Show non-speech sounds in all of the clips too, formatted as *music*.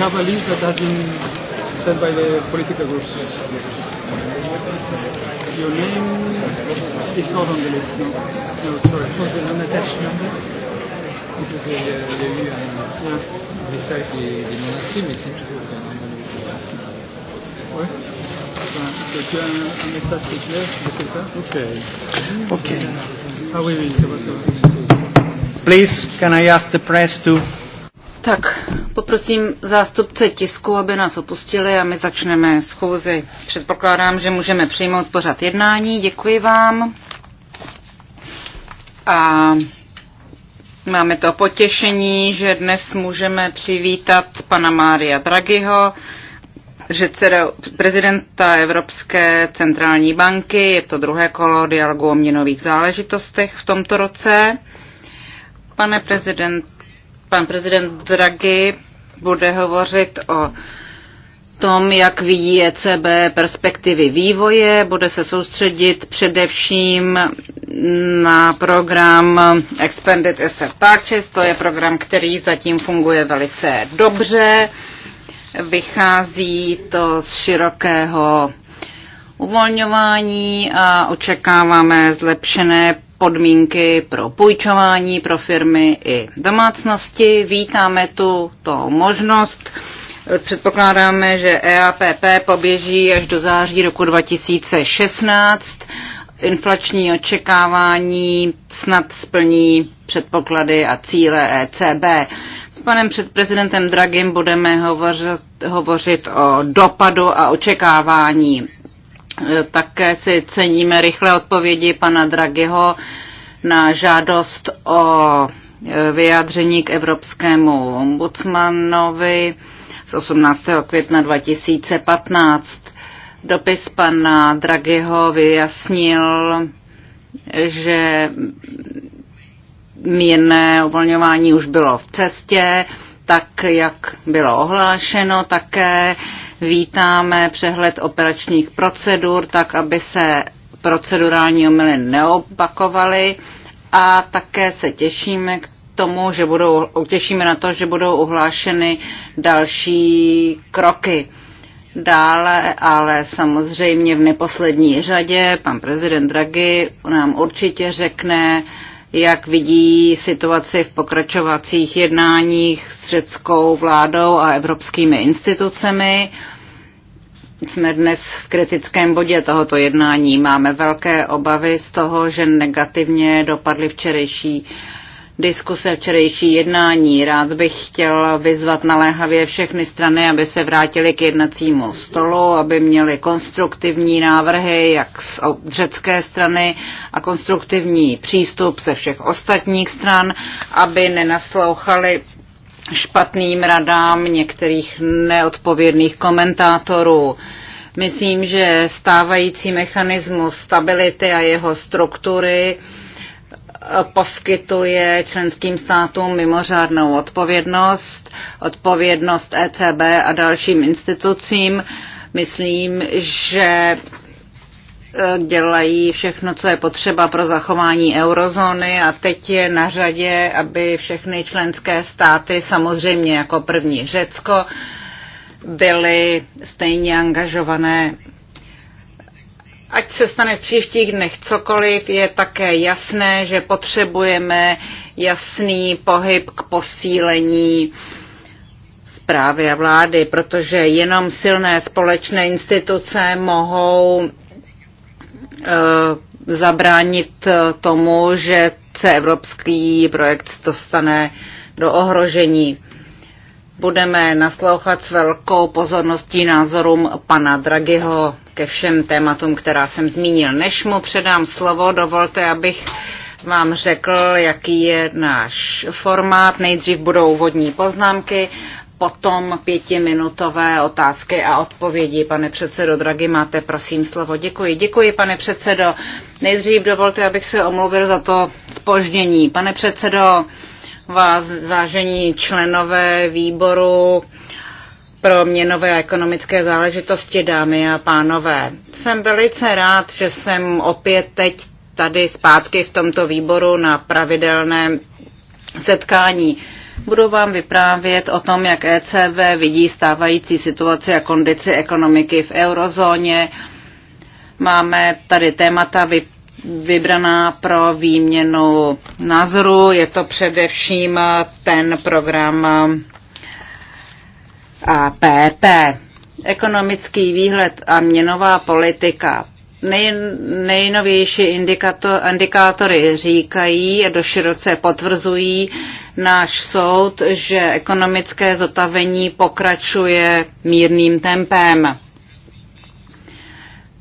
have a list that has been sent by the political groups. Your name is not on the list, no. No, sorry. Pour le an attaché number. Il y a eu un message des, des non mais c'est toujours un c'est un, un message qui est clair quelqu'un. Ok. Ok. Ah oui, oui, c'est vrai, c'est Please, can I ask the press to... Tak, Poprosím zástupce tisku, aby nás opustili a my začneme schůzi. Předpokládám, že můžeme přijmout pořad jednání. Děkuji vám. A máme to potěšení, že dnes můžeme přivítat pana Mária Draghiho, předseda, prezidenta Evropské centrální banky. Je to druhé kolo dialogu o měnových záležitostech v tomto roce. Pane prezident, Pan prezident Draghi bude hovořit o tom, jak vidí ECB perspektivy vývoje. Bude se soustředit především na program Expanded Asset Purchase. To je program, který zatím funguje velice dobře. Vychází to z širokého uvolňování a očekáváme zlepšené podmínky pro půjčování pro firmy i domácnosti. Vítáme tu to možnost. Předpokládáme, že EAPP poběží až do září roku 2016. Inflační očekávání snad splní předpoklady a cíle ECB. S panem předprezidentem Dragim budeme hovořit, hovořit o dopadu a očekávání také si ceníme rychlé odpovědi pana Draghiho na žádost o vyjádření k evropskému ombudsmanovi z 18. května 2015. Dopis pana Draghiho vyjasnil, že mírné uvolňování už bylo v cestě, tak jak bylo ohlášeno, také vítáme přehled operačních procedur, tak aby se procedurální omily neopakovaly a také se těšíme k tomu, že budou, těšíme na to, že budou uhlášeny další kroky. Dále, ale samozřejmě v neposlední řadě, pan prezident Draghi nám určitě řekne, jak vidí situaci v pokračovacích jednáních s řeckou vládou a evropskými institucemi. Jsme dnes v kritickém bodě tohoto jednání. Máme velké obavy z toho, že negativně dopadly včerejší uh, diskuse včerejší jednání. Rád bych chtěl vyzvat naléhavě všechny strany, aby se vrátili k jednacímu stolu, aby měli konstruktivní návrhy jak z řecké strany a konstruktivní přístup ze všech ostatních stran, aby nenaslouchali špatným radám některých neodpovědných komentátorů. Myslím, že stávající mechanismus stability a jeho struktury poskytuje členským státům mimořádnou odpovědnost, odpovědnost ECB a dalším institucím. Myslím, že e, dělají všechno, co je potřeba pro zachování eurozóny a teď je na řadě, aby všechny členské státy, samozřejmě jako první Řecko, byly stejně angažované Ať se stane v příštích dnech cokoliv, je také jasné, že potřebujeme jasný pohyb k posílení zprávy a vlády, protože jenom silné společné instituce mohou e, zabránit eh, tomu, že se evropský projekt dostane do ohrožení. Budeme naslouchat s velkou pozorností názorům pana Dragiho ke všem tématům, která jsem zmínil. Než mu předám slovo, dovolte, abych vám řekl, jaký je náš formát. Nejdřív budou úvodní poznámky, potom pětiminutové otázky a odpovědi. Pane předsedo Dragi, máte prosím slovo. Děkuji. Děkuji, pane předsedo. Nejdřív dovolte, abych se omluvil za to spoždění. Pane předsedo, vás, vážení členové výboru pro měnové a ekonomické záležitosti, dámy a pánové. Jsem velice rád, že jsem opět teď tady zpátky v tomto výboru na pravidelném setkání. Budu vám vyprávět o tom, jak ECB vidí stávající situaci a kondici ekonomiky v eurozóně. Máme tady témata vyprávět vybraná pro výměnu názoru. Je to především ten program eh, APP. Ekonomický výhled a měnová politika. Nej, nejnovější indikator, indikátory říkají a doširoce potvrzují náš soud, že ekonomické zotavení pokračuje mírným tempem.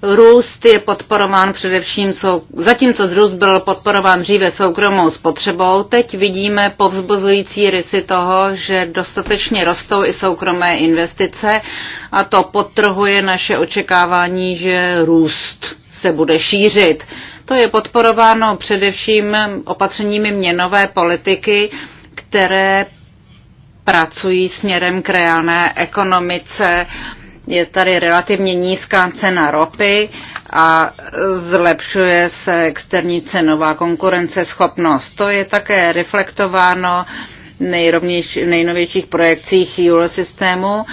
Růst je podporován především, sou... zatímco růst byl podporován dříve soukromou spotřebou, teď vidíme povzbuzující rysy toho, že dostatečně rostou i soukromé investice a to potrhuje naše očekávání, že růst se bude šířit. To je podporováno především opatřeními měnové politiky, které pracují směrem k reálné ekonomice je tady relativně nízká cena ropy a zlepšuje se externí cenová konkurenceschopnost. To je také reflektováno v nejnovějších projekcích systému.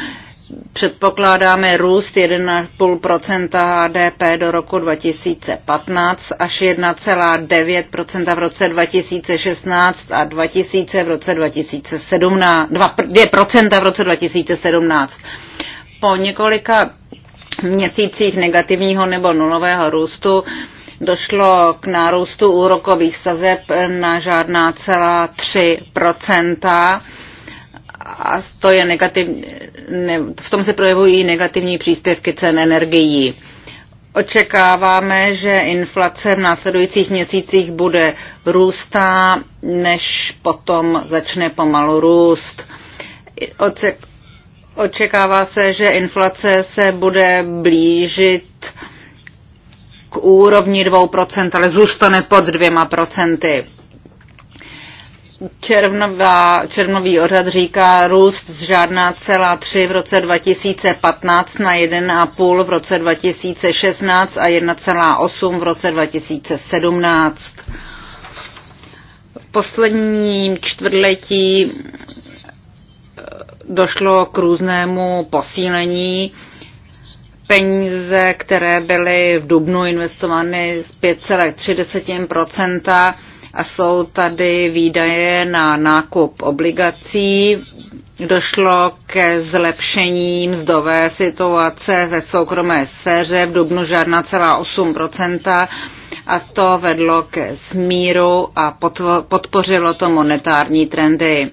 Předpokládáme růst 1,5 HDP do roku 2015 až 1,9 v roce 2016 a 2000 v roce 2017, 2, 2 v roce 2017 po několika měsících negativního nebo nulového růstu došlo k nárůstu úrokových sazeb na žádná celá 3 a to je negativ, ne, v tom se projevují negativní příspěvky cen energií. Očekáváme, že inflace v následujících měsících bude růstá, než potom začne pomalu růst. Očekává se, že inflace se bude blížit k úrovni 2%, ale zůstane pod 2%. Červnová, červnový odhad říká růst z žádná celá 3 v roce 2015 na 1,5 v roce 2016 a 1,8 v roce 2017. V posledním čtvrtletí došlo k různému posílení. Peníze, které byly v Dubnu investovány z 5,3 a jsou tady výdaje na nákup obligací. Došlo ke zlepšení mzdové situace ve soukromé sféře v Dubnu žádná celá 8 a to vedlo ke smíru a podpořilo to monetární trendy.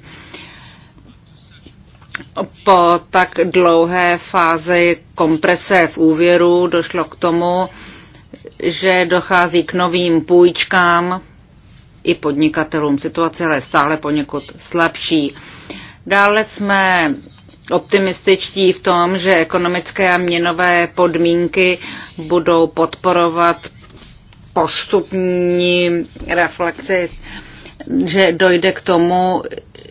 Po tak dlouhé fázi komprese v úvěru došlo k tomu, že dochází k novým půjčkám i podnikatelům. Situace je stále poněkud slabší. Dále jsme optimističtí v tom, že ekonomické a měnové podmínky budou podporovat postupní reflexi že dojde k tomu,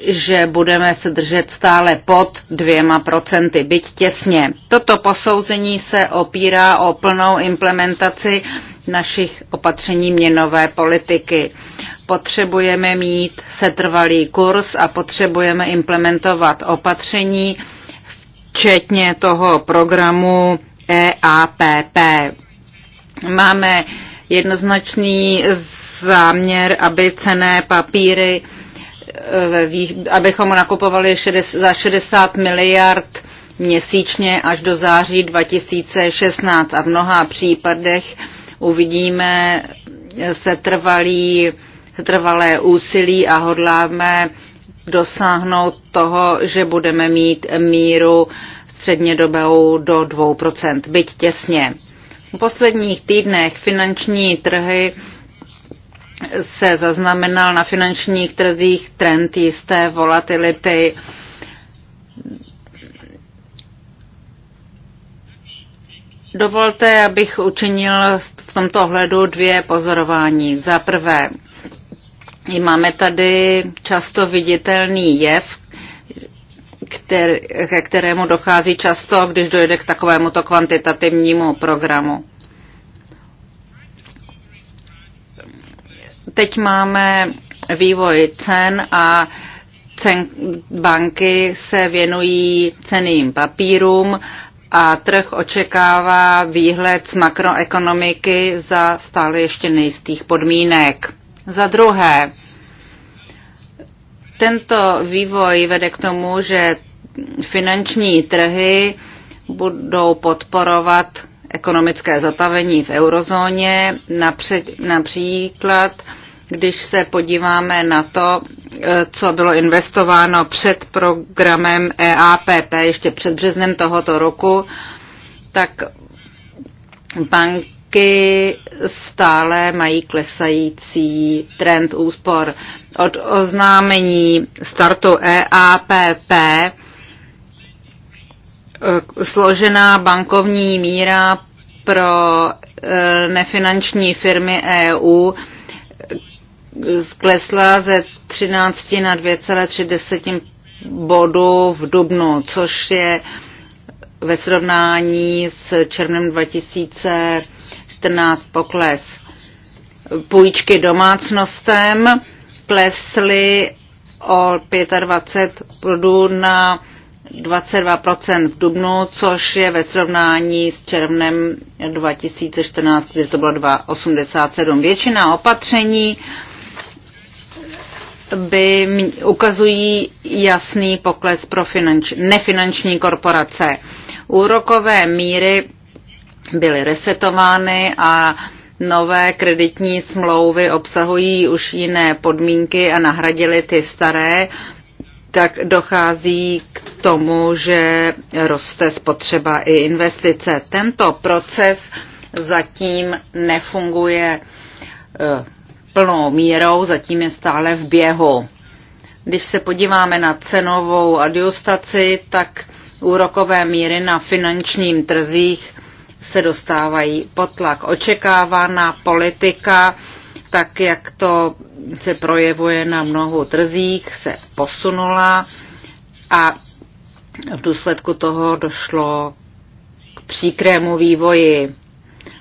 že budeme se držet stále pod dvěma procenty, byť těsně. Toto posouzení se opírá o plnou implementaci našich opatření měnové politiky. Potřebujeme mít setrvalý kurz a potřebujeme implementovat opatření, včetně toho programu EAPP. Máme jednoznačný záměr, aby cené papíry, eh, abychom nakupovali za 60 miliard měsíčně až do září 2016 a v mnoha případech uvidíme setrvalý, trvalé úsilí a hodláme dosáhnout toho, že budeme mít míru střednědobou do 2%, byť těsně. V posledních týdnech finanční trhy se zaznamenal na finančních trzích trend jisté volatility. Dovolte, abych učinil v tomto ohledu dvě pozorování. Za prvé, máme tady často viditelný jev, kter, ke kterému dochází často, když dojde k takovému to kvantitativnímu programu. Teď máme vývoj cen a cen, banky se věnují ceným papírům a trh očekává výhled z makroekonomiky za stále ještě nejistých podmínek. Za druhé, tento vývoj vede k tomu, že finanční trhy budou podporovat ekonomické zatavení v eurozóně. Například, když se podíváme na to, co bylo investováno před programem EAPP, ještě před březnem tohoto roku, tak bank banky stále mají klesající trend úspor. Od oznámení startu EAPP eh, složená bankovní míra pro eh, nefinanční firmy EU eh, zklesla ze 13 na 2,3 bodu v Dubnu, což je ve srovnání s červnem 2000 2014 pokles. Půjčky domácnostem klesly o 25 bodů na 22% v dubnu, což je ve srovnání s červnem 2014, kdy to bylo 2,87. Většina opatření by ukazují jasný pokles pro finanč, nefinanční korporace. Úrokové míry byly resetovány a nové kreditní smlouvy obsahují už jiné podmínky a nahradily ty staré, tak dochází k tomu, že roste spotřeba i investice. Tento proces zatím nefunguje eh, plnou mírou, zatím je stále v běhu. Když se podíváme na cenovou adjustaci, tak úrokové míry na finančním trzích se dostávají pod tlak. Očekávaná politika, tak jak to se projevuje na mnohu trzích, se posunula a v důsledku toho došlo k příkrému vývoji.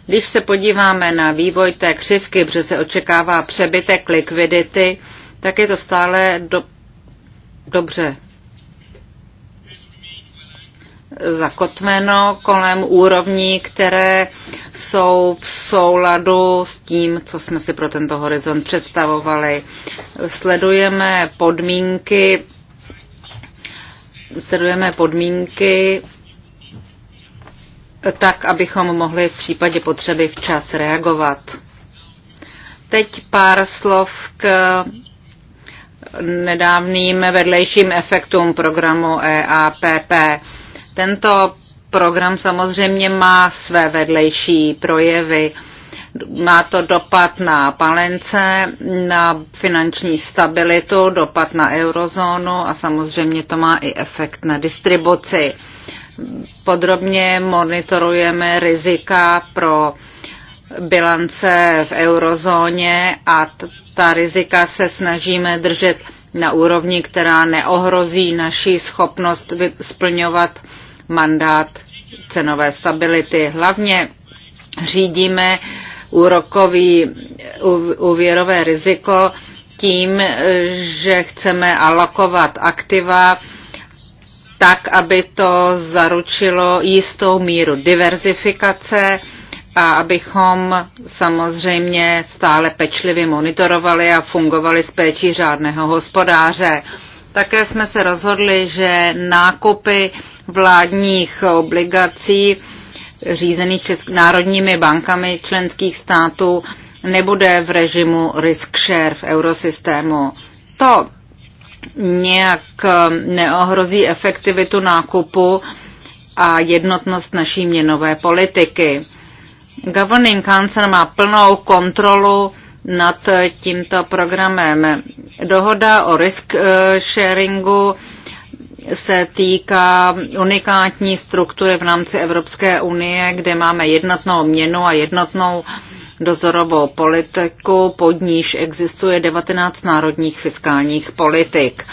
Když se podíváme na vývoj té křivky, protože se očekává přebytek likvidity, tak je to stále do, dobře zakotveno kolem úrovní, které jsou v souladu s tím, co jsme si pro tento horizont představovali. Sledujeme podmínky, sledujeme podmínky tak, abychom mohli v případě potřeby včas reagovat. Teď pár slov k nedávným vedlejším efektům programu EAPP. Tento program samozřejmě má své vedlejší projevy. Má to dopad na palence, na finanční stabilitu, dopad na eurozónu a samozřejmě to má i efekt na distribuci. Podrobně monitorujeme rizika pro bilance v eurozóně a ta rizika se snažíme držet na úrovni, která neohrozí naši schopnost splňovat mandát cenové stability. Hlavně řídíme úrokový, úvěrové riziko tím, že chceme alokovat aktiva tak, aby to zaručilo jistou míru diverzifikace a abychom samozřejmě stále pečlivě monitorovali a fungovali s péčí řádného hospodáře. Také jsme se rozhodli, že nákupy vládních obligací řízených česk- národními bankami členských států nebude v režimu risk share v eurosystému. To nějak um, neohrozí efektivitu nákupu a jednotnost naší měnové politiky. Governing Council má plnou kontrolu nad tímto programem. Dohoda o risk eh, sharingu se týká unikátní struktury v rámci Evropské unie, kde máme jednotnou měnu a jednotnou dozorovou politiku, pod níž existuje 19 národních fiskálních politik.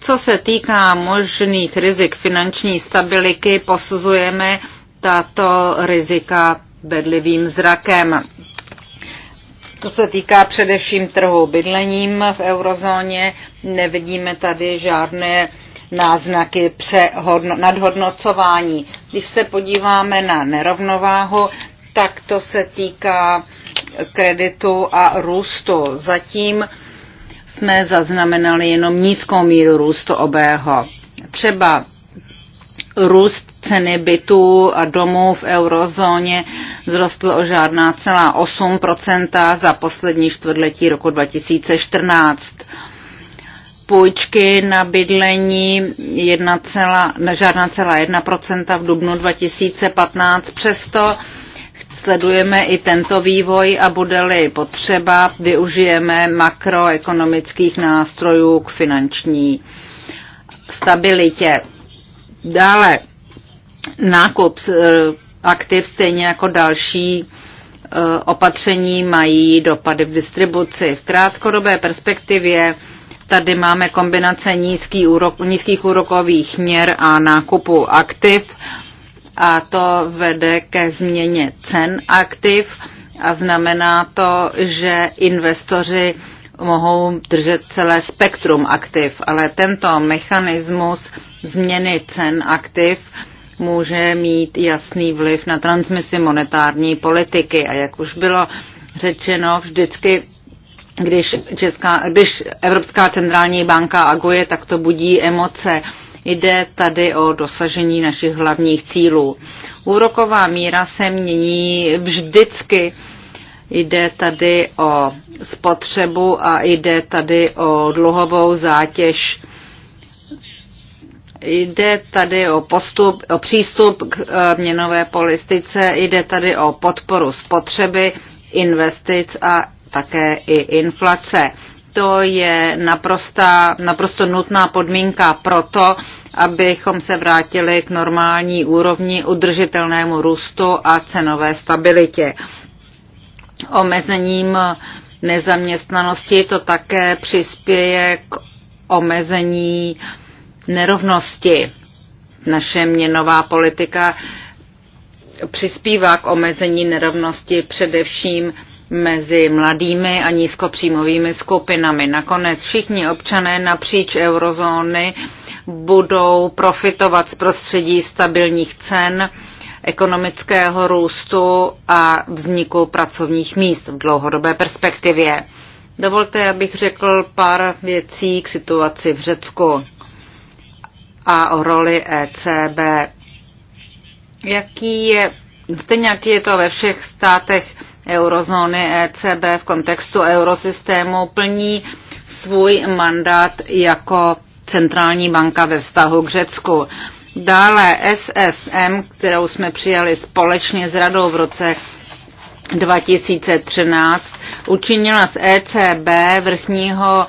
Co se týká možných rizik finanční stability, posuzujeme tato rizika bedlivým zrakem. To se týká především trhu bydlením v eurozóně. Nevidíme tady žádné náznaky přehodno, nadhodnocování. Když se podíváme na nerovnováhu, tak to se týká kreditu a růstu. Zatím jsme zaznamenali jenom nízkou míru růstu obého. Třeba růst ceny bytů a domů v eurozóně vzrostl o žádná celá 8 za poslední čtvrtletí roku 2014 půjčky na bydlení 1, žádná celá 1% v dubnu 2015. Přesto sledujeme i tento vývoj a bude-li potřeba, využijeme makroekonomických nástrojů k finanční stabilitě. Dále nákup eh, aktiv stejně jako další eh, opatření mají dopady v distribuci. V krátkodobé perspektivě Tady máme kombinace nízký úrok, nízkých úrokových měr a nákupu aktiv a to vede ke změně cen aktiv a znamená to, že investoři mohou držet celé spektrum aktiv, ale tento mechanismus změny cen aktiv může mít jasný vliv na transmisi monetární politiky. A jak už bylo řečeno, vždycky když, Česká, když Evropská centrální banka aguje, tak to budí emoce. Jde tady o dosažení našich hlavních cílů. Úroková míra se mění vždycky. Jde tady o spotřebu a jde tady o dluhovou zátěž. Jde tady o, postup, o přístup k e, měnové politice, jde tady o podporu spotřeby, investic a také i inflace. To je naprosta, naprosto nutná podmínka pro to, abychom se vrátili k normální úrovni udržitelnému růstu a cenové stabilitě. Omezením nezaměstnanosti to také přispěje k omezení nerovnosti. Naše měnová politika přispívá k omezení nerovnosti především mezi mladými a nízkopříjmovými skupinami. Nakonec všichni občané napříč eurozóny budou profitovat z prostředí stabilních cen, ekonomického růstu a vzniku pracovních míst v dlouhodobé perspektivě. Dovolte, abych řekl pár věcí k situaci v Řecku a o roli ECB. Jaký je, stejně jak je to ve všech státech eurozóny ECB v kontextu eurosystému plní svůj mandát jako centrální banka ve vztahu k Řecku. Dále SSM, kterou jsme přijali společně s radou v roce 2013, učinila z ECB vrchního,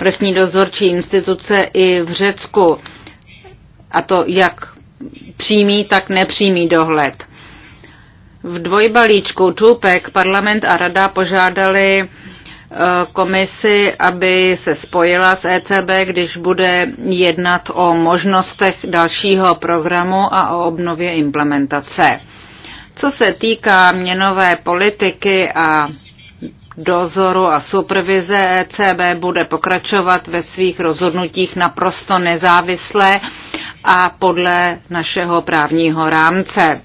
vrchní dozorčí instituce i v Řecku. A to jak přímý, tak nepřímý dohled. V dvojbalíčku Čůpek parlament a rada požádali eh, komisi, aby se spojila s ECB, když bude jednat o možnostech dalšího programu a o obnově implementace. Co se týká měnové politiky a dozoru a supervize ECB bude pokračovat ve svých rozhodnutích naprosto nezávisle a podle našeho právního rámce.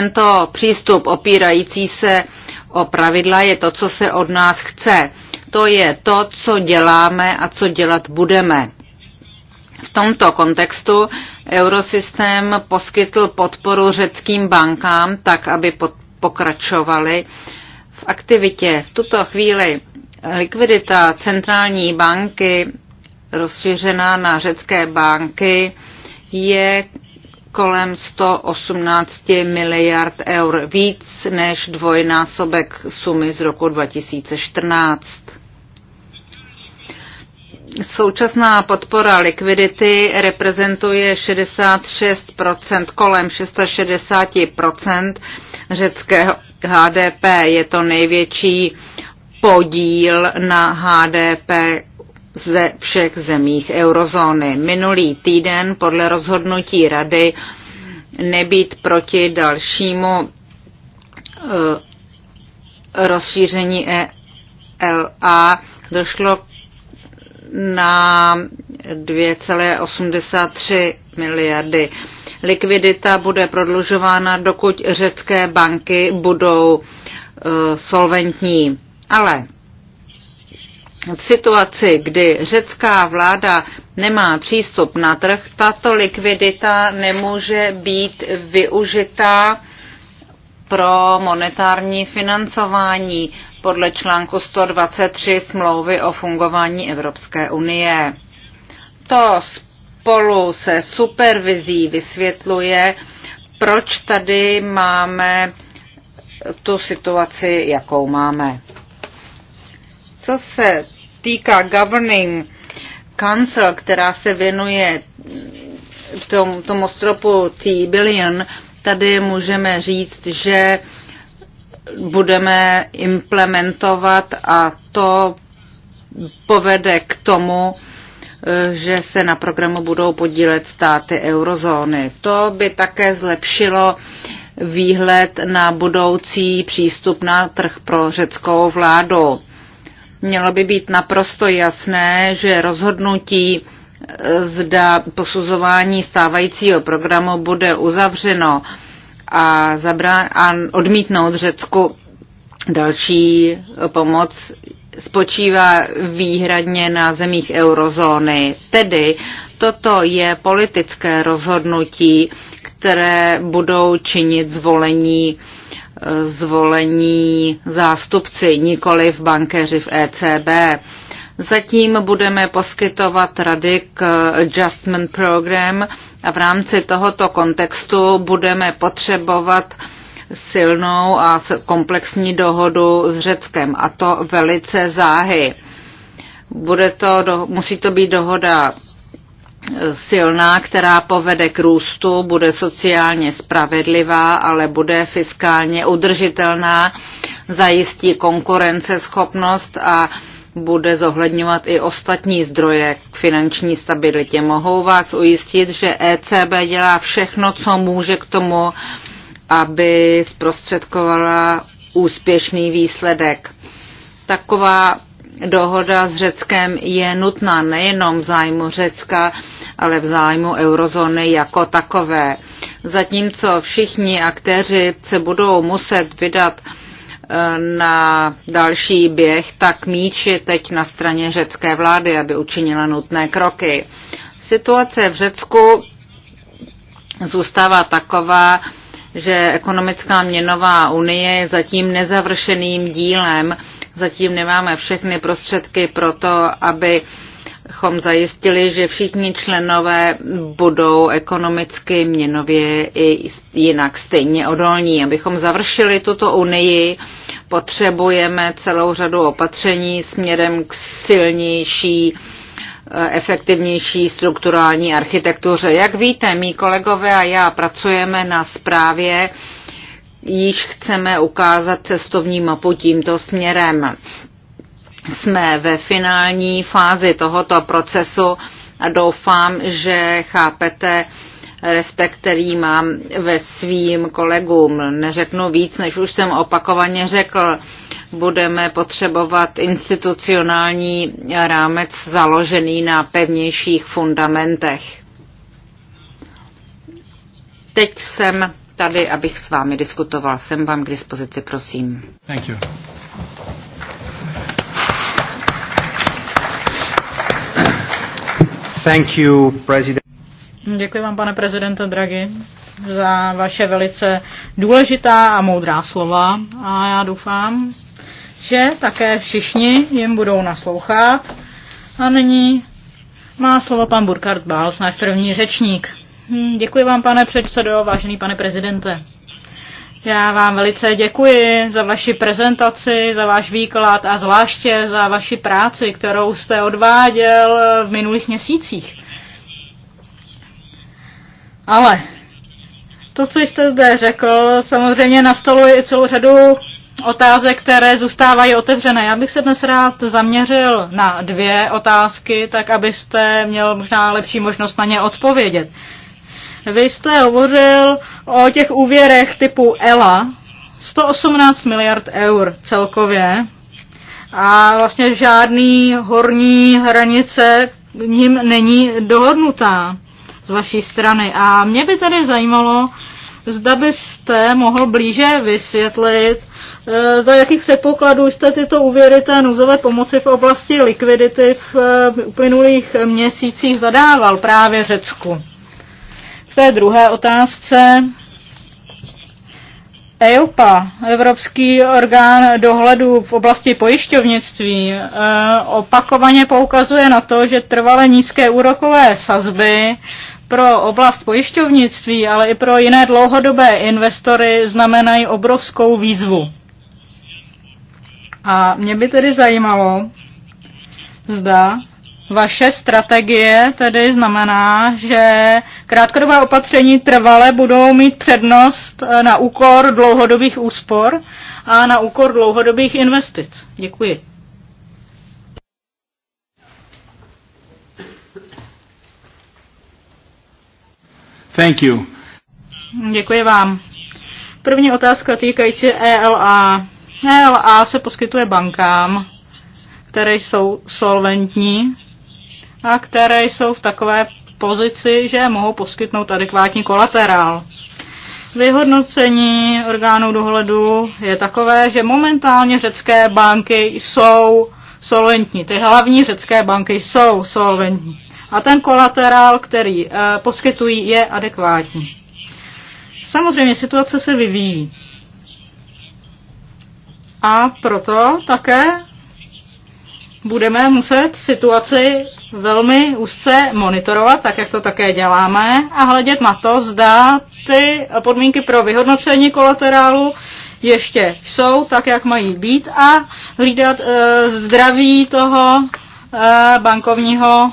Tento přístup opírající se o pravidla je to, co se od nás chce. To je to, co děláme a co dělat budeme. V tomto kontextu Eurosystém poskytl podporu řeckým bankám tak, aby pokračovali v aktivitě. V tuto chvíli likvidita centrální banky rozšířená na řecké banky je kolem 118 miliard eur, víc než dvojnásobek sumy z roku 2014. Současná podpora likvidity reprezentuje 66 kolem 660 řeckého HDP. Je to největší podíl na HDP ze všech zemích eurozóny. Minulý týden podle rozhodnutí rady nebýt proti dalšímu eh, rozšíření ELA došlo na 2,83 miliardy. Likvidita bude prodlužována, dokud řecké banky budou eh, solventní. Ale v situaci, kdy řecká vláda nemá přístup na trh, tato likvidita nemůže být využitá pro monetární financování podle článku 123 smlouvy o fungování Evropské unie. To spolu se supervizí vysvětluje, proč tady máme tu situaci, jakou máme. Co se týká governing council, která se věnuje tom, tomu stropu T-billion, tady můžeme říct, že budeme implementovat a to povede k tomu, že se na programu budou podílet státy eurozóny. To by také zlepšilo výhled na budoucí přístup na trh pro řeckou vládu. Mělo by být naprosto jasné, že rozhodnutí e, zda posuzování stávajícího programu bude uzavřeno a, zabrá- a odmítnout Řecku další pomoc spočívá výhradně na zemích eurozóny. Tedy toto je politické rozhodnutí, které budou činit zvolení uh, zvolení zástupci, nikoli v bankéři v ECB. Zatím budeme poskytovat rady k Adjustment Program a v rámci tohoto kontextu budeme potřebovat silnou a komplexní dohodu s Řeckem a to velice záhy. Bude to, musí to být dohoda silná, která povede k růstu, bude sociálně spravedlivá, ale bude fiskálně udržitelná, zajistí konkurenceschopnost a bude zohledňovat i ostatní zdroje k finanční stabilitě. Mohou vás ujistit, že ECB dělá všechno, co může k tomu, aby zprostředkovala úspěšný výsledek. Taková dohoda s Řeckem je nutná nejenom v zájmu Řecka, ale v zájmu eurozóny jako takové. Zatímco všichni aktéři se budou muset vydat eh, na další běh, tak míč je teď na straně řecké vlády, aby učinila nutné kroky. Situace v Řecku zůstává taková, že ekonomická měnová unie je zatím nezavršeným dílem, Zatím nemáme všechny prostředky pro to, aby chom zajistili, že všichni členové budou ekonomicky, měnově i jinak stejně odolní. Abychom završili tuto unii, potřebujeme celou řadu opatření směrem k silnější efektivnější strukturální architektuře. Jak víte, mý kolegové a já pracujeme na zprávě, již chceme ukázat cestovní mapu tímto směrem. Jsme ve finální fázi tohoto procesu a doufám, že chápete respekt, který mám ve svým kolegům. Neřeknu víc, než už jsem opakovaně řekl. Budeme potřebovat institucionální rámec založený na pevnějších fundamentech. Teď jsem tady, abych s vámi diskutoval. Jsem vám k dispozici, prosím. Thank you. Thank you, president. Děkuji vám, pane prezidente Draghi, za vaše velice důležitá a moudrá slova a já doufám, že také všichni jim budou naslouchat. A nyní má slovo pan Burkhard Bals, náš první řečník. Hm, děkuji vám, pane předsedo, vážený pane prezidente. Já vám velice děkuji za vaši prezentaci, za váš výklad a zvláště za vaši práci, kterou jste odváděl v minulých měsících. Ale to, co jste zde řekl, samozřejmě nastoluje i celou řadu otázek, které zůstávají otevřené. Já bych se dnes rád zaměřil na dvě otázky, tak abyste měl možná lepší možnost na ně odpovědět. Vy jste hovořil o těch úvěrech typu ELA, 118 miliard eur celkově a vlastně žádný horní hranice ním není dohodnutá z vaší strany. A mě by tady zajímalo, zda byste mohl blíže vysvětlit, eh, za jakých předpokladů jste tyto úvěry té nuzové pomoci v oblasti likvidity v eh, uplynulých měsících zadával právě Řecku té druhé otázce. EUPA, Evropský orgán dohledu v oblasti pojišťovnictví, e, opakovaně poukazuje na to, že trvale nízké úrokové sazby pro oblast pojišťovnictví, ale i pro jiné dlouhodobé investory znamenají obrovskou výzvu. A mě by tedy zajímalo, zda vaše strategie tedy znamená, že krátkodobá opatření trvale budou mít přednost eh, na úkor dlouhodobých úspor a na úkor dlouhodobých investic. Děkuji. Thank you. Děkuji vám. První otázka týkající ELA. ELA se poskytuje bankám, které jsou solventní a které jsou v takové pozici, že mohou poskytnout adekvátní kolaterál. Vyhodnocení orgánů dohledu je takové, že momentálně řecké banky jsou solventní. Ty hlavní řecké banky jsou solventní. A ten kolaterál, který e, poskytují, je adekvátní. Samozřejmě situace se vyvíjí. A proto také budeme muset situaci velmi úzce monitorovat, tak jak to také děláme, a hledět na to, zda ty podmínky pro vyhodnocení kolaterálu ještě jsou tak, jak mají být a hlídat e, zdraví toho e, bankovního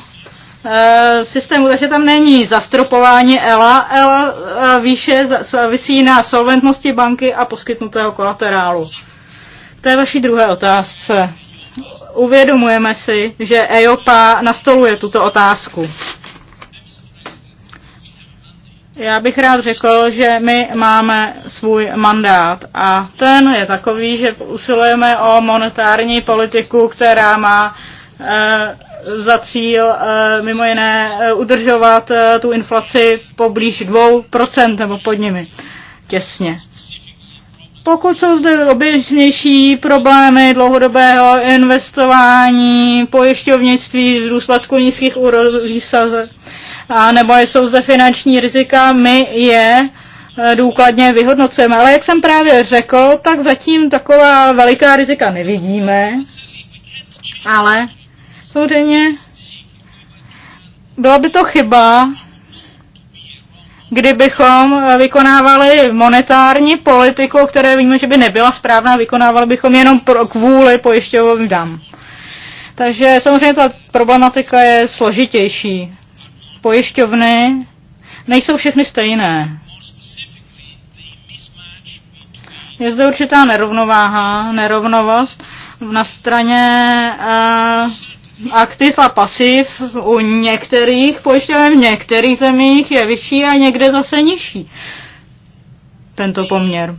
e, systému. Takže tam není zastropování ELA, ELA výše závisí na solventnosti banky a poskytnutého kolaterálu. To je vaší druhé otázce uvědomujeme si, že EOPA nastoluje tuto otázku. Já bych rád řekl, že my máme svůj mandát a ten je takový, že usilujeme o monetární politiku, která má e, za cíl e, mimo jiné eh, udržovat e, tu inflaci poblíž 2% nebo pod nimi těsně. Pokud jsou zde obecnější problémy dlouhodobého investování, pojišťovnictví v důsledku nízkých úrovní saze, a nebo jsou zde finanční rizika, my je e, důkladně vyhodnocujeme. Ale jak jsem právě řekl, tak zatím taková veliká rizika nevidíme, ale samozřejmě byla by to chyba kdybychom vykonávali monetární politiku, které víme, že by nebyla správná, vykonávali bychom jenom pro, kvůli pojišťovým dám. Takže samozřejmě ta problematika je složitější. Pojišťovny nejsou všechny stejné. Je zde určitá nerovnováha, nerovnovost na straně uh, aktiv a pasiv u některých pojišťoven v některých zemích je vyšší a někde zase nižší tento poměr.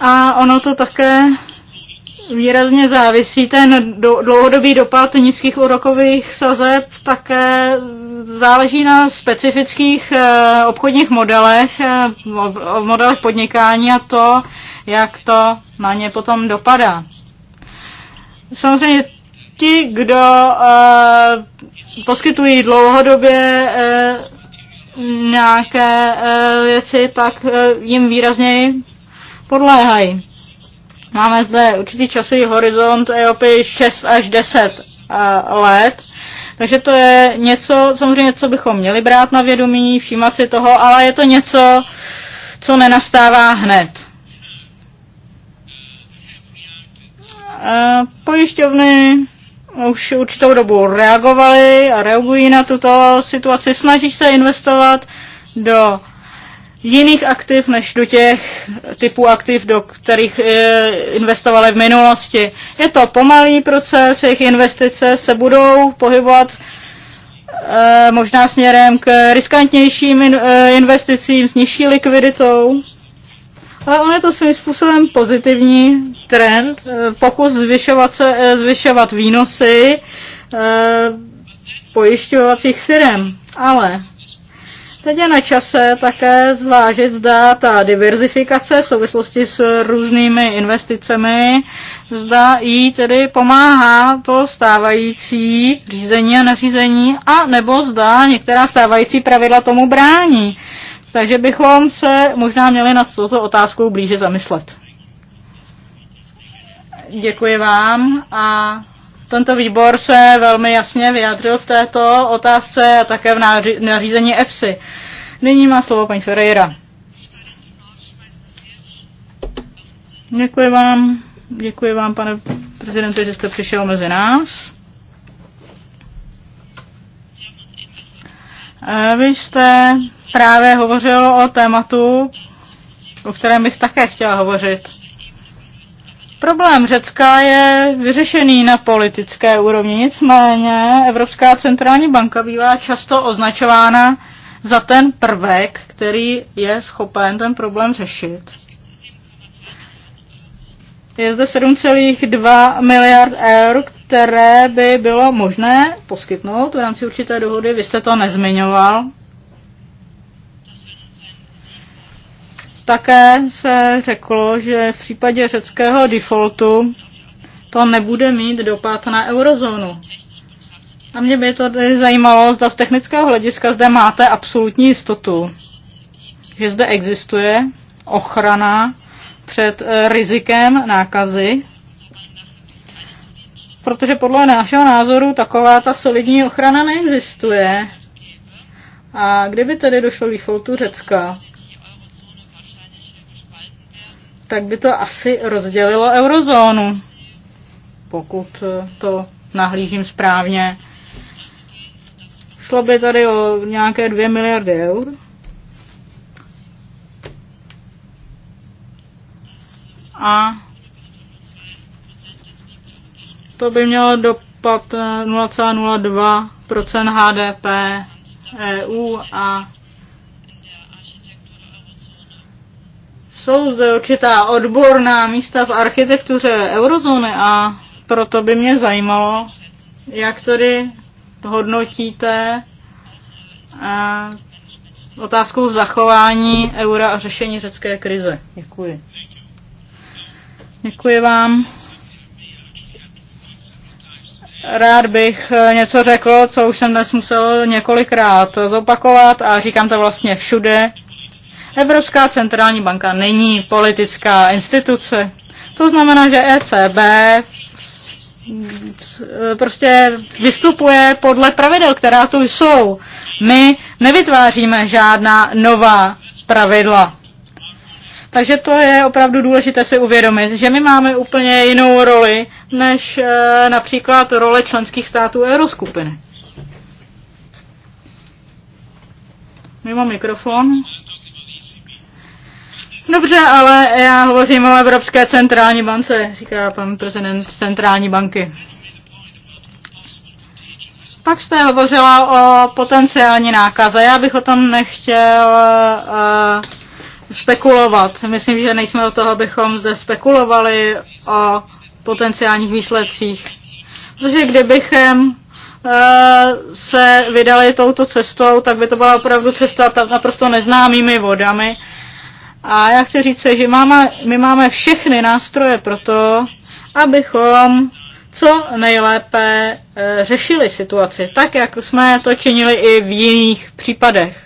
A ono to také výrazně závisí ten do, dlouhodobý dopad nízkých úrokových sazeb také záleží na specifických e, obchodních modelech, e, o, o modelech podnikání a to, jak to na ně potom dopadá samozřejmě ti, kdo uh, poskytují dlouhodobě uh, nějaké uh, věci, tak uh, jim výrazně podléhají. Máme zde určitý časový horizont EOPy 6 až 10 uh, let, takže to je něco, samozřejmě, co bychom měli brát na vědomí, všímat si toho, ale je to něco, co nenastává hned. Eh, pojišťovny už určitou dobu reagovaly a reagují na tuto situaci, snaží se investovat do jiných aktiv než do těch typů aktiv, do kterých eh, investovali v minulosti. Je to pomalý proces, jejich investice se budou pohybovat eh, možná směrem k riskantnějším investicím s nižší likviditou ale on je to svým způsobem pozitivní trend, eh, pokus zvyšovat, se, eh, zvyšovat výnosy eh, pojišťovacích firm. Ale teď je na čase také zvážit, zda ta diverzifikace v souvislosti s různými investicemi, zda jí tedy pomáhá to stávající řízení a nařízení, a nebo zda některá stávající pravidla tomu brání. Takže bychom se možná měli nad touto otázkou blíže zamyslet. Děkuji vám a tento výbor se velmi jasně vyjádřil v této otázce a také v nařízení EFSI. Nyní má slovo paní Ferreira. Děkuji vám, děkuji vám, pane prezidente, že jste přišel mezi nás. Eh, vy jste právě hovořil o tématu, o kterém bych také chtěla hovořit. Problém Řecka je vyřešený na politické úrovni, nicméně Evropská centrální banka bývá často označována za ten prvek, který je schopen ten problém řešit. Je zde 7,2 miliard eur, které by bylo možné poskytnout v rámci určité dohody. Vy jste to nezmiňoval. Také se řeklo, že v případě řeckého defaultu to nebude mít dopad na eurozónu. A mě by to zajímalo, zda z technického hlediska zde máte absolutní jistotu, že zde existuje ochrana před eh, rizikem nákazy, protože podle našeho názoru taková ta solidní ochrana neexistuje. A kdyby tedy došlo k defaultu Řecka, tak by to asi rozdělilo eurozónu, pokud eh, to nahlížím správně. Šlo by tady o nějaké 2 miliardy eur. A to by mělo dopad eh, 0,02 HDP EU a Jsou zde určitá odborná místa v architektuře eurozóny a proto by mě zajímalo, jak tedy hodnotíte eh, otázkou zachování eura a řešení řecké krize. Děkuji. Děkuji vám. Rád bych eh, něco řekl, co už jsem dnes musel několikrát zopakovat a říkám to vlastně všude. Evropská centrální banka není politická instituce. To znamená, že ECB prostě vystupuje podle pravidel, která tu jsou. My nevytváříme žádná nová pravidla. Takže to je opravdu důležité si uvědomit, že my máme úplně jinou roli než eh, například role členských států euroskupiny. Mimo mikrofon. Dobře, ale já hovořím o Evropské centrální bance, říká pan prezident centrální banky. Pak jste hovořila o potenciální nákaze. Já bych o tom nechtěl uh, spekulovat. Myslím, že nejsme o toho, abychom zde spekulovali o potenciálních výsledcích. Protože kdybychom eh, se vydali touto cestou, tak by to byla opravdu cesta naprosto neznámými vodami a já chci říct, že máme, my máme všechny nástroje pro to, abychom co nejlépe e, řešili situaci, tak jak jsme to činili i v jiných případech,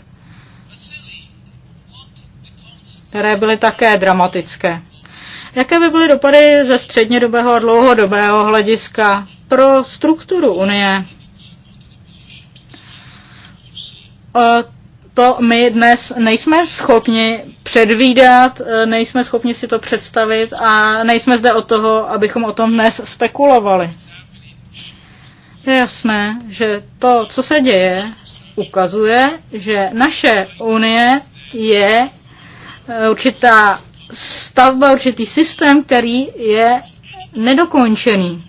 které byly také dramatické. Jaké by byly dopady ze střednědobého a dlouhodobého hlediska pro strukturu Unie? E, to my dnes nejsme schopni předvídat, eh, nejsme schopni si to představit a nejsme zde o toho, abychom o tom dnes spekulovali. Je jasné, že to, co se děje, ukazuje, že naše unie je eh, určitá stavba, určitý systém, který je nedokončený.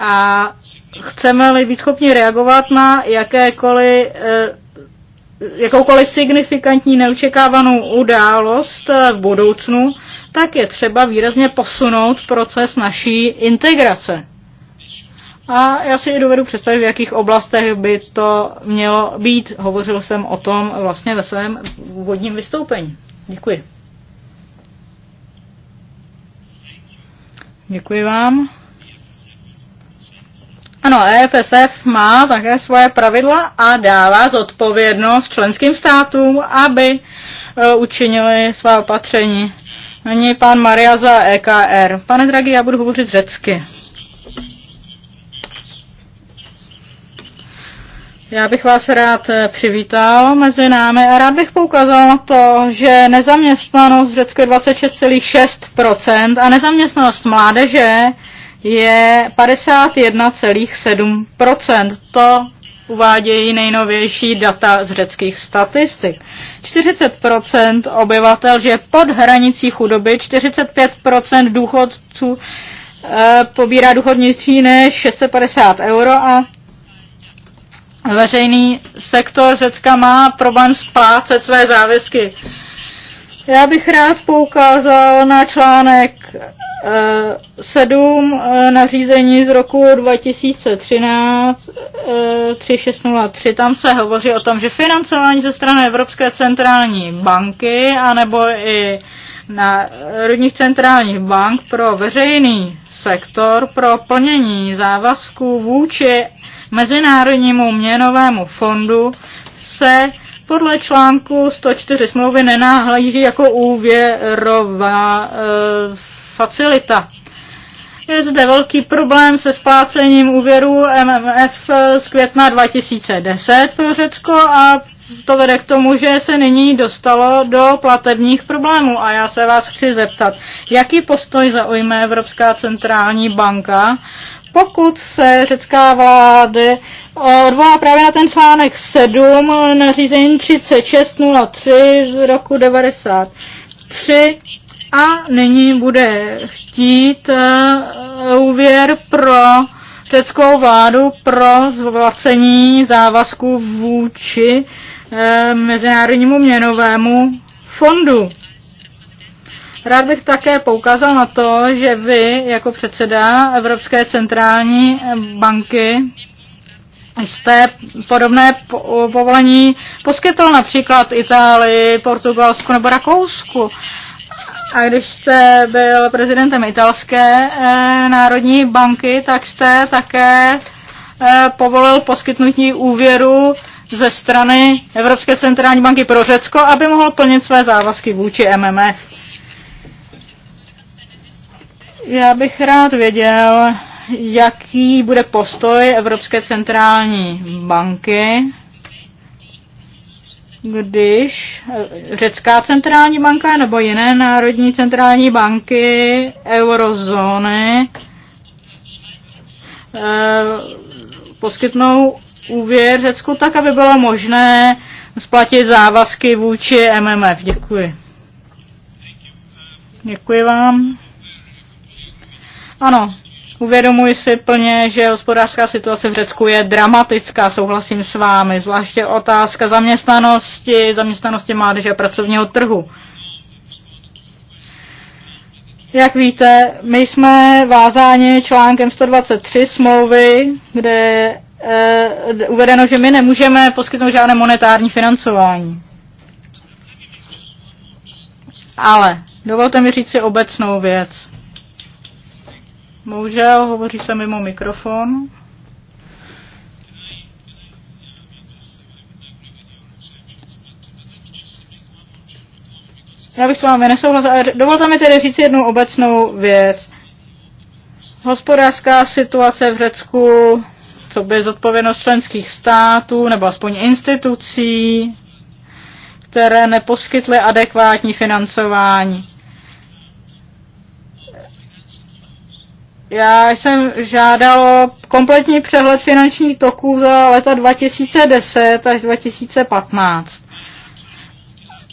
A chceme-li být schopni reagovat na jakékoliv eh, jakoukoliv signifikantní neočekávanou událost eh, v budoucnu, tak je třeba výrazně posunout proces naší integrace. A já si dovedu představit, v jakých oblastech by to mělo být. Hovořil jsem o tom vlastně ve svém úvodním vystoupení. Děkuji. Děkuji vám. Ano, EFSF má také svoje pravidla a dává zodpovědnost členským státům, aby e, učinili svá opatření. Není pan Maria za EKR. Pane Dragi, já budu hovořit řecky. Já bych vás rád e, přivítal mezi námi a rád bych poukázal na to, že nezaměstnanost v Řecku je 26,6% a nezaměstnanost mládeže je 51,7%. To uvádějí nejnovější data z řeckých statistik. 40% obyvatel je pod hranicí chudoby, 45% důchodců e, pobírá důchod než 650 euro a veřejný sektor Řecka má problém splácet své závisky já bych rád poukázal na článek 7 eh, eh, nařízení z roku 2013 3603. Eh, Tam se hovoří o tom, že financování ze strany Evropské centrální banky anebo i na rodních centrálních bank pro veřejný sektor pro plnění závazků vůči Mezinárodnímu měnovému fondu se podle článku 104 smlouvy nenáhlíží jako úvěrová e, facilita. Je zde velký problém se splácením úvěru MMF z května 2010 pro Řecko a to vede k tomu, že se nyní dostalo do platebních problémů. A já se vás chci zeptat, jaký postoj zaujme Evropská centrální banka, pokud se řecká vláda Eh, odvolá právě na ten článek 7 eh, nařízení 3603 z roku 93 a nyní bude chtít eh, úvěr pro řeckou vládu pro zvlacení závazků vůči Mezinárodnímu měnovému fondu. Rád bych také poukázal na to, že vy jako předseda Evropské centrální banky jste podobné povolení poskytl například Itálii, Portugalsku nebo Rakousku. A když jste byl prezidentem italské e, národní banky, tak jste také e, povolil poskytnutí úvěru ze strany Evropské centrální banky pro Řecko, aby mohl plnit své závazky vůči MMF. Já bych rád věděl, jaký bude postoj Evropské centrální banky, když Řecká centrální banka nebo jiné národní centrální banky eurozóny eh, poskytnou úvěr Řecku tak, aby bylo možné splatit závazky vůči MMF. Děkuji. Děkuji vám. Ano, Uvědomuji si plně, že hospodářská situace v Řecku je dramatická, souhlasím s vámi, zvláště otázka zaměstnanosti, zaměstnanosti mládeže a pracovního trhu. Jak víte, my jsme vázáni článkem 123 smlouvy, kde je eh, e, uvedeno, že my nemůžeme poskytnout žádné monetární financování. Ale dovolte mi říct si obecnou věc. Bohužel hovoří se mimo mikrofon. Já bych s vámi nesouhlasil. Dovolte mi tedy říct jednu obecnou věc. Hospodářská situace v Řecku, co by zodpovědnost členských států nebo aspoň institucí, které neposkytly adekvátní financování. Já jsem žádal kompletní přehled finančních toků za leta 2010 až 2015.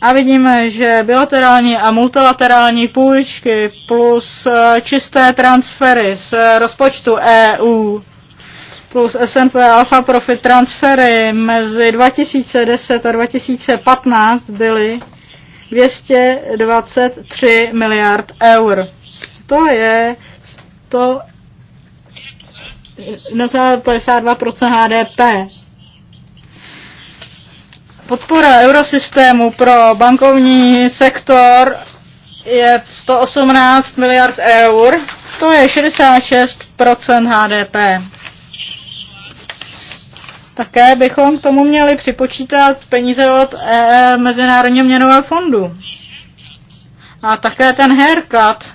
A vidíme, že bilaterální a multilaterální půjčky plus eh, čisté transfery z rozpočtu EU plus SNP Alpha Profit transfery mezi 2010 a 2015 byly 223 miliard eur. To je to 52% HDP. Podpora eurosystému pro bankovní sektor je 118 miliard eur, to je 66% HDP. Také bychom k tomu měli připočítat peníze od e, e Mezinárodního měnového fondu. A také ten haircut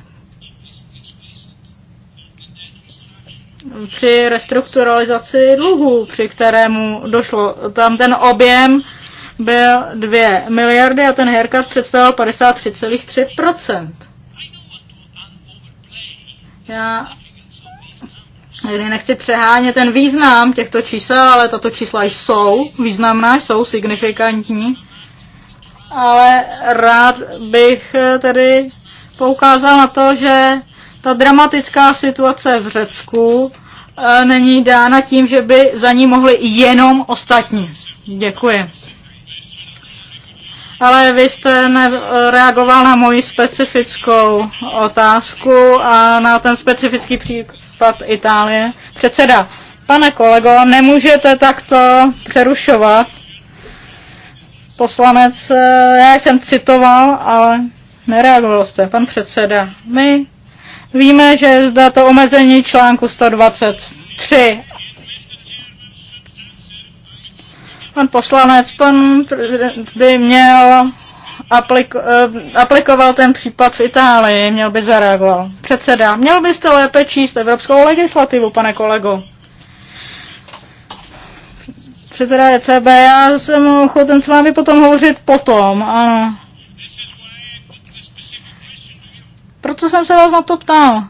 při restrukturalizaci dluhů, při kterému došlo. Tam ten objem byl 2 miliardy a ten haircut představoval 53,3%. Já nechci přehánět ten význam těchto čísel, ale tato čísla jsou významná, jsou signifikantní. Ale rád bych tedy poukázal na to, že ta dramatická situace v Řecku e, není dána tím, že by za ní mohli jenom ostatní. Děkuji. Ale vy jste e, reagoval na moji specifickou otázku a na ten specifický případ Itálie. Předseda, pane kolego, nemůžete takto přerušovat. Poslanec, e, já jsem citoval, ale nereagoval jste, pan předseda. My Víme, že je zde to omezení článku 123. Pan poslanec, pan by měl apliko, eh, aplikoval ten případ v Itálii, měl by zareagoval. Předseda, měl byste lépe číst evropskou legislativu, pane kolego. Předseda ECB, já jsem ochoten s vámi potom hovořit potom, ano. Proto jsem se vás na to ptal.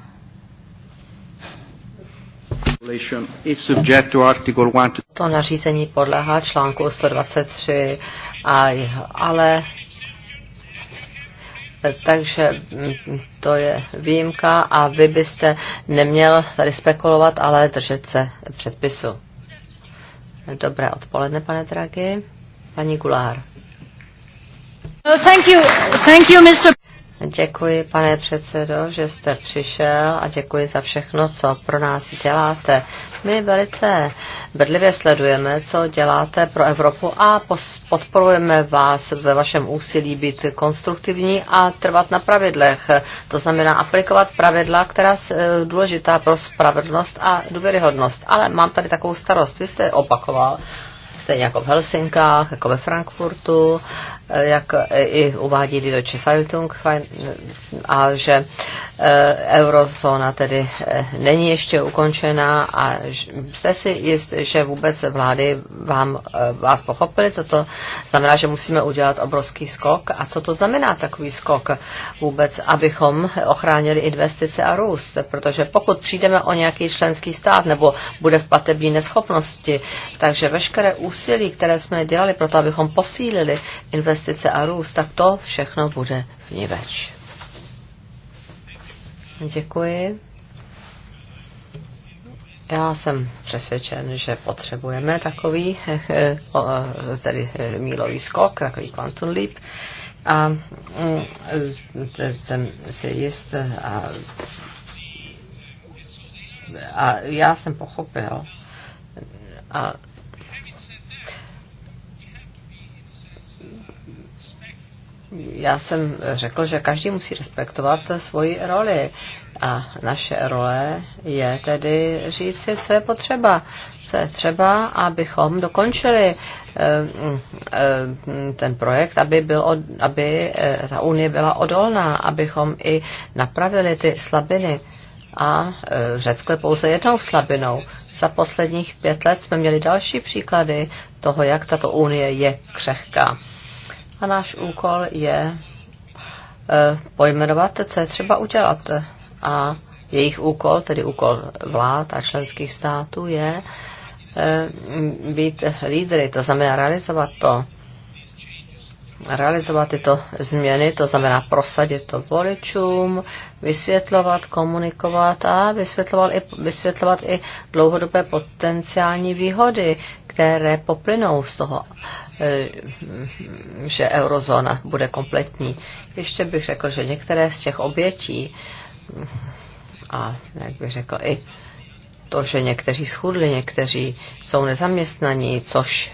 To nařízení podléhá článku 123, a, ale takže mm, to je výjimka a vy byste neměl tady spekulovat, ale držet se předpisu. Dobré odpoledne, pane Draghi. Paní Gulár. thank you. Thank you, Mr. Děkuji, pane předsedo, že jste přišel a děkuji za všechno, co pro nás děláte. My velice bedlivě sledujeme, co děláte pro Evropu a podporujeme vás ve vašem úsilí být konstruktivní a trvat na pravidlech. To znamená aplikovat pravidla, která jsou e, důležitá pro spravedlnost a důvěryhodnost. Ale mám tady takovou starost. Vy jste opakoval, stejně jako v Helsinkách, jako ve Frankfurtu, eh, jak eh, i uvádí do Zeitung, a že eh, eurozóna tedy není ještě ukončená a jste si jist, že vůbec vlády vám, vás pochopili, co to znamená, že musíme udělat obrovský skok a co to znamená takový skok vůbec, abychom ochránili investice a růst, protože pokud přijdeme o nějaký členský stát nebo bude v platební neschopnosti, takže veškeré úsilí, které jsme dělali pro to, abychom posílili investice a růst, tak to všechno bude vníveč. Děkuji. Já jsem přesvědčen, že potřebujeme takový *laughs* tedy e, mílový skok, takový quantum leap. A mm, jsem si jist a, a já jsem pochopil, a já jsem řekl, že každý musí respektovat svoji roli. A naše role je tedy říci, co je potřeba. Co je třeba, abychom dokončili eh, mm, eh, ten projekt, aby, byl, aby eh, ta unie byla odolná, abychom i napravili ty slabiny. A Řecko je pouze jednou slabinou. Za posledních pět let jsme měli další příklady toho, jak tato unie je křehká. A náš úkol je eh, pojmenovat, co je třeba udělat. A jejich úkol, tedy úkol vlád a členských států, je eh, být lídry, to znamená realizovat to, realizovat tyto změny, to znamená prosadit to voličům, vysvětlovat, komunikovat a vysvětlovat i, vysvětlovat i dlouhodobé potenciální výhody které poplynou z toho, e, že eurozóna bude kompletní. Ještě bych řekl, že některé z těch obětí a jak bych řekl i to, že někteří schudli, někteří jsou nezaměstnaní, což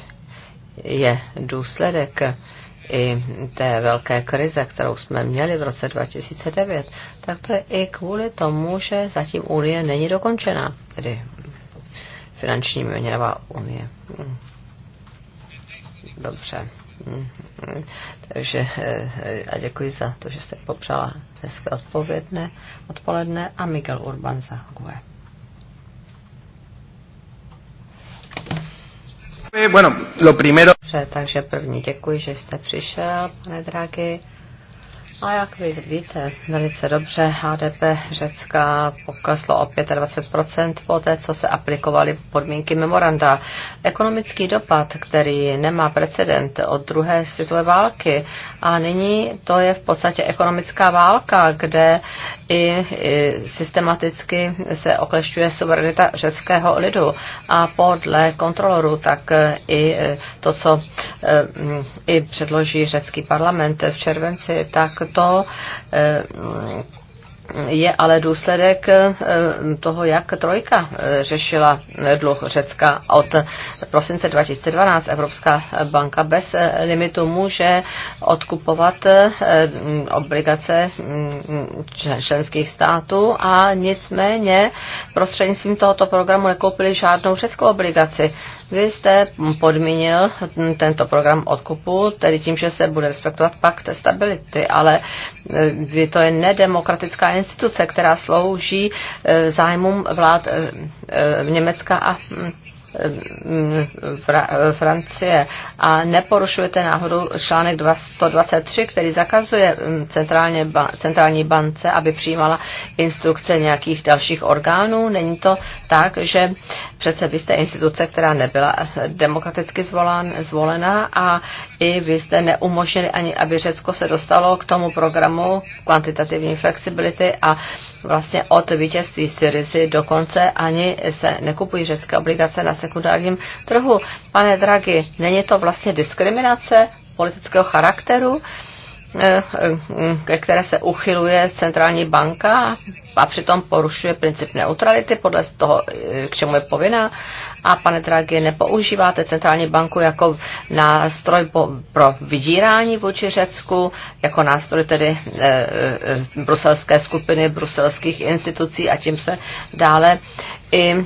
je důsledek i té velké krize, kterou jsme měli v roce 2009, tak to je i kvůli tomu, že zatím Unie není dokončená, tedy finanční měnová unie. Hmm. Dobře. Hmm. Takže eh, a děkuji za to, že jste popřála hezké odpovědné odpoledne a Miguel Urban za GUE. Eh, bueno, lo primero... Dobře, takže první děkuji, že jste přišel, pane Draghi. A jak vy víte velice dobře, HDP Řecka pokleslo o 25% po té, co se aplikovaly podmínky memoranda. Ekonomický dopad, který nemá precedent od druhé světové války a nyní to je v podstatě ekonomická válka, kde i, i systematicky se oklešťuje suverenita řeckého lidu a podle kontrolorů tak e, i e, to, co e, i předloží řecký parlament v červenci, tak to je ale důsledek eh, toho, jak Trojka eh, řešila dluh Řecka od prosince 2012. Evropská banka bez eh, limitu může odkupovat mm, obligace mm, členských států a nicméně prostřednictvím tohoto programu nekoupili žádnou řeckou obligaci. Vy jste podmínil mm, tento program odkupu, tedy tím, že se bude respektovat pakt stability, ale to je nedemokratická instituce, která slouží eh, zájmům vlád eh, eh, Německa a mm, Francie a neporušujete náhodou článek 123, který zakazuje mm, centrálně centrální bance, aby přijímala instrukce nějakých dalších orgánů. Není to tak, že přece byste instituce, která nebyla demokraticky zvolen, zvolená a i vy jste neumožnili ani, aby Řecko se dostalo k tomu programu kvantitativní flexibility a vlastně od vítězství Syrizy dokonce ani se nekupují řecké obligace na sekundárním trhu. Pane Draghi, není to vlastně diskriminace politického charakteru? ke eh, eh, které se uchyluje centrální banka a přitom porušuje princip neutrality podle toho, eh, k čemu je povinná. A pane Draghi, nepoužíváte centrální banku jako nástroj po, pro vydírání vůči Řecku, jako nástroj tedy e, e, bruselské skupiny, bruselských institucí a tím se dále i e,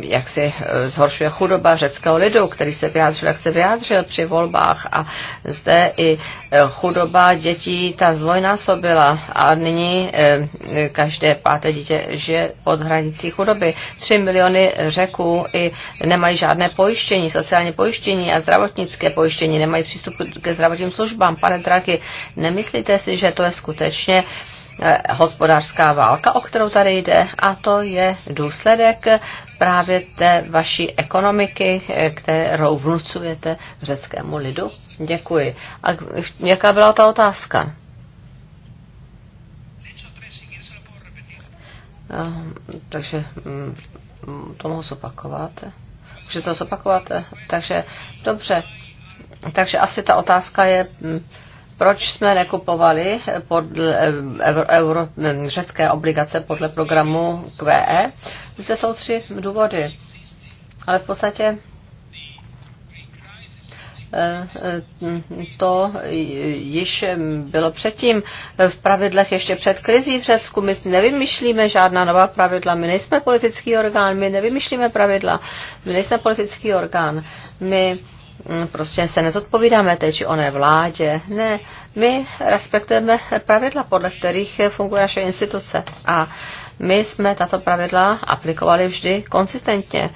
jak si zhoršuje chudoba řeckého lidu, který se vyjádřil, jak se vyjádřil při volbách a zde i chudoba dětí ta zdvojnásobila a nyní e, každé páté dítě žije pod hranicí chudoby. tři miliony Řeku, i nemají žádné pojištění, sociální pojištění a zdravotnické pojištění, nemají přístup ke zdravotním službám. Pane Draky, nemyslíte si, že to je skutečně eh, hospodářská válka, o kterou tady jde, a to je důsledek právě té vaší ekonomiky, eh, kterou vnucujete řeckému lidu? Děkuji. A jaká byla ta otázka? Eh, takže mm, Mm, to mohu zopakovat. Můžu to zopakovat? Takže dobře. Takže asi ta otázka je, mm, proč jsme nekupovali podle eh, euro, euro, mm, řecké obligace podle programu QE? Zde jsou tři důvody. Ale v podstatě to již bylo předtím v pravidlech ještě před krizí v Řecku. My nevymyšlíme žádná nová pravidla, my nejsme politický orgán, my nevymyšlíme pravidla, my nejsme politický orgán. My mm, prostě se nezodpovídáme té či oné vládě. Ne, my respektujeme pravidla, podle kterých funguje naše instituce. A my jsme tato pravidla aplikovali vždy konsistentně. Uh,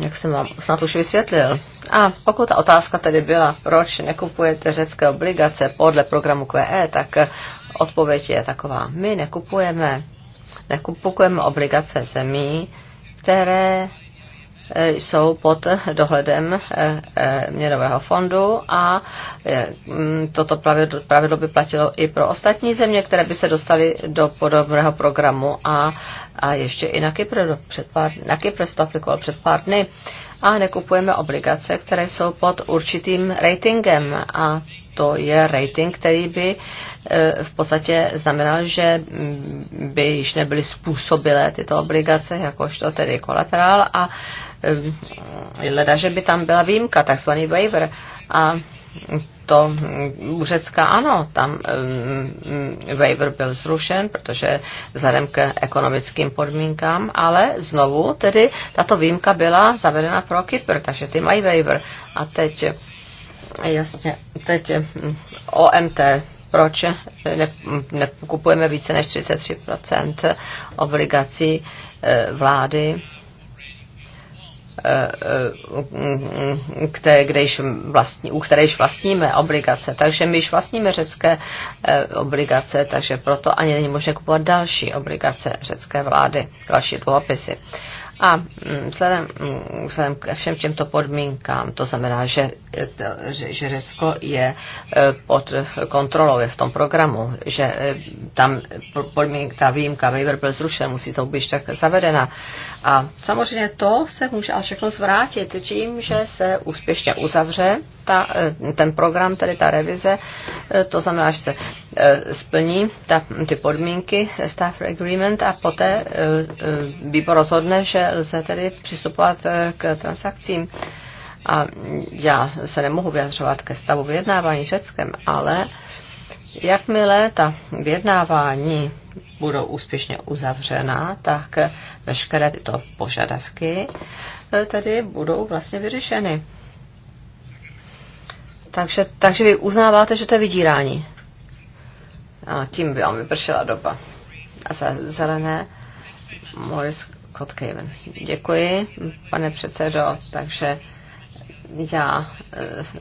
jak jsem vám snad už vysvětlil. A pokud ta otázka tedy byla, proč nekupujete řecké obligace podle programu QE, tak odpověď je taková. My nekupujeme, nekupujeme obligace zemí, které jsou pod dohledem eh, eh, měnového fondu a eh, mm, toto pravidlo by platilo i pro ostatní země, které by se dostaly do podobného programu a, a ještě i na Kypr, před pár, na Kypr se to aplikoval před pár dny. A nekupujeme obligace, které jsou pod určitým ratingem a to je rating, který by v podstatě znamenal, že mm, by již nebyly způsobilé tyto obligace, jakožto tedy kolaterál a Ehm, leda, že by tam byla výjimka, takzvaný waiver. A to mm, u Řecka ano, tam ehm, waiver byl zrušen, protože vzhledem k ekonomickým podmínkám, ale znovu tedy tato výjimka byla zavedena pro Kypr, takže ty mají waiver. A teď, jasně, teď mm, OMT, proč nekupujeme ne, více než 33% obligací e, vlády které, kde již vlastní, u které již vlastníme obligace. Takže my již vlastníme řecké eh, obligace, takže proto ani není možné kupovat další obligace řecké vlády, další dluhopisy. A mm, vzhledem, mm, vzhledem ke všem těmto podmínkám, to znamená, že, e, že, že Řecko je e, pod kontrolou, je v tom programu, že e, tam podmínka, ta výjimka waiver byl zrušen, musí to být tak zavedena. A samozřejmě to se může ale všechno zvrátit tím, že se úspěšně uzavře ta, eh, ten program, tedy ta revize, eh, to znamená, že se eh, splní ta, ty podmínky staff agreement a poté výbor rozhodne, že lze tedy přistupovat k transakcím. A já se nemohu vyjadřovat ke stavu vyjednávání Řeckem, ale jakmile ta vyjednávání budou úspěšně uzavřena, tak veškeré tyto požadavky tedy budou vlastně vyřešeny. Takže, takže vy uznáváte, že to je vydírání. A tím by vám vypršela doba. A za zelené Morris Kotkaven. Děkuji, pane předsedo. Takže já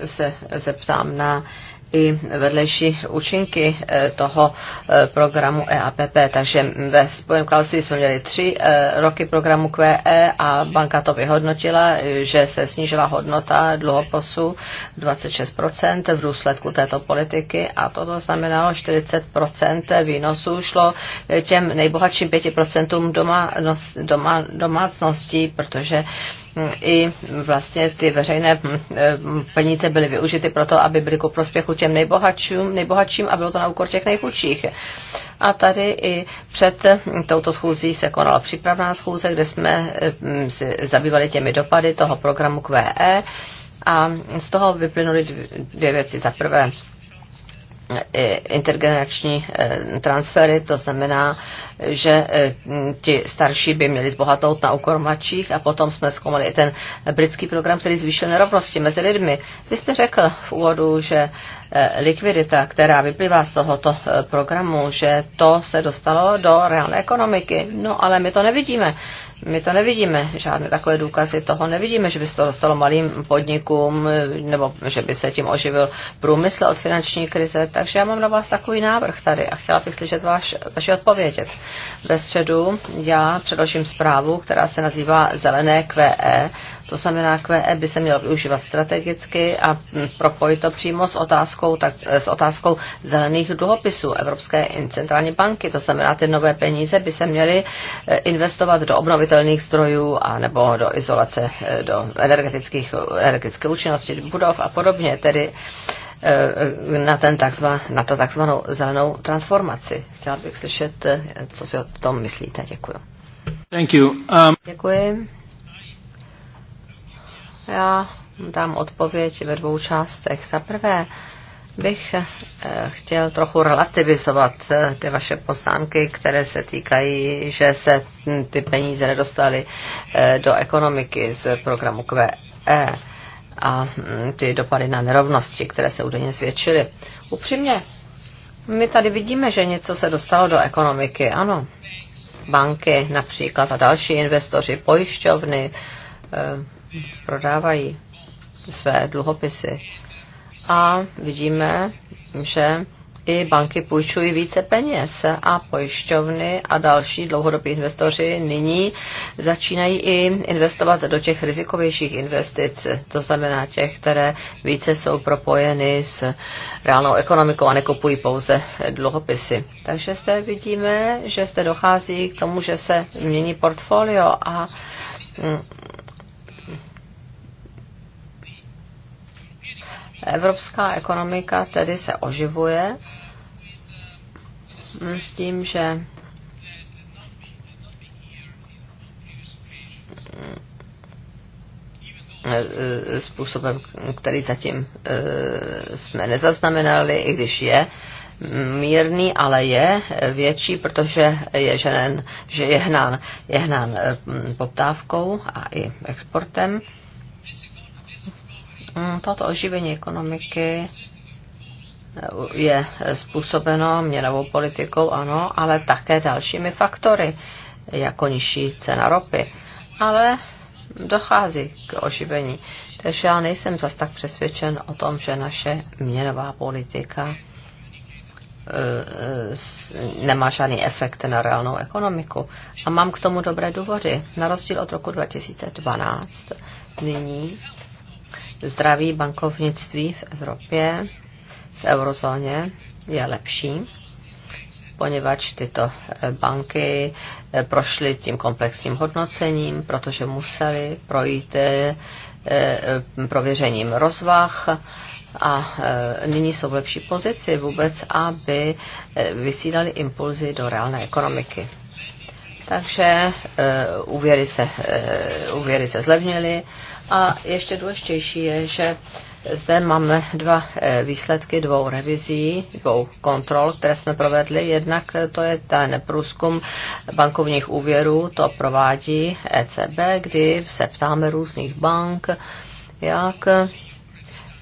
eh, se zeptám na i vedlejší účinky eh, toho eh, programu EAPP. Takže ve Spojeném království jsme měli tři eh, roky programu QE a banka to vyhodnotila, že se snížila hodnota dluhoposu 26% v důsledku této politiky a toto znamenalo 40% výnosů šlo těm nejbohatším 5% doma, doma, domácností, protože i vlastně ty veřejné hm, hm, peníze byly využity proto, aby byly ku prospěchu těm nejbohatším, nejbohatším a bylo to na úkor těch nejchudších. A tady i před hm, touto schůzí se konala přípravná schůze, kde jsme se zabývali těmi dopady toho programu QE a z toho vyplynuly dvě věci. Za prvé, intergenerační e, transfery, to znamená, že e, ti starší by měli zbohatout na úkor mladších a potom jsme zkoumali i ten britský program, který zvýšil nerovnosti mezi lidmi. Vy jste řekl v úvodu, že e, likvidita, která vyplývá z tohoto programu, že to se dostalo do reálné ekonomiky. No ale my to nevidíme. My to nevidíme, žádné takové důkazy toho nevidíme, že by se to dostalo malým podnikům nebo že by se tím oživil průmysl od finanční krize. Takže já mám na vás takový návrh tady a chtěla bych slyšet váš, vaši odpovědět. Ve středu já předložím zprávu, která se nazývá Zelené QE to znamená, QE by se mělo využívat strategicky a propojit to přímo s otázkou, tak, s otázkou zelených dluhopisů Evropské centrální banky. To znamená, ty nové peníze by se měly e, investovat do obnovitelných zdrojů a nebo do izolace, e, do energetických, energetické účinnosti budov a podobně. Tedy e, na, ten takzvan, na to takzvanou zelenou transformaci. Chtěla bych slyšet, co si o tom myslíte. Děkuji. Thank you. Um... Děkuji. Já dám odpověď ve dvou částech. Za prvé bych eh, chtěl trochu relativizovat eh, ty vaše poznámky, které se týkají, že se ty peníze nedostaly eh, do ekonomiky z programu QE a hm, ty dopady na nerovnosti, které se údajně zvětšily. Upřímně, my tady vidíme, že něco se dostalo do ekonomiky, ano. Banky například a další investoři, pojišťovny, prodávají své dluhopisy. A vidíme, že i banky půjčují více peněz a pojišťovny a další dlouhodobí investoři nyní začínají i investovat do těch rizikovějších investic, to znamená těch, které více jsou propojeny s reálnou ekonomikou a nekupují pouze dluhopisy. Takže zde vidíme, že zde dochází k tomu, že se mění portfolio a mm, Evropská ekonomika tedy se oživuje s tím, že způsobem, který zatím eh, jsme nezaznamenali, i když je mírný, ale je větší, protože je ženen, že je hnán, je hnán eh, poptávkou a i exportem. Mm, toto oživení ekonomiky eh, je eh, způsobeno měnovou politikou, ano, ale také dalšími faktory, jako nižší cena ropy. Ale dochází k oživení. Takže já nejsem zas tak přesvědčen o tom, že naše měnová politika eh, nemá žádný efekt na reálnou ekonomiku. A mám k tomu dobré důvody. Na rozdíl od roku 2012 nyní zdraví bankovnictví v Evropě, v eurozóně je lepší, poněvadž tyto eh, banky eh, prošly tím komplexním hodnocením, protože museli projít eh, prověřením rozvah a nyní jsou v lepší pozici vůbec, aby vysílali impulzy do reálné ekonomiky. Takže úvěry se, úvěry se zlevnily, a ještě důležitější je, že zde máme dva eh, výsledky dvou revizí, dvou kontrol, které jsme provedli. Jednak to je ten průzkum bankovních úvěrů, to provádí ECB, kdy se ptáme různých bank, jak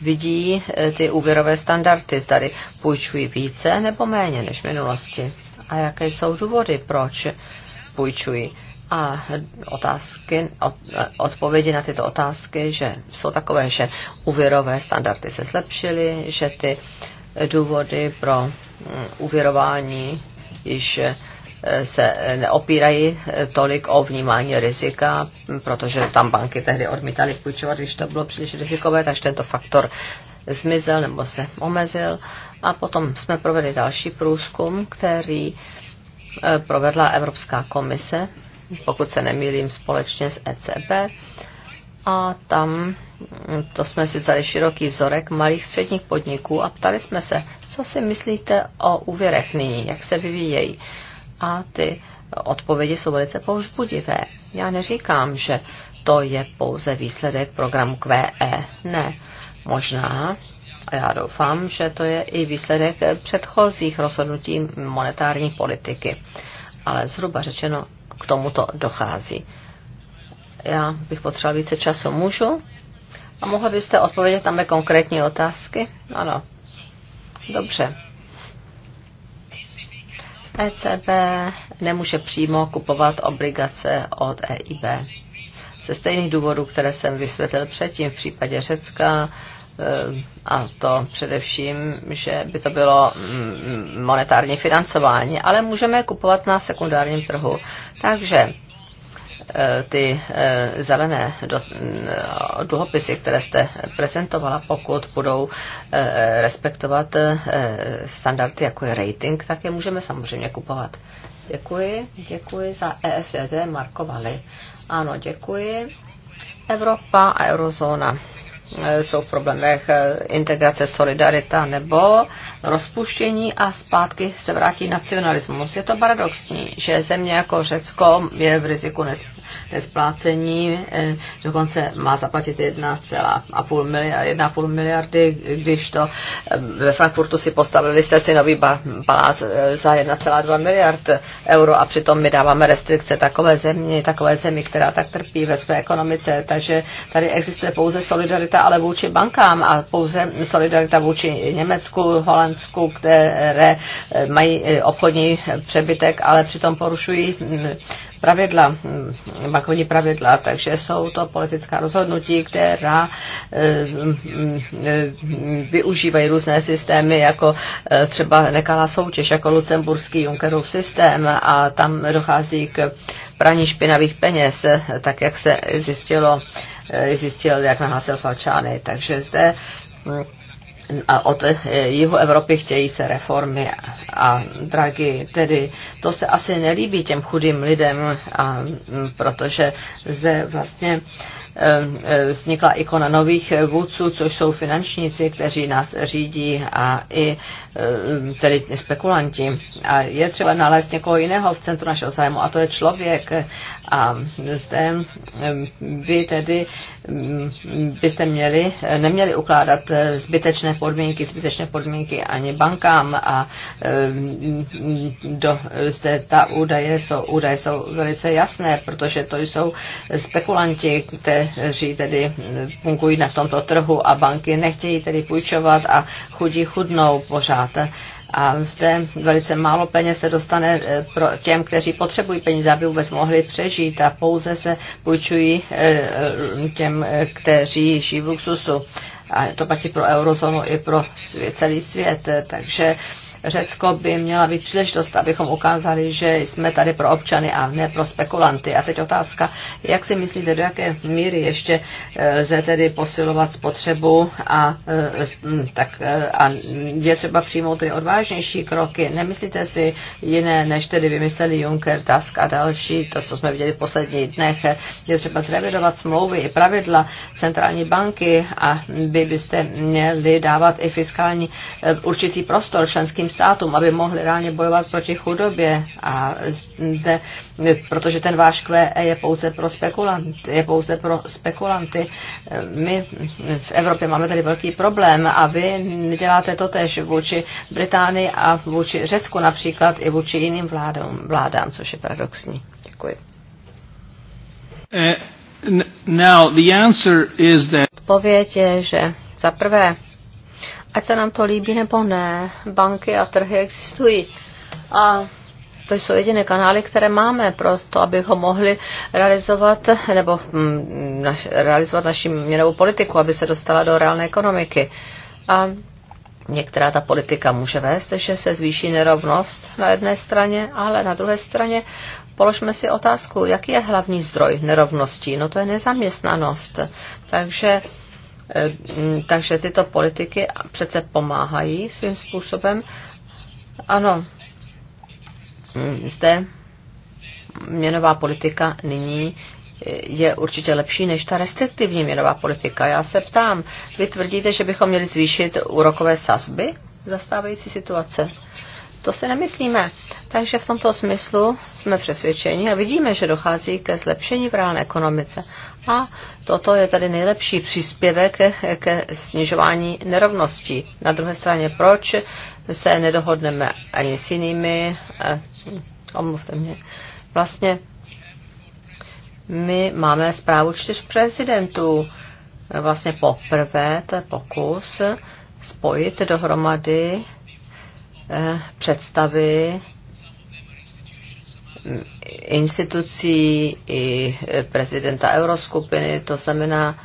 vidí eh, ty úvěrové standardy, zdali půjčují více nebo méně než v minulosti a jaké jsou důvody, proč půjčují. A otázky, odpovědi na tyto otázky, že jsou takové, že úvěrové standardy se zlepšily, že ty důvody pro uvěrování mm, již e, se neopírají e, tolik o vnímání rizika, protože tam banky tehdy odmítaly půjčovat, když to bylo příliš rizikové, takže tento faktor zmizel nebo se omezil. A potom jsme provedli další průzkum, který e, provedla Evropská komise pokud se nemýlím, společně s ECB. A tam mm, to jsme si vzali široký vzorek malých středních podniků a ptali jsme se, co si myslíte o úvěrech nyní, jak se vyvíjejí. A ty odpovědi jsou velice povzbudivé. Já neříkám, že to je pouze výsledek programu QE. Ne, možná, a já doufám, že to je i výsledek předchozích rozhodnutí monetární politiky. Ale zhruba řečeno k tomuto dochází. Já bych potřeboval více času. Můžu? A mohla byste odpovědět na mé konkrétní otázky? Ano. Dobře. ECB nemůže přímo kupovat obligace od EIB. Ze stejných důvodů, které jsem vysvětlil předtím v případě Řecka, Eh, a to především, že by to bylo mm, monetární financování, ale můžeme kupovat na sekundárním trhu. Takže eh, ty eh, zelené mm, dluhopisy, které jste prezentovala, pokud budou respektovat standardy, jako je rating, tak je můžeme samozřejmě kupovat. Děkuji, děkuji za EFDD Markovali. Ano, děkuji. Evropa a eurozóna Eh, jsou v problémech eh, integrace, solidarita nebo rozpuštění a zpátky se vrátí nacionalismus. Je to paradoxní, že země jako Řecko je v riziku nesplácení eh, dokonce má zaplatit 1,5 miliardy, 1,5 miliardy, když to eh, ve Frankfurtu si postavili jste si nový palác eh, za 1,2 miliard euro a přitom my dáváme restrikce takové země, takové zemi, která tak trpí ve své ekonomice, takže tady existuje pouze solidarita, ale vůči bankám a pouze solidarita vůči Německu, Holandsku, které mají obchodní přebytek, ale přitom porušují mm, pravidla, hm, bankovní pravidla, takže jsou to politická rozhodnutí, která eh, hm, využívají různé systémy, jako eh, třeba nekalá soutěž, jako lucemburský Junckerův systém a tam dochází k praní špinavých peněz, tak jak se zjistilo, eh, zjistil, jak nahlásil Falčány. Takže zde hm, a od eh, jihu Evropy chtějí se reformy a dragy. Tedy to se asi nelíbí těm chudým lidem, a, mm, protože zde vlastně eh, eh, vznikla ikona nových vůdců, což jsou finančníci, kteří nás řídí a i tedy spekulanti. A je třeba nalézt někoho jiného v centru našeho zájmu a to je člověk a zde vy tedy byste měli, neměli ukládat eh, zbytečné podmínky, zbytečné podmínky ani bankám a do, zde ta údaje jsou, údaje jsou velice jasné, protože to jsou spekulanti, kteří tedy fungují na tomto trhu a banky nechtějí tedy půjčovat a chudí chudnou pořád a zde velice málo peněz se dostane eh, pro těm, kteří potřebují peníze, aby vůbec mohli přežít a pouze se půjčují eh, eh, těm, kteří žijí v luxusu. A to platí pro eurozónu i pro svět, celý svět. Takže Řecko by měla být příležitost, abychom ukázali, že jsme tady pro občany a ne pro spekulanty. A teď otázka, jak si myslíte, do jaké míry ještě eh, lze tedy posilovat spotřebu a, eh, hm, tak, eh, a je třeba přijmout ty odvážnější kroky. Nemyslíte si jiné, než tedy vymysleli Juncker, Tusk a další, to, co jsme viděli v posledních dnech, je třeba zrevidovat smlouvy i pravidla centrální banky a by byste měli dávat i fiskální určitý prostor členským členským státům, aby mohli reálně bojovat proti chudobě. A zde, protože ten váš QE je pouze pro spekulanty, je pouze pro spekulanty. My v Evropě máme tady velký problém a vy děláte to tež vůči Británii a vůči Řecku například i vůči jiným vládám, vládám což je paradoxní. Děkuji. Uh, now the answer is that... Odpověď je, že za prvé ať se nám to líbí nebo ne, banky a trhy existují. A to jsou jediné kanály, které máme pro to, abychom mohli realizovat nebo mm, naš, realizovat naši měnovou politiku, aby se dostala do reálné ekonomiky. A některá ta politika může vést, že se zvýší nerovnost na jedné straně, ale na druhé straně položme si otázku, jaký je hlavní zdroj nerovností. No to je nezaměstnanost. Takže Eh, takže tyto politiky přece pomáhají svým způsobem. Ano, zde měnová politika nyní eh, je určitě lepší než ta restriktivní měnová politika. Já se ptám, vy tvrdíte, že bychom měli zvýšit úrokové sazby za stávající situace? To si nemyslíme. Takže v tomto smyslu jsme přesvědčeni a vidíme, že dochází ke zlepšení v reálné ekonomice. A toto je tady nejlepší příspěvek ke snižování nerovností. Na druhé straně, proč se nedohodneme ani s jinými, eh, omluvte mě, vlastně my máme zprávu čtyř prezidentů. Vlastně poprvé, to je pokus, spojit dohromady představy institucí i prezidenta Euroskupiny, to znamená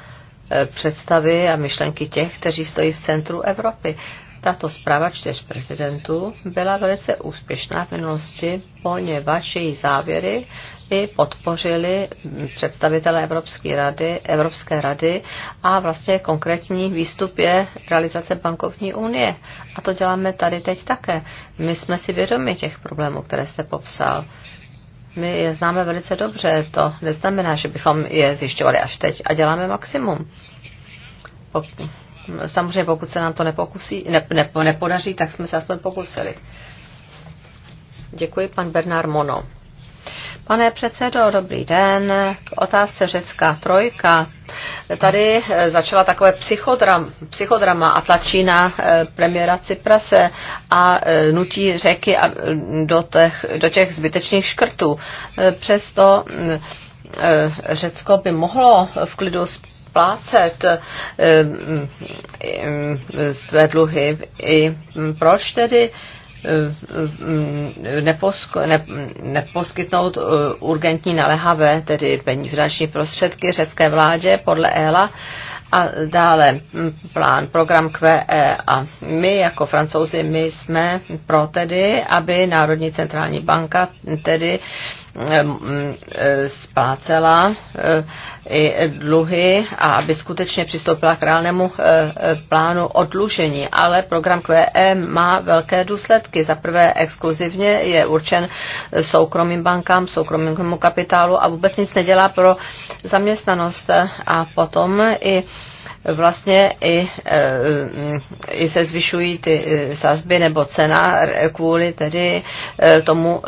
eh, představy a myšlenky těch, kteří stojí v centru Evropy. Tato zpráva čtyř prezidentů byla velice úspěšná v minulosti, poněvadž její závěry i podpořili představitelé Evropské rady, Evropské rady a vlastně konkrétní výstup je realizace bankovní unie. A to děláme tady teď také. My jsme si vědomi těch problémů, které jste popsal. My je známe velice dobře, to neznamená, že bychom je zjišťovali až teď a děláme maximum Samozřejmě pokud se nám to nepokusí, ne, ne, nepodaří, tak jsme se aspoň pokusili. Děkuji, pan Bernard Mono. Pane předsedo, dobrý den. K otázce řecká trojka. Tady eh, začala takové psychodram, psychodrama a tlačí na eh, premiéra Ciprase a eh, nutí řeky do těch, do těch zbytečných škrtů. Přesto mm, Řecko by mohlo v klidu splácet eh, eh, eh, své dluhy. I hm, proč tedy hm, neposk, ne, neposkytnout urgentní naléhavé, tedy finanční prostředky řecké vládě podle ELA a dále hm, plán, program QE a my jako francouzi, my jsme pro tedy, aby Národní centrální banka tedy splácela i dluhy a aby skutečně přistoupila k reálnému plánu odlužení. Ale program QE má velké důsledky. Za prvé exkluzivně je určen soukromým bankám, soukromému kapitálu a vůbec nic nedělá pro zaměstnanost. A potom i vlastně i, e, i se zvyšují ty e, sazby nebo cena kvůli tedy e, tomu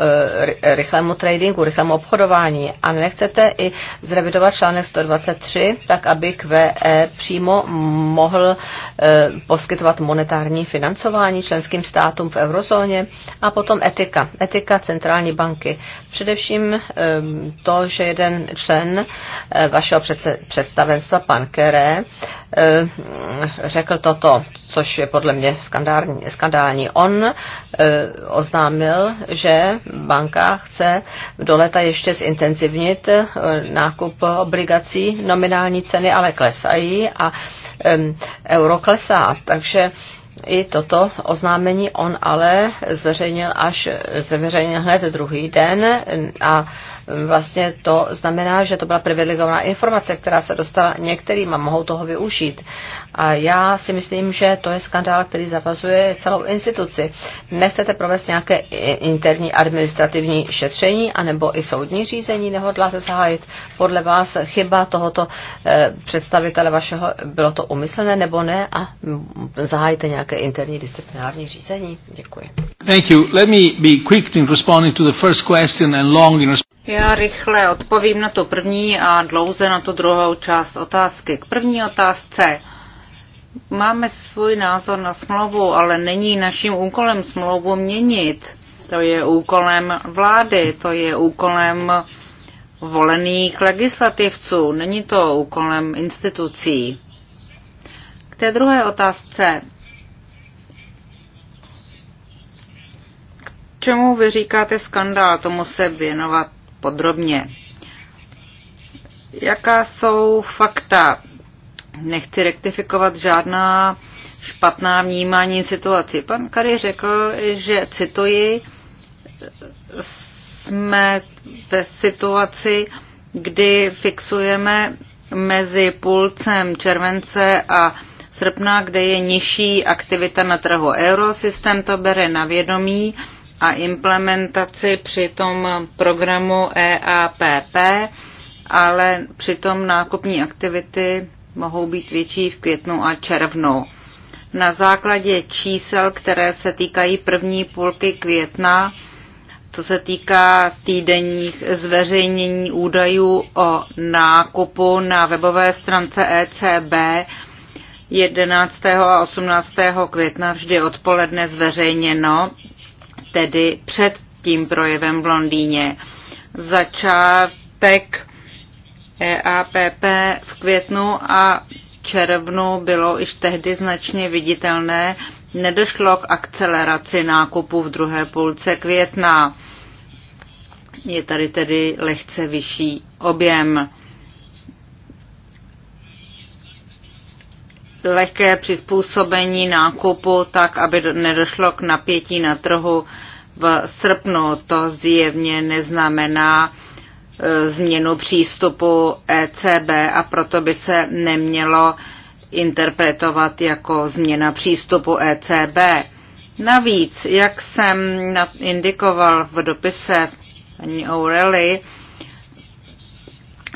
rychlému tradingu, rychlému obchodování. A nechcete i zrevidovat článek 123, tak aby QE přímo mohl poskytovat monetární financování členským státům v eurozóně a potom etika. Etika centrální banky. Především to, že jeden člen vašeho představenstva, pan Kere, Eh, řekl toto, což je podle mě skandální. skandální. On eh, oznámil, že banka chce do léta ještě zintenzivnit eh, nákup obligací, nominální ceny ale klesají a euro klesá, takže i toto oznámení on ale zveřejnil až zveřejnil hned druhý den a vlastně to znamená, že to byla privilegovaná informace, která se dostala některým a mohou toho využít. A já si myslím, že to je skandál, který zavazuje celou instituci. Nechcete provést nějaké interní administrativní šetření anebo i soudní řízení, nehodláte zahájit podle vás chyba tohoto eh, představitele vašeho, bylo to umyslné nebo ne a zahájíte nějaké interní disciplinární řízení? Děkuji. Thank you. Let me be quick in responding to the first question and long in já rychle odpovím na to první a dlouze na tu druhou část otázky. K první otázce. Máme svůj názor na smlouvu, ale není naším úkolem smlouvu měnit. To je úkolem vlády, to je úkolem volených legislativců, není to úkolem institucí. K té druhé otázce. K čemu vy říkáte skandál? Tomu se věnovat podrobně. Jaká jsou fakta? Nechci rektifikovat žádná špatná vnímání situaci. Pan Kary řekl, že, cituji, jsme ve situaci, kdy fixujeme mezi půlcem července a srpna, kde je nižší aktivita na trhu euro. Systém to bere na vědomí a implementaci při tom programu EAPP, ale přitom nákupní aktivity mohou být větší v květnu a červnu. Na základě čísel, které se týkají první půlky května, co se týká týdenních zveřejnění údajů o nákupu na webové stránce ECB, 11. a 18. května vždy odpoledne zveřejněno tedy před tím projevem v Londýně. Začátek EAPP v květnu a červnu bylo již tehdy značně viditelné, nedošlo k akceleraci nákupu v druhé půlce května. Je tady tedy lehce vyšší objem. lehké přizpůsobení nákupu tak, aby nedošlo k napětí na trhu v srpnu. To zjevně neznamená e, změnu přístupu ECB a proto by se nemělo interpretovat jako změna přístupu ECB. Navíc, jak jsem indikoval v dopise paní O'Reilly,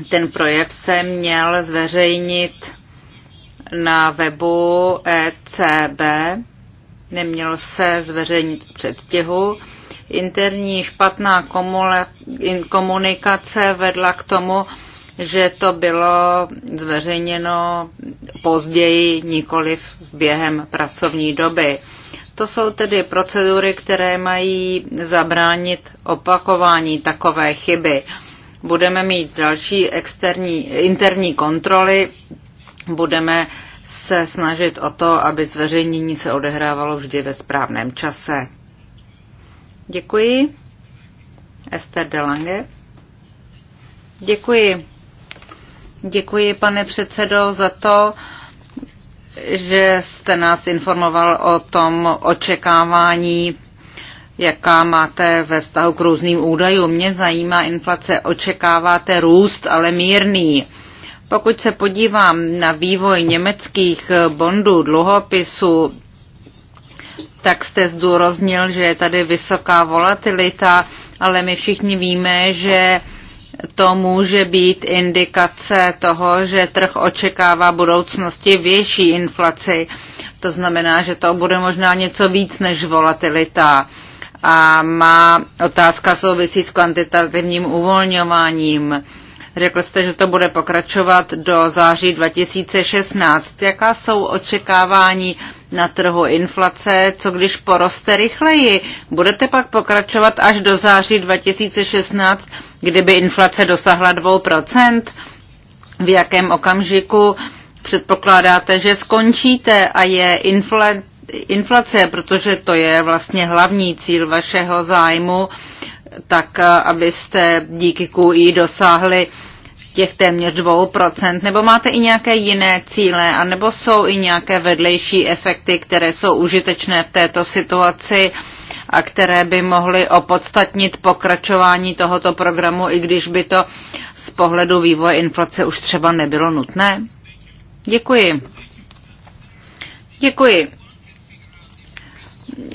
ten projev se měl zveřejnit na webu ECB, neměl se zveřejnit v předstihu. Interní špatná komunikace vedla k tomu, že to bylo zveřejněno později, nikoli během pracovní doby. To jsou tedy procedury, které mají zabránit opakování takové chyby. Budeme mít další externí, interní kontroly budeme se snažit o to, aby zveřejnění se odehrávalo vždy ve správném čase. Děkuji. Esther Delange. Děkuji. Děkuji, pane předsedo, za to, že jste nás informoval o tom očekávání, jaká máte ve vztahu k různým údajům. Mě zajímá inflace. Očekáváte růst, ale mírný. Pokud se podívám na vývoj německých eh, bondů, dluhopisů, tak jste zdůraznil, že je tady vysoká volatilita, ale my všichni víme, že to může být indikace toho, že trh očekává budoucnosti větší inflaci. To znamená, že to bude možná něco víc než volatilita. A má otázka souvisí s kvantitativním uvolňováním. Řekl jste, že to bude pokračovat do září 2016. Jaká jsou očekávání na trhu inflace? Co když poroste rychleji? Budete pak pokračovat až do září 2016, kdyby inflace dosahla 2%? V jakém okamžiku předpokládáte, že skončíte a je inflace, inflace, protože to je vlastně hlavní cíl vašeho zájmu, tak eh, abyste díky QI dosáhli těch téměř 2%, nebo máte i nějaké jiné cíle, anebo jsou i nějaké vedlejší efekty, které jsou užitečné v této situaci a které by mohly opodstatnit pokračování tohoto programu, i když by to z pohledu vývoje inflace už třeba nebylo nutné? Děkuji. Děkuji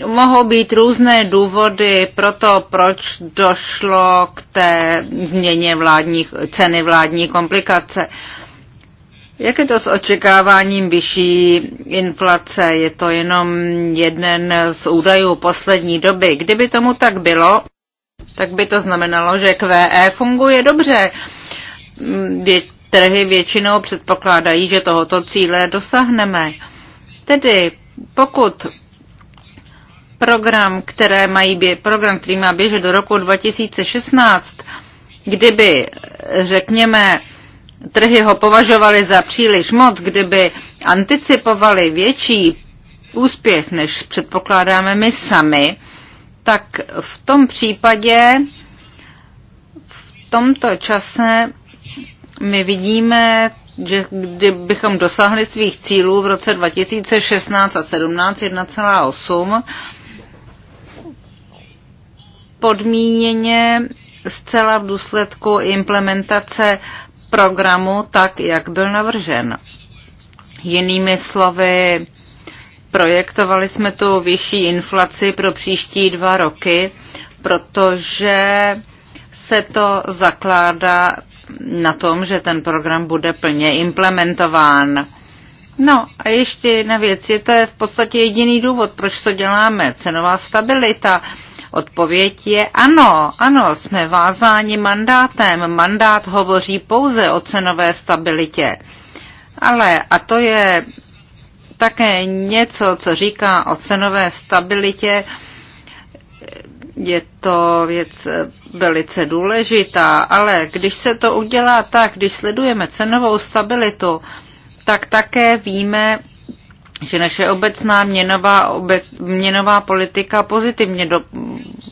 mohou být různé důvody pro to, proč došlo k té změně vládních, ceny vládní komplikace. Jak je to s očekáváním vyšší inflace? Je to jenom jeden z údajů poslední doby. Kdyby tomu tak bylo, tak by to znamenalo, že QE funguje dobře. Trhy většinou předpokládají, že tohoto cíle dosáhneme. Tedy pokud program, které mají bě, program, který má běžet do roku 2016, kdyby, řekněme, trhy ho považovali za příliš moc, kdyby anticipovali větší úspěch, než předpokládáme my sami, tak v tom případě v tomto čase my vidíme, že kdybychom dosáhli svých cílů v roce 2016 a 17 1,8, podmíněně zcela v důsledku implementace programu tak, jak byl navržen. Jinými slovy, projektovali jsme tu vyšší inflaci pro příští dva roky, protože se to zakládá na tom, že ten program bude plně implementován. No a ještě jedna věc, je to v podstatě jediný důvod, proč to děláme, cenová stabilita. Odpověď je ano, ano, jsme vázáni mandátem. Mandát hovoří pouze o cenové stabilitě. Ale, a to je také něco, co říká o cenové stabilitě, je to věc velice důležitá, ale když se to udělá tak, když sledujeme cenovou stabilitu, tak také víme, že naše obecná měnová, obec, měnová politika pozitivně do,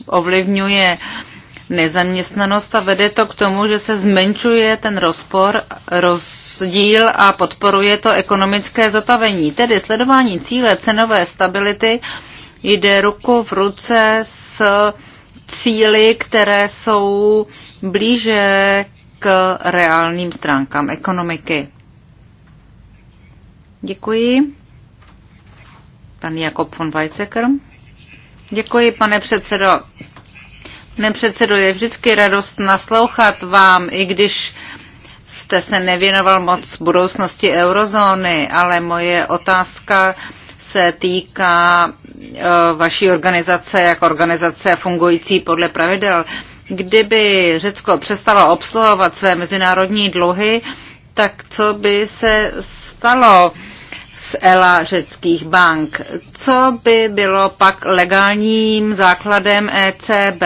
ovlivňuje nezaměstnanost a vede to k tomu, že se zmenšuje ten rozpor, rozdíl a podporuje to ekonomické zotavení. Tedy sledování cíle cenové stability jde ruku v ruce s cíly, které jsou blíže k reálným stránkám ekonomiky. Děkuji. Pan Jakob von Weizsäcker. Děkuji, pane předsedo. Pane předsedo, je vždycky radost naslouchat vám, i když jste se nevěnoval moc budoucnosti eurozóny, ale moje otázka se týká eh, vaší organizace jak organizace fungující podle pravidel. Kdyby Řecko přestalo obsluhovat své mezinárodní dluhy, tak co by se stalo? z ELA řeckých bank. Co by bylo pak legálním základem ECB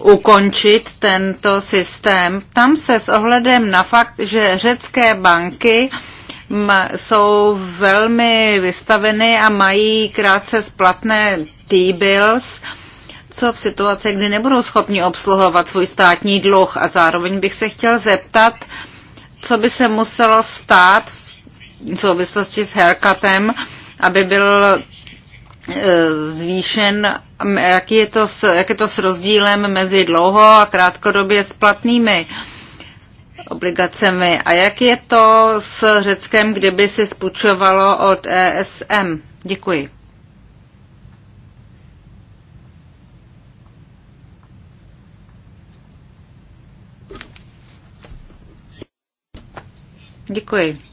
ukončit tento systém? Tam se s ohledem na fakt, že řecké banky jsou velmi vystaveny a mají krátce splatné T-bills, co v situaci, kdy nebudou schopni obsluhovat svůj státní dluh. A zároveň bych se chtěl zeptat, co by se muselo stát v v souvislosti s haircutem, aby byl e, zvýšen, jak je, to s, jak je to s rozdílem mezi dlouho a krátkodobě splatnými obligacemi a jak je to s Řeckem, kdyby se spučovalo od ESM. Děkuji. Děkuji.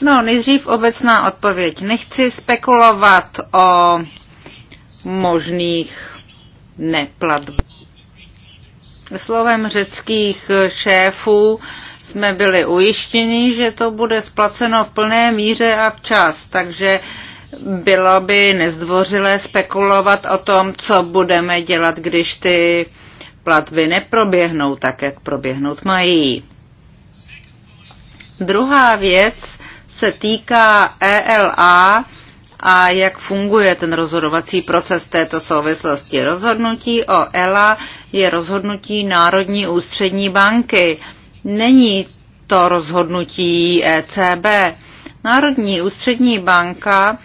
No, nejdřív obecná odpověď. Nechci spekulovat o možných neplatbách. Slovem řeckých šéfů jsme byli ujištěni, že to bude splaceno v plné míře a včas, takže bylo by nezdvořilé spekulovat o tom, co budeme dělat, když ty platby neproběhnou tak, jak proběhnout mají. Druhá věc se týká ELA a jak funguje ten rozhodovací proces této souvislosti. Rozhodnutí o ELA je rozhodnutí Národní ústřední banky. Není to rozhodnutí ECB. Národní ústřední banka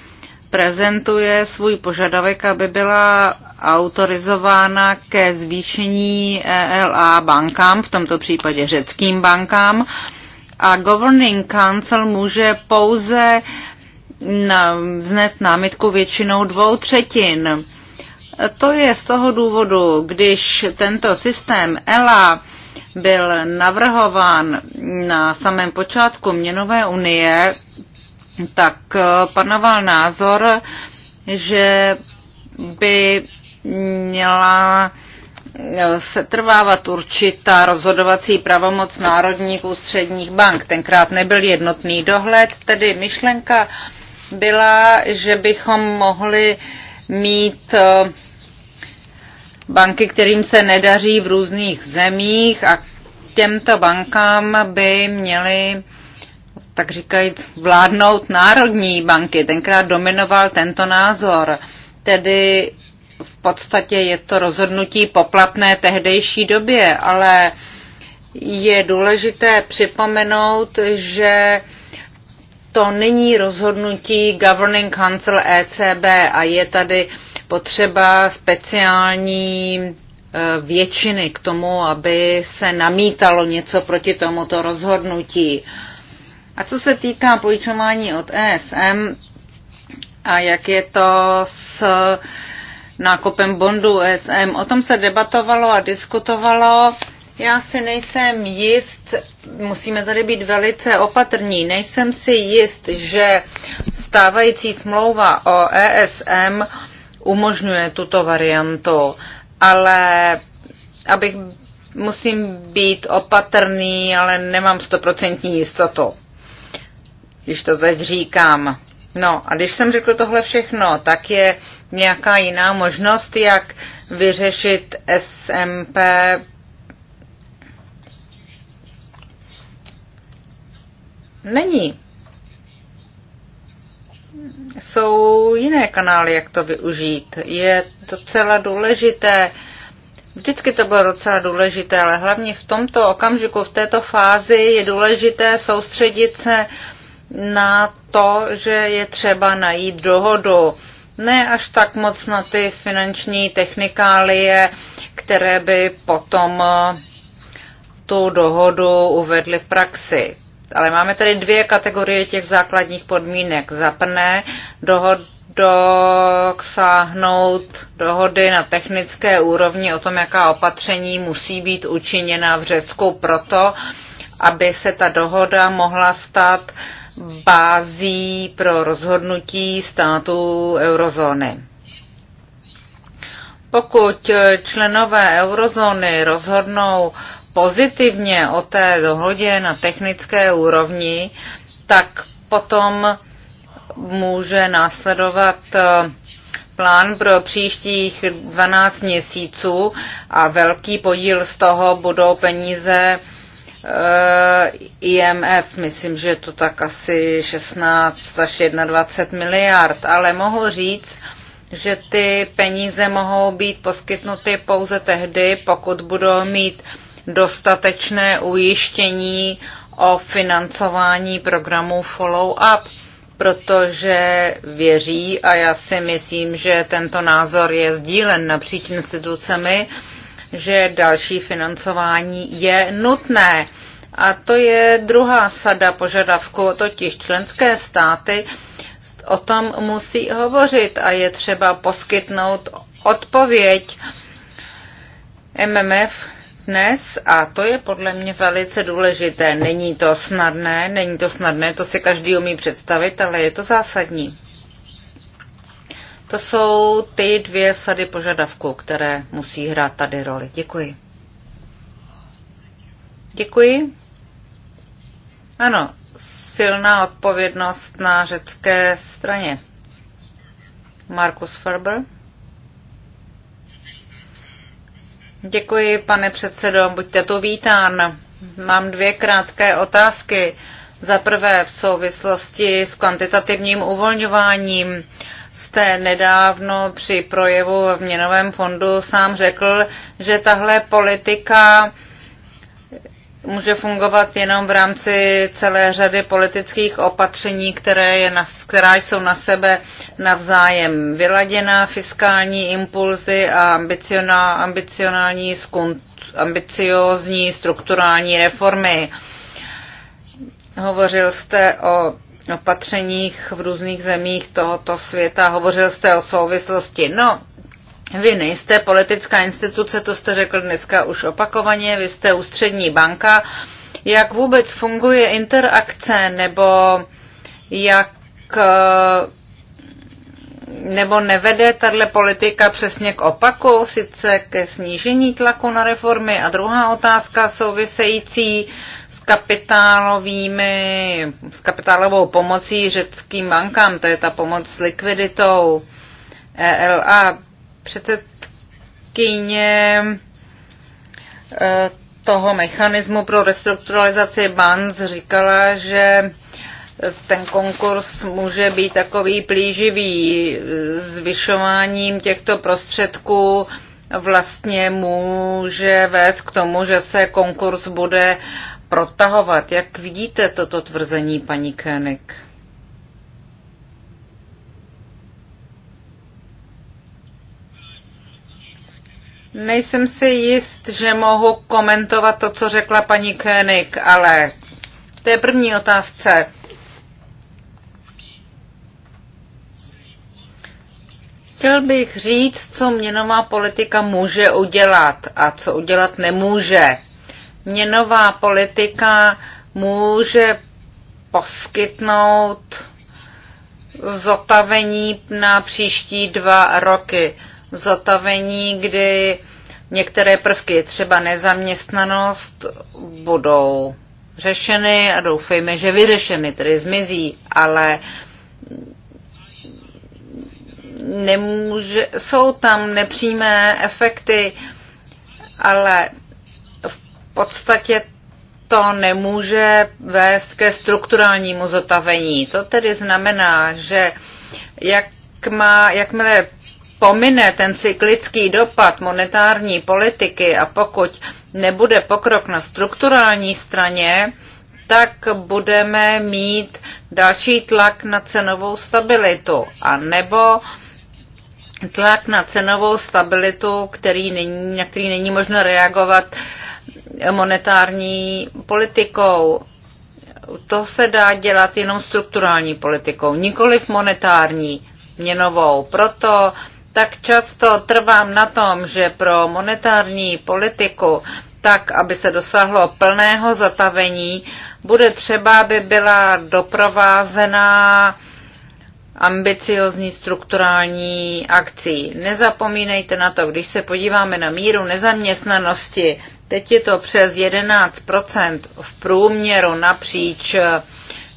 prezentuje svůj požadavek, aby byla autorizována ke zvýšení ELA bankám, v tomto případě řeckým bankám a Governing Council může pouze vznést námitku většinou dvou třetin. To je z toho důvodu, když tento systém ELA byl navrhován na samém počátku měnové unie, tak eh, panoval názor, že by měla setrvávat určitá rozhodovací pravomoc národních ústředních bank. Tenkrát nebyl jednotný dohled, tedy myšlenka byla, že bychom mohli mít eh, banky, kterým se nedaří v různých zemích a těmto bankám by měly tak říkajíc, vládnout národní banky. Tenkrát dominoval tento názor. Tedy v podstatě je to rozhodnutí poplatné tehdejší době, ale je důležité připomenout, že to není rozhodnutí Governing Council ECB a je tady potřeba speciální e, většiny k tomu, aby se namítalo něco proti tomuto rozhodnutí. A co se týká půjčování od ESM a jak je to s uh, nákupem bondu SM. O tom se debatovalo a diskutovalo. Já si nejsem jist, musíme tady být velice opatrní, nejsem si jist, že stávající smlouva o ESM umožňuje tuto variantu, ale abych musím být opatrný, ale nemám stoprocentní jistotu, když to teď říkám. No a když jsem řekl tohle všechno, tak je nějaká jiná možnost, jak vyřešit SMP Není. Jsou jiné kanály, jak to využít. Je to celá důležité. Vždycky to bylo docela důležité, ale hlavně v tomto okamžiku, v této fázi je důležité soustředit se na to, že je třeba najít dohodu ne až tak moc na ty finanční technikálie, které by potom eh, tu dohodu uvedly v praxi. Ale máme tady dvě kategorie těch základních podmínek. Za prvé sáhnout dohody na technické úrovni o tom, jaká opatření musí být učiněna v Řecku proto, aby se ta dohoda mohla stát uh, bází pro rozhodnutí států eurozóny. Pokud členové eurozóny rozhodnou pozitivně o té dohodě na technické úrovni, tak potom může následovat eh, plán pro příštích 12 měsíců a velký podíl z toho budou peníze Eh, IMF, myslím, že je to tak asi 16 až 21 miliard, ale mohu říct, že ty peníze mohou být poskytnuty pouze tehdy, pokud budou mít dostatečné ujištění o financování programů follow-up, protože věří, a já si myslím, že tento názor je sdílen napříč institucemi, že další financování je nutné. A to je druhá sada požadavku, totiž členské státy o tom musí hovořit a je třeba poskytnout odpověď. MMF dnes, a to je podle mě velice důležité, není to snadné, není to snadné, to si každý umí představit, ale je to zásadní. To jsou ty dvě sady požadavků, které musí hrát tady roli. Děkuji. Děkuji. Ano, silná odpovědnost na řecké straně. Markus Ferber. Děkuji, pane předsedo, buďte tu vítán. Mám dvě krátké otázky. Za prvé v souvislosti s kvantitativním uvolňováním jste nedávno při projevu v Měnovém fondu sám řekl, že tahle politika může fungovat jenom v rámci celé řady politických opatření, které je na, která jsou na sebe navzájem vyladěná, fiskální impulzy a ambicionální, ambiciozní strukturální reformy. Hovořil jste o opatřeních v různých zemích tohoto světa. Hovořil jste o souvislosti. No, vy nejste politická instituce, to jste řekl dneska už opakovaně, vy jste ústřední banka. Jak vůbec funguje interakce nebo jak eh, nebo nevede tahle politika přesně k opaku, sice ke snížení tlaku na reformy? A druhá otázka související, kapitálovými, s kapitálovou pomocí řeckým bankám, to je ta pomoc s likviditou ELA. Předsedkyně e, toho mechanismu pro restrukturalizaci bank říkala, že ten konkurs může být takový plíživý. Zvyšováním těchto prostředků vlastně může vést k tomu, že se konkurs bude protahovat. Jak vidíte toto tvrzení, paní Koenig? Nejsem si jist, že mohu komentovat to, co řekla paní Koenig, ale to je první otázce Chtěl bych říct, co měnová politika může udělat a co udělat nemůže měnová politika může poskytnout zotavení na příští dva roky. Zotavení, kdy některé prvky, třeba nezaměstnanost, budou řešeny a doufejme, že vyřešeny, tedy zmizí, ale nemůže, jsou tam nepřímé efekty, ale podstatě to nemůže vést ke strukturálnímu zotavení. To tedy znamená, že jak má, jakmile pomine ten cyklický dopad monetární politiky a pokud nebude pokrok na strukturální straně, tak budeme mít další tlak na cenovou stabilitu a nebo tlak na cenovou stabilitu, který není, na který není možno reagovat uh, monetární politikou. To se dá dělat jenom strukturální politikou, nikoliv monetární, měnovou. Proto tak často trvám na tom, že pro monetární politiku, tak aby se dosáhlo plného zatavení, bude třeba, aby byla doprovázená ambiciozní strukturální akcí. Nezapomínejte na to, když se podíváme na míru nezaměstnanosti, Teď je to přes 11 v průměru napříč eh,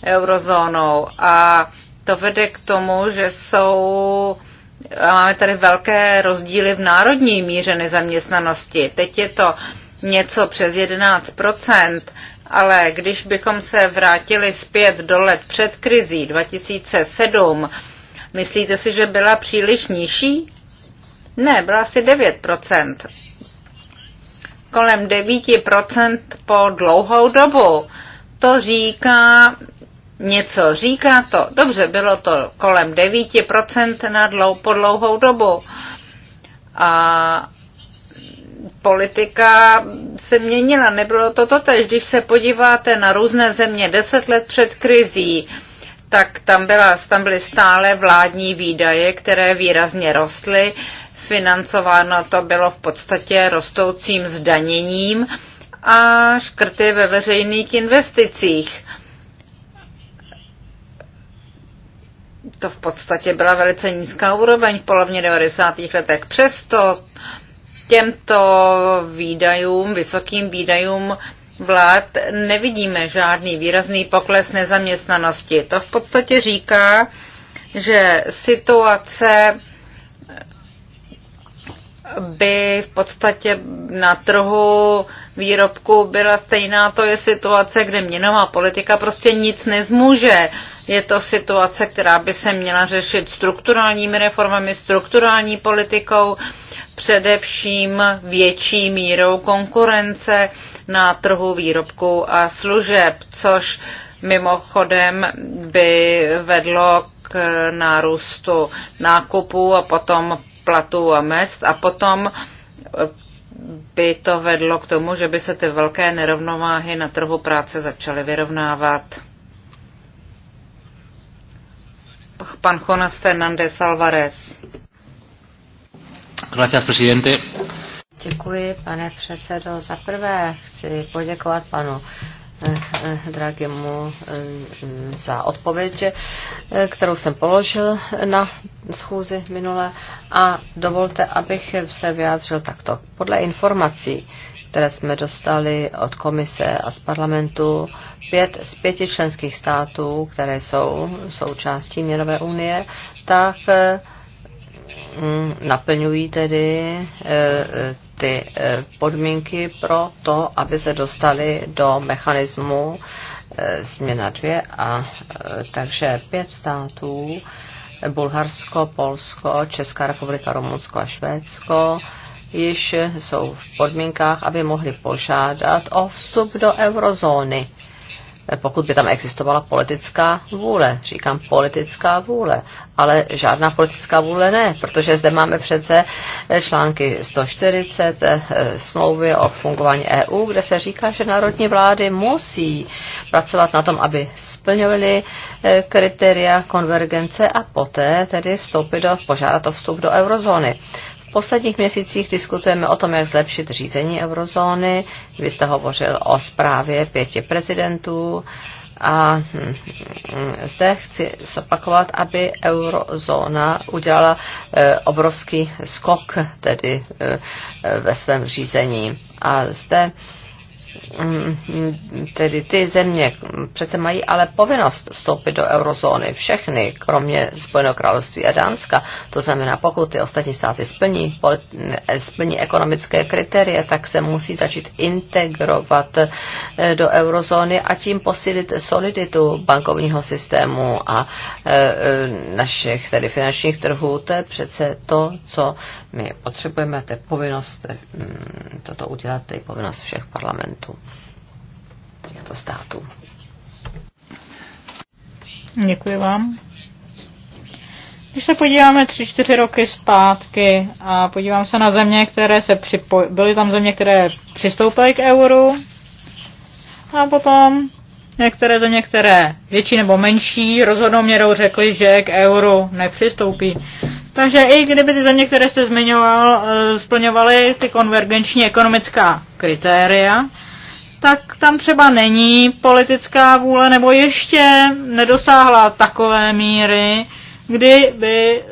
eurozónou a to vede k tomu, že jsou a máme tady velké rozdíly v národní míře nezaměstnanosti. Teď je to něco přes 11 ale když bychom se vrátili zpět do let před krizí 2007, myslíte si, že byla příliš nižší? Ne, byla asi kolem 9% po dlouhou dobu. To říká něco. Říká to, dobře, bylo to kolem 9% na dlou, po dlouhou dobu. A politika se měnila, nebylo to totež. Když se podíváte na různé země 10 let před krizí, tak tam, byla, tam byly stále vládní výdaje, které výrazně rostly financováno to bylo v podstatě rostoucím zdaněním a škrty ve veřejných investicích. To v podstatě byla velice nízká úroveň v polovině 90. letech. Přesto těmto výdajům, vysokým výdajům vlád nevidíme žádný výrazný pokles nezaměstnanosti. To v podstatě říká, že situace by v podstatě na trhu výrobku byla stejná, to je situace, kde měnová politika prostě nic nezmůže. Je to situace, která by se měla řešit strukturálními reformami, strukturální politikou, především větší mírou konkurence na trhu výrobku a služeb, což mimochodem by vedlo k nárůstu nákupů a potom platů a mest a potom eh, by to vedlo k tomu, že by se ty velké nerovnováhy na trhu práce začaly vyrovnávat. Pan Jonas Fernández Alvarez. Gracias, presidente. Děkuji, pane předsedo. Za prvé chci poděkovat panu Eh, eh, Dragemu eh, za odpověď, kterou jsem položil na schůzi minule a dovolte, abych se vyjádřil takto. Podle informací, které jsme dostali od komise a z parlamentu, pět z pěti členských států, které jsou součástí měnové unie, tak naplňují tedy ty eh, podmínky pro to, aby se dostali do mechanismu eh, změna dvě a eh, takže pět států, Bulharsko, Polsko, Česká republika, Rumunsko a Švédsko, již jsou v podmínkách, aby mohli požádat o vstup do eurozóny pokud by tam existovala politická vůle. Říkám politická vůle, ale žádná politická vůle ne, protože zde máme přece články 140 eh, smlouvy o fungování EU, kde se říká, že národní vlády musí pracovat na tom, aby splňovaly eh, kritéria konvergence a poté tedy vstoupit do, požádat o vstup do eurozóny posledních měsících diskutujeme o tom, jak zlepšit řízení eurozóny. Vy jste hovořil o zprávě pěti prezidentů. A hm, hm, zde chci zopakovat, aby eurozóna udělala e, obrovský skok tedy e, e, ve svém řízení. A zde Mm, tedy ty země přece mají ale povinnost vstoupit do eurozóny, všechny, kromě Spojeného království a Dánska. To znamená, pokud ty ostatní státy splní, splní ekonomické kritéria, tak se musí začít integrovat eh, do eurozóny a tím posílit soliditu bankovního systému a eh, eh, našich tedy finančních trhů. To je přece to, co my potřebujeme, to je povinnost mm, toto udělat, to je povinnost všech parlamentů státu. Těchto států. Děkuji vám. Když se podíváme tři, čtyři roky zpátky a podívám se na země, které se připoj... byly tam země, které přistoupily k euru a potom některé země, které větší nebo menší rozhodnou měrou řekly, že k euru nepřistoupí. Takže i kdyby ty země, které jste zmiňoval, eh, splňovaly ty konvergenční ekonomická kritéria, tak tam třeba není politická vůle nebo ještě nedosáhla takové míry, kdy by e,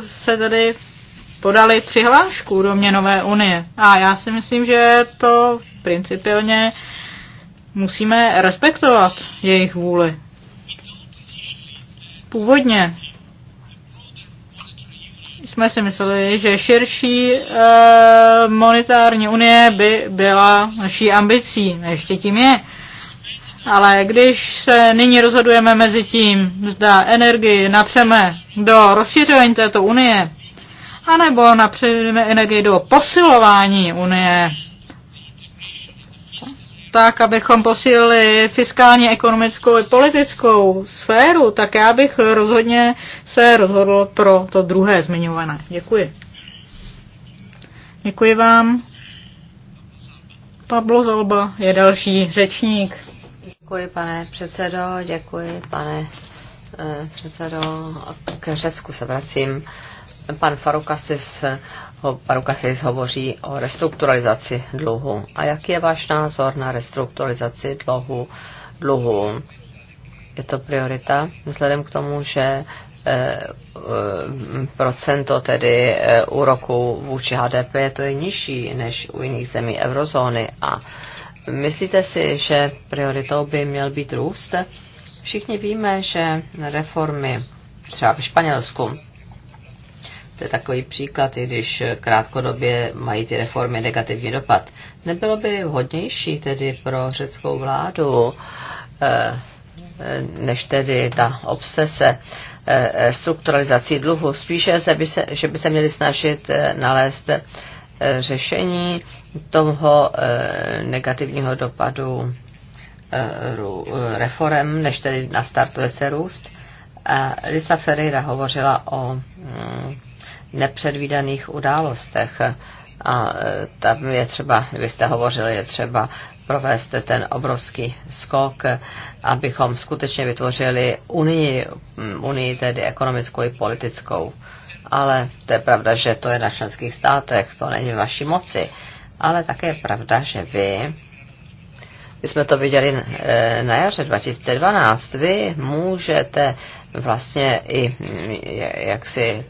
se tedy podali přihlášku do měnové unie. A já si myslím, že to principiálně musíme respektovat jejich vůli. Původně jsme si mysleli, že širší uh, monetární unie by byla naší ambicí. Ještě tím je. Ale když se nyní rozhodujeme mezi tím, zda energii napřeme do rozšiřování této unie, anebo napřeme energii do posilování unie, tak, abychom posílili fiskálně, ekonomickou i politickou sféru, tak já bych rozhodně se rozhodl pro to druhé zmiňované. Děkuji. Děkuji vám. Pablo Zalba je další řečník. Děkuji, pane předsedo, děkuji, pane eh, předsedo. K Řecku se vracím. Pan Farukasis Pan Kasis hovoří o restrukturalizaci dluhu. A jaký je váš názor na restrukturalizaci dluhu? dluhu? Je to priorita vzhledem k tomu, že eh, eh, procento tedy eh, úroku vůči HDP to je nižší než u jiných zemí eurozóny. A myslíte si, že prioritou by měl být růst? Všichni víme, že reformy třeba v Španělsku to je takový příklad, i když krátkodobě mají ty reformy negativní dopad. Nebylo by vhodnější tedy pro řeckou vládu, eh, eh, než tedy ta obsese eh, strukturalizací dluhu, spíše, se by se, že by se měli snažit nalézt řešení toho negativního dopadu reform, než tedy nastartuje se růst. A Lisa Ferreira hovořila o mm, nepředvídaných událostech. A e, tam je třeba, vy jste hovořili, je třeba provést ten obrovský skok, abychom skutečně vytvořili unii, mm, unii tedy ekonomickou i politickou. Ale to je pravda, že to je na členských státech, to není v vaší moci. Ale také je pravda, že vy, my jsme to viděli e, na jaře 2012, vy můžete vlastně i mm, jaksi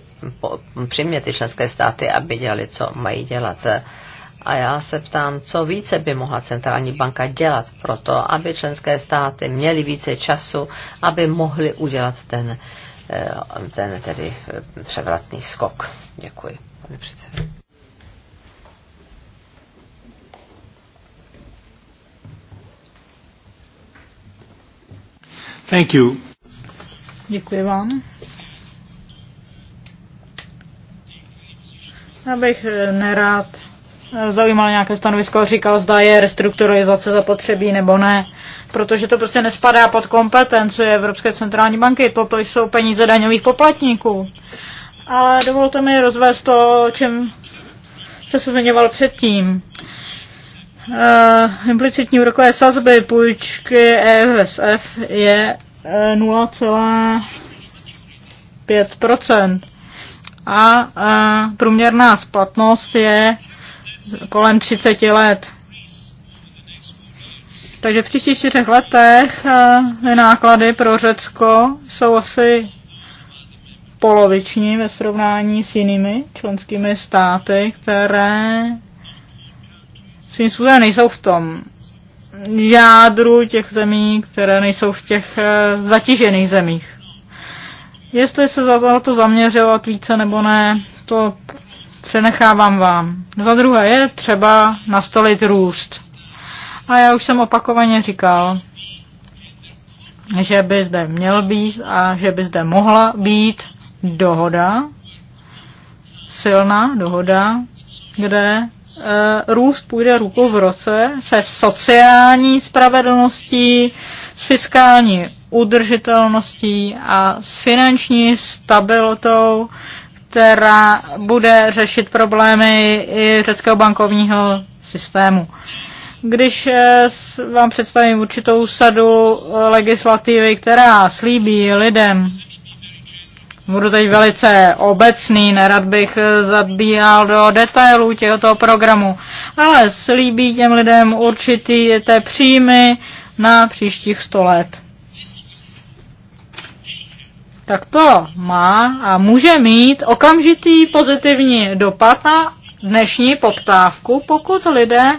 přimět ty členské státy, aby dělali, co mají dělat. A já se ptám, co více by mohla centrální banka dělat pro to, aby členské státy měly více času, aby mohly udělat ten, eh, ten tedy eh, převratný skok. Děkuji, pane předsedo. Thank you. Děkuji vám. Já bych eh, nerad eh, zaujímal nějaké stanovisko a říkal, zda je restrukturalizace zapotřebí nebo ne, protože to prostě nespadá pod kompetenci Evropské centrální banky, toto jsou peníze daňových poplatníků. Ale dovolte mi rozvést to, o čem se zmiňoval předtím. Uh, implicitní úrokové sazby půjčky EFSF je 0,5% a průměrná splatnost je kolem 30 let. Takže v příštích čtyřech letech náklady pro Řecko jsou asi poloviční ve srovnání s jinými členskými státy, které svým způsobem nejsou v tom jádru těch zemí, které nejsou v těch e, zatížených zemích. Jestli se za to zaměřovat více nebo ne, to přenechávám vám. Za druhé je třeba nastolit růst. A já už jsem opakovaně říkal, že by zde měl být a že by zde mohla být dohoda, silná dohoda, kde e, růst půjde ruku v roce se sociální spravedlností, s fiskální udržitelností a s finanční stabilitou, která bude řešit problémy i řeckého bankovního systému. Když eh, vám představím určitou sadu eh, legislativy, která slíbí lidem, budu teď velice obecný, nerad bych eh, zabíhal do detailů těchto programu, ale slíbí těm lidem určitý té příjmy na příštích 100 let tak to má a může mít okamžitý pozitivní dopad na dnešní poptávku, pokud lidé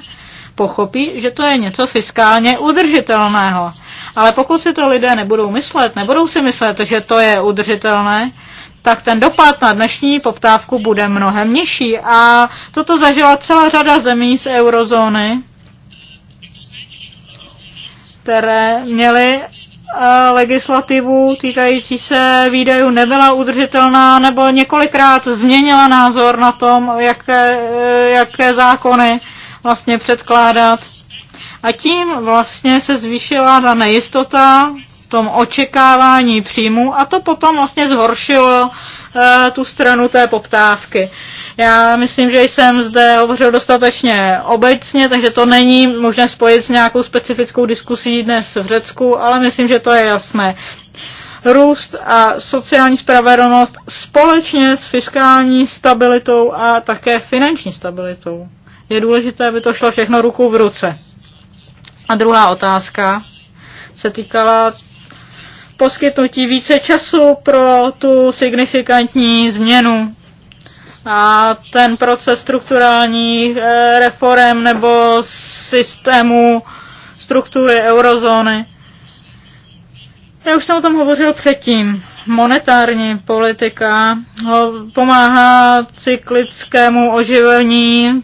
pochopí, že to je něco fiskálně udržitelného. Ale pokud si to lidé nebudou myslet, nebudou si myslet, že to je udržitelné, tak ten dopad na dnešní poptávku bude mnohem nižší. A toto zažila celá řada zemí z eurozóny, které měly E, legislativu týkající se výdajů nebyla udržitelná nebo několikrát změnila názor na tom, jaké, e, jaké zákony vlastně předkládat. A tím vlastně se zvýšila ta nejistota v tom očekávání příjmu a to potom vlastně zhoršilo e, tu stranu té poptávky. Já myslím, že jsem zde hovořil dostatečně obecně, takže to není možné spojit s nějakou specifickou diskusí dnes v Řecku, ale myslím, že to je jasné. Růst a sociální spravedlnost společně s fiskální stabilitou a také finanční stabilitou. Je důležité, aby to šlo všechno ruku v ruce. A druhá otázka se týkala poskytnutí více času pro tu signifikantní změnu a ten proces strukturálních eh, reform nebo systému struktury eurozóny. Já už jsem o tom hovořil předtím. Monetární politika pomáhá cyklickému oživení,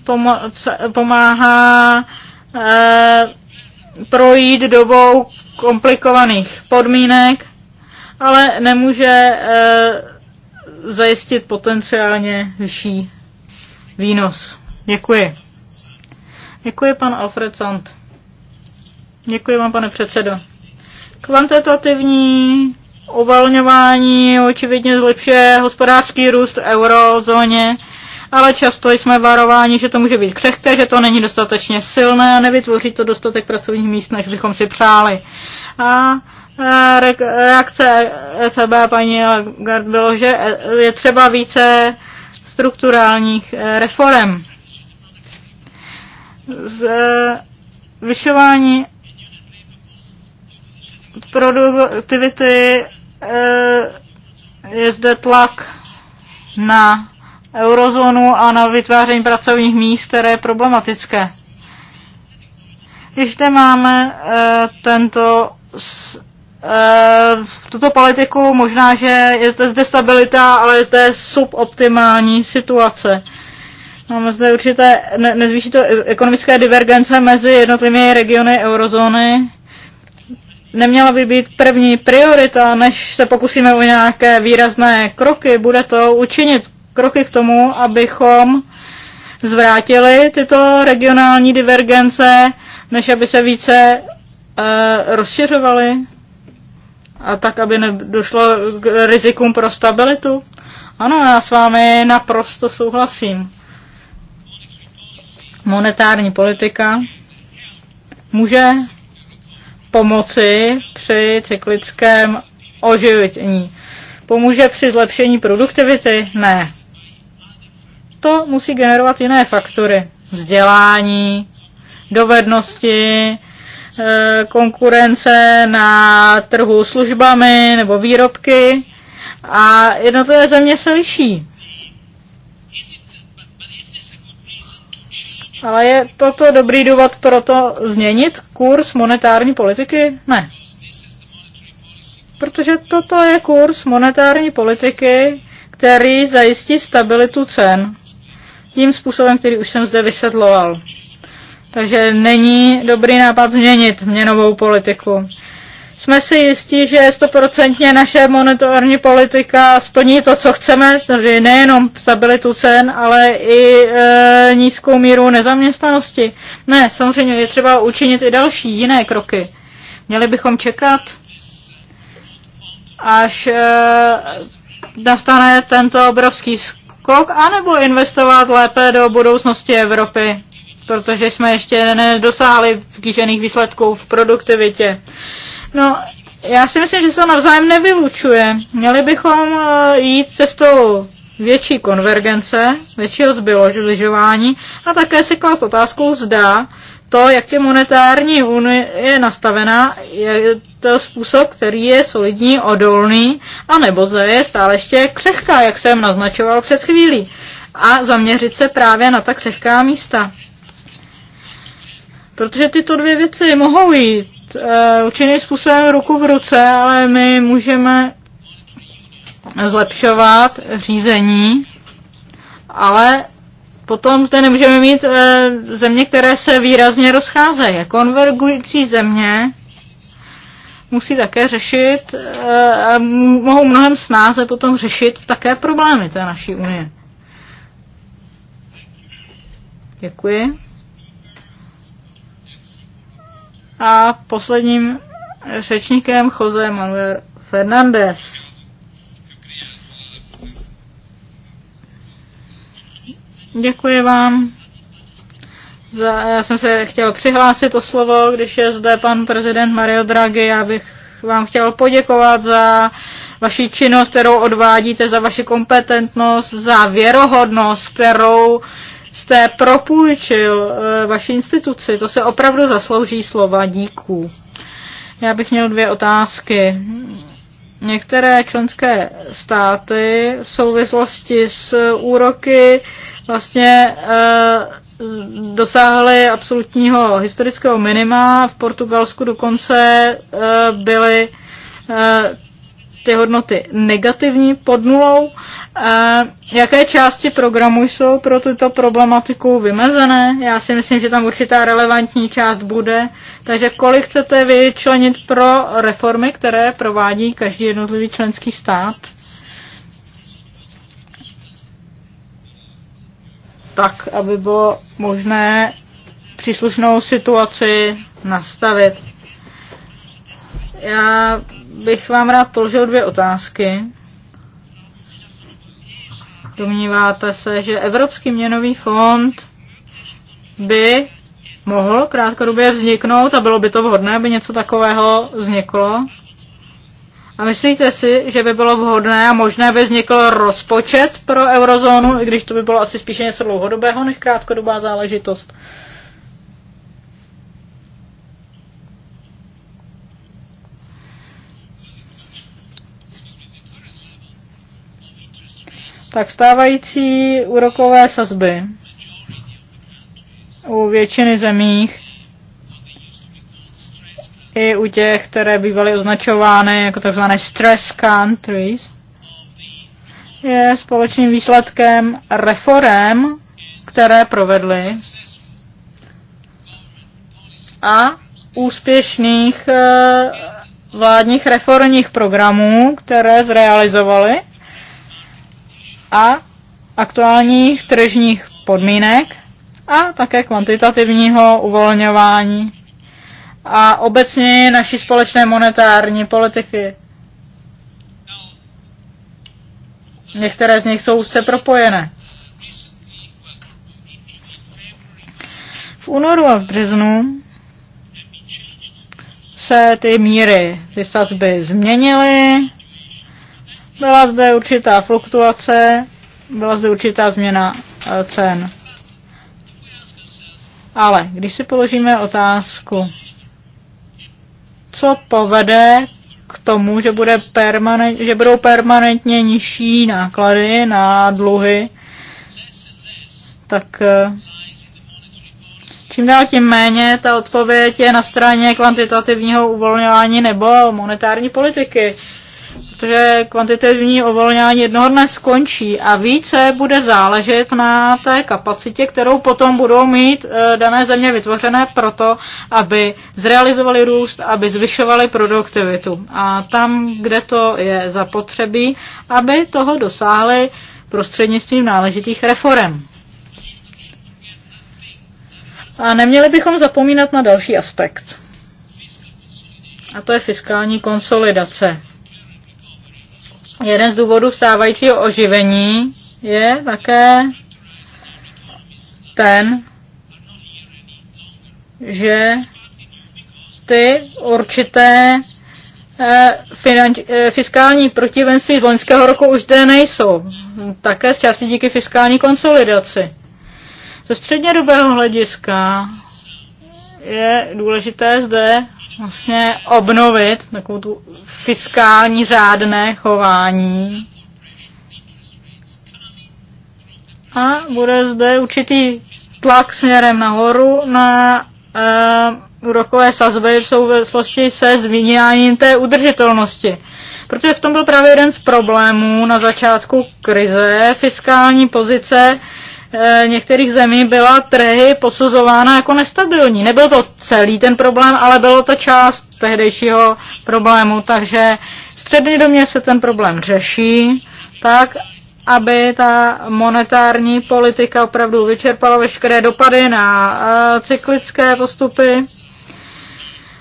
pomáhá eh, projít dobou komplikovaných podmínek, ale nemůže eh, zajistit potenciálně vyšší výnos. Děkuji. Děkuji, pan Alfred Sand. Děkuji vám, pane předsedo. Kvantitativní ovalňování, očividně zlepšuje hospodářský růst v eurozóně, ale často jsme varováni, že to může být křehké, že to není dostatečně silné a nevytvoří to dostatek pracovních míst, než bychom si přáli. A reakce ECB paní Lagarde bylo, že je třeba více strukturálních eh, reform. Z eh, vyšování produktivity eh, je zde tlak na eurozónu a na vytváření pracovních míst, které je problematické. Když zde máme tento Eh, tuto politiku možná, že je to zde stabilita, ale je zde suboptimální situace. Máme zde určité, ne, nezvýší to ekonomické divergence mezi jednotlivými regiony eurozóny. Neměla by být první priorita, než se pokusíme o nějaké výrazné kroky. Bude to učinit kroky k tomu, abychom zvrátili tyto regionální divergence, než aby se více e, rozšiřovaly. A tak, aby nedošlo k rizikům pro stabilitu? Ano, já s vámi naprosto souhlasím. Monetární politika může pomoci při cyklickém oživení. Pomůže při zlepšení produktivity? Ne. To musí generovat jiné faktory. Vzdělání, dovednosti, Eh, konkurence na trhu službami nebo výrobky a jednotlivé země se liší. Ale je toto dobrý důvod pro to změnit kurz monetární politiky? Ne. Protože toto je kurz monetární politiky, který zajistí stabilitu cen. Tím způsobem, který už jsem zde vysvětloval. Takže není dobrý nápad změnit měnovou politiku. Jsme si jistí, že stoprocentně naše monetární politika splní to, co chceme, tedy nejenom stabilitu cen, ale i e, nízkou míru nezaměstnanosti. Ne, samozřejmě je třeba učinit i další jiné kroky. Měli bychom čekat, až e, nastane tento obrovský skok, anebo investovat lépe do budoucnosti Evropy protože jsme ještě nedosáhli kýžených výsledků v produktivitě. No, já si myslím, že se to navzájem nevylučuje. Měli bychom eh, jít cestou větší konvergence, většího zbyložování a také si klást otázku, zda to, jak je monetární unie je nastavená, je to způsob, který je solidní, odolný, nebo zda je stále ještě křehká, jak jsem naznačoval před chvílí, a zaměřit se právě na ta křehká místa. Protože tyto dvě věci mohou jít uh, určitým způsobem ruku v ruce, ale my můžeme zlepšovat řízení, ale potom zde nemůžeme mít uh, země, které se výrazně rozcházejí. Konvergující země musí také řešit, e, mohou mnohem snáze potom řešit také problémy té naší unie. Děkuji. a posledním řečníkem Jose Manuel Fernández. Děkuji vám. Za, já jsem se chtěl přihlásit o slovo, když je zde pan prezident Mario Draghi. Já bych vám chtěl poděkovat za vaši činnost, kterou odvádíte, za vaši kompetentnost, za věrohodnost, kterou jste propůjčil eh, vaši instituci. To se opravdu zaslouží slova díků. Já bych měl dvě otázky. Některé členské státy v souvislosti s úroky vlastně eh, dosáhly absolutního historického minima. V Portugalsku dokonce eh, byly ty hodnoty negativní pod nulou. Eh, jaké části programu jsou pro tuto problematiku vymezené? Já si myslím, že tam určitá relevantní část bude. Takže kolik chcete vyčlenit pro reformy, které provádí každý jednotlivý členský stát? Tak, aby bylo možné příslušnou situaci nastavit. Já bych vám rád položil dvě otázky. Domníváte se, že Evropský měnový fond by mohl krátkodobě vzniknout a bylo by to vhodné, aby něco takového vzniklo? A myslíte si, že by bylo vhodné a možné by vznikl rozpočet pro eurozónu, i když to by bylo asi spíše něco dlouhodobého než krátkodobá záležitost? Uh, Tak stávající úrokové sazby u většiny zemích i u těch, které bývaly označovány jako tzv. stress countries, je společným výsledkem reform, které provedly a úspěšných eh, vládních reformních programů, které zrealizovaly a aktuálních tržních podmínek a také kvantitativního uvolňování a obecně naší společné monetární politiky. Některé z nich jsou se propojené. V únoru a v březnu se ty míry, ty sazby změnily byla zde určitá fluktuace, byla zde určitá změna e, cen. Ale když si položíme otázku, co povede k tomu, že, bude permanent, že budou permanentně nižší náklady na dluhy, tak e, čím dál tím méně ta odpověď je na straně kvantitativního uvolňování nebo monetární politiky protože kvantitativní ovolňování jednoho dne skončí a více bude záležet na té kapacitě, kterou potom budou mít eh, dané země vytvořené proto, aby zrealizovali růst, aby zvyšovali produktivitu. A tam, kde to je zapotřebí, aby toho dosáhli prostřednictvím náležitých reform. A neměli bychom zapomínat na další aspekt. A to je fiskální konsolidace. Jeden z důvodů stávajícího oživení je také ten, že ty určité eh, finanč, eh, fiskální protivenství z loňského roku už zde nejsou. Také z části díky fiskální konsolidaci. Ze střednědobého hlediska je důležité zde vlastně obnovit takovou tu fiskální řádné chování. A bude zde určitý tlak směrem nahoru na uh, úrokové sazby v souvislosti se zmíněním té udržitelnosti. Protože v tom byl právě jeden z problémů na začátku krize. Fiskální pozice Eh, některých zemí byla trhy posuzována jako nestabilní. Nebyl to celý ten problém, ale bylo to část tehdejšího problému, takže střední domě se ten problém řeší tak, aby ta monetární politika opravdu vyčerpala veškeré dopady na eh, cyklické postupy,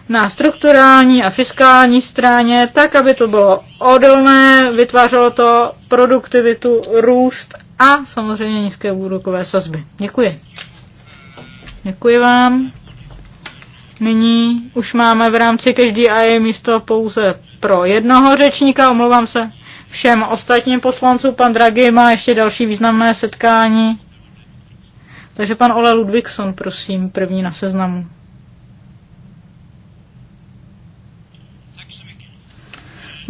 na strukturální a fiskální straně, tak, aby to bylo odolné, vytvářelo to produktivitu, růst a samozřejmě nízké úrokové sazby. Děkuji. Děkuji vám. Nyní už máme v rámci každý a je místo pouze pro jednoho řečníka, omlouvám se všem ostatním poslancům. Pan Draghi má ještě další významné setkání. Takže pan Ole Ludvíkson, prosím, první na seznamu.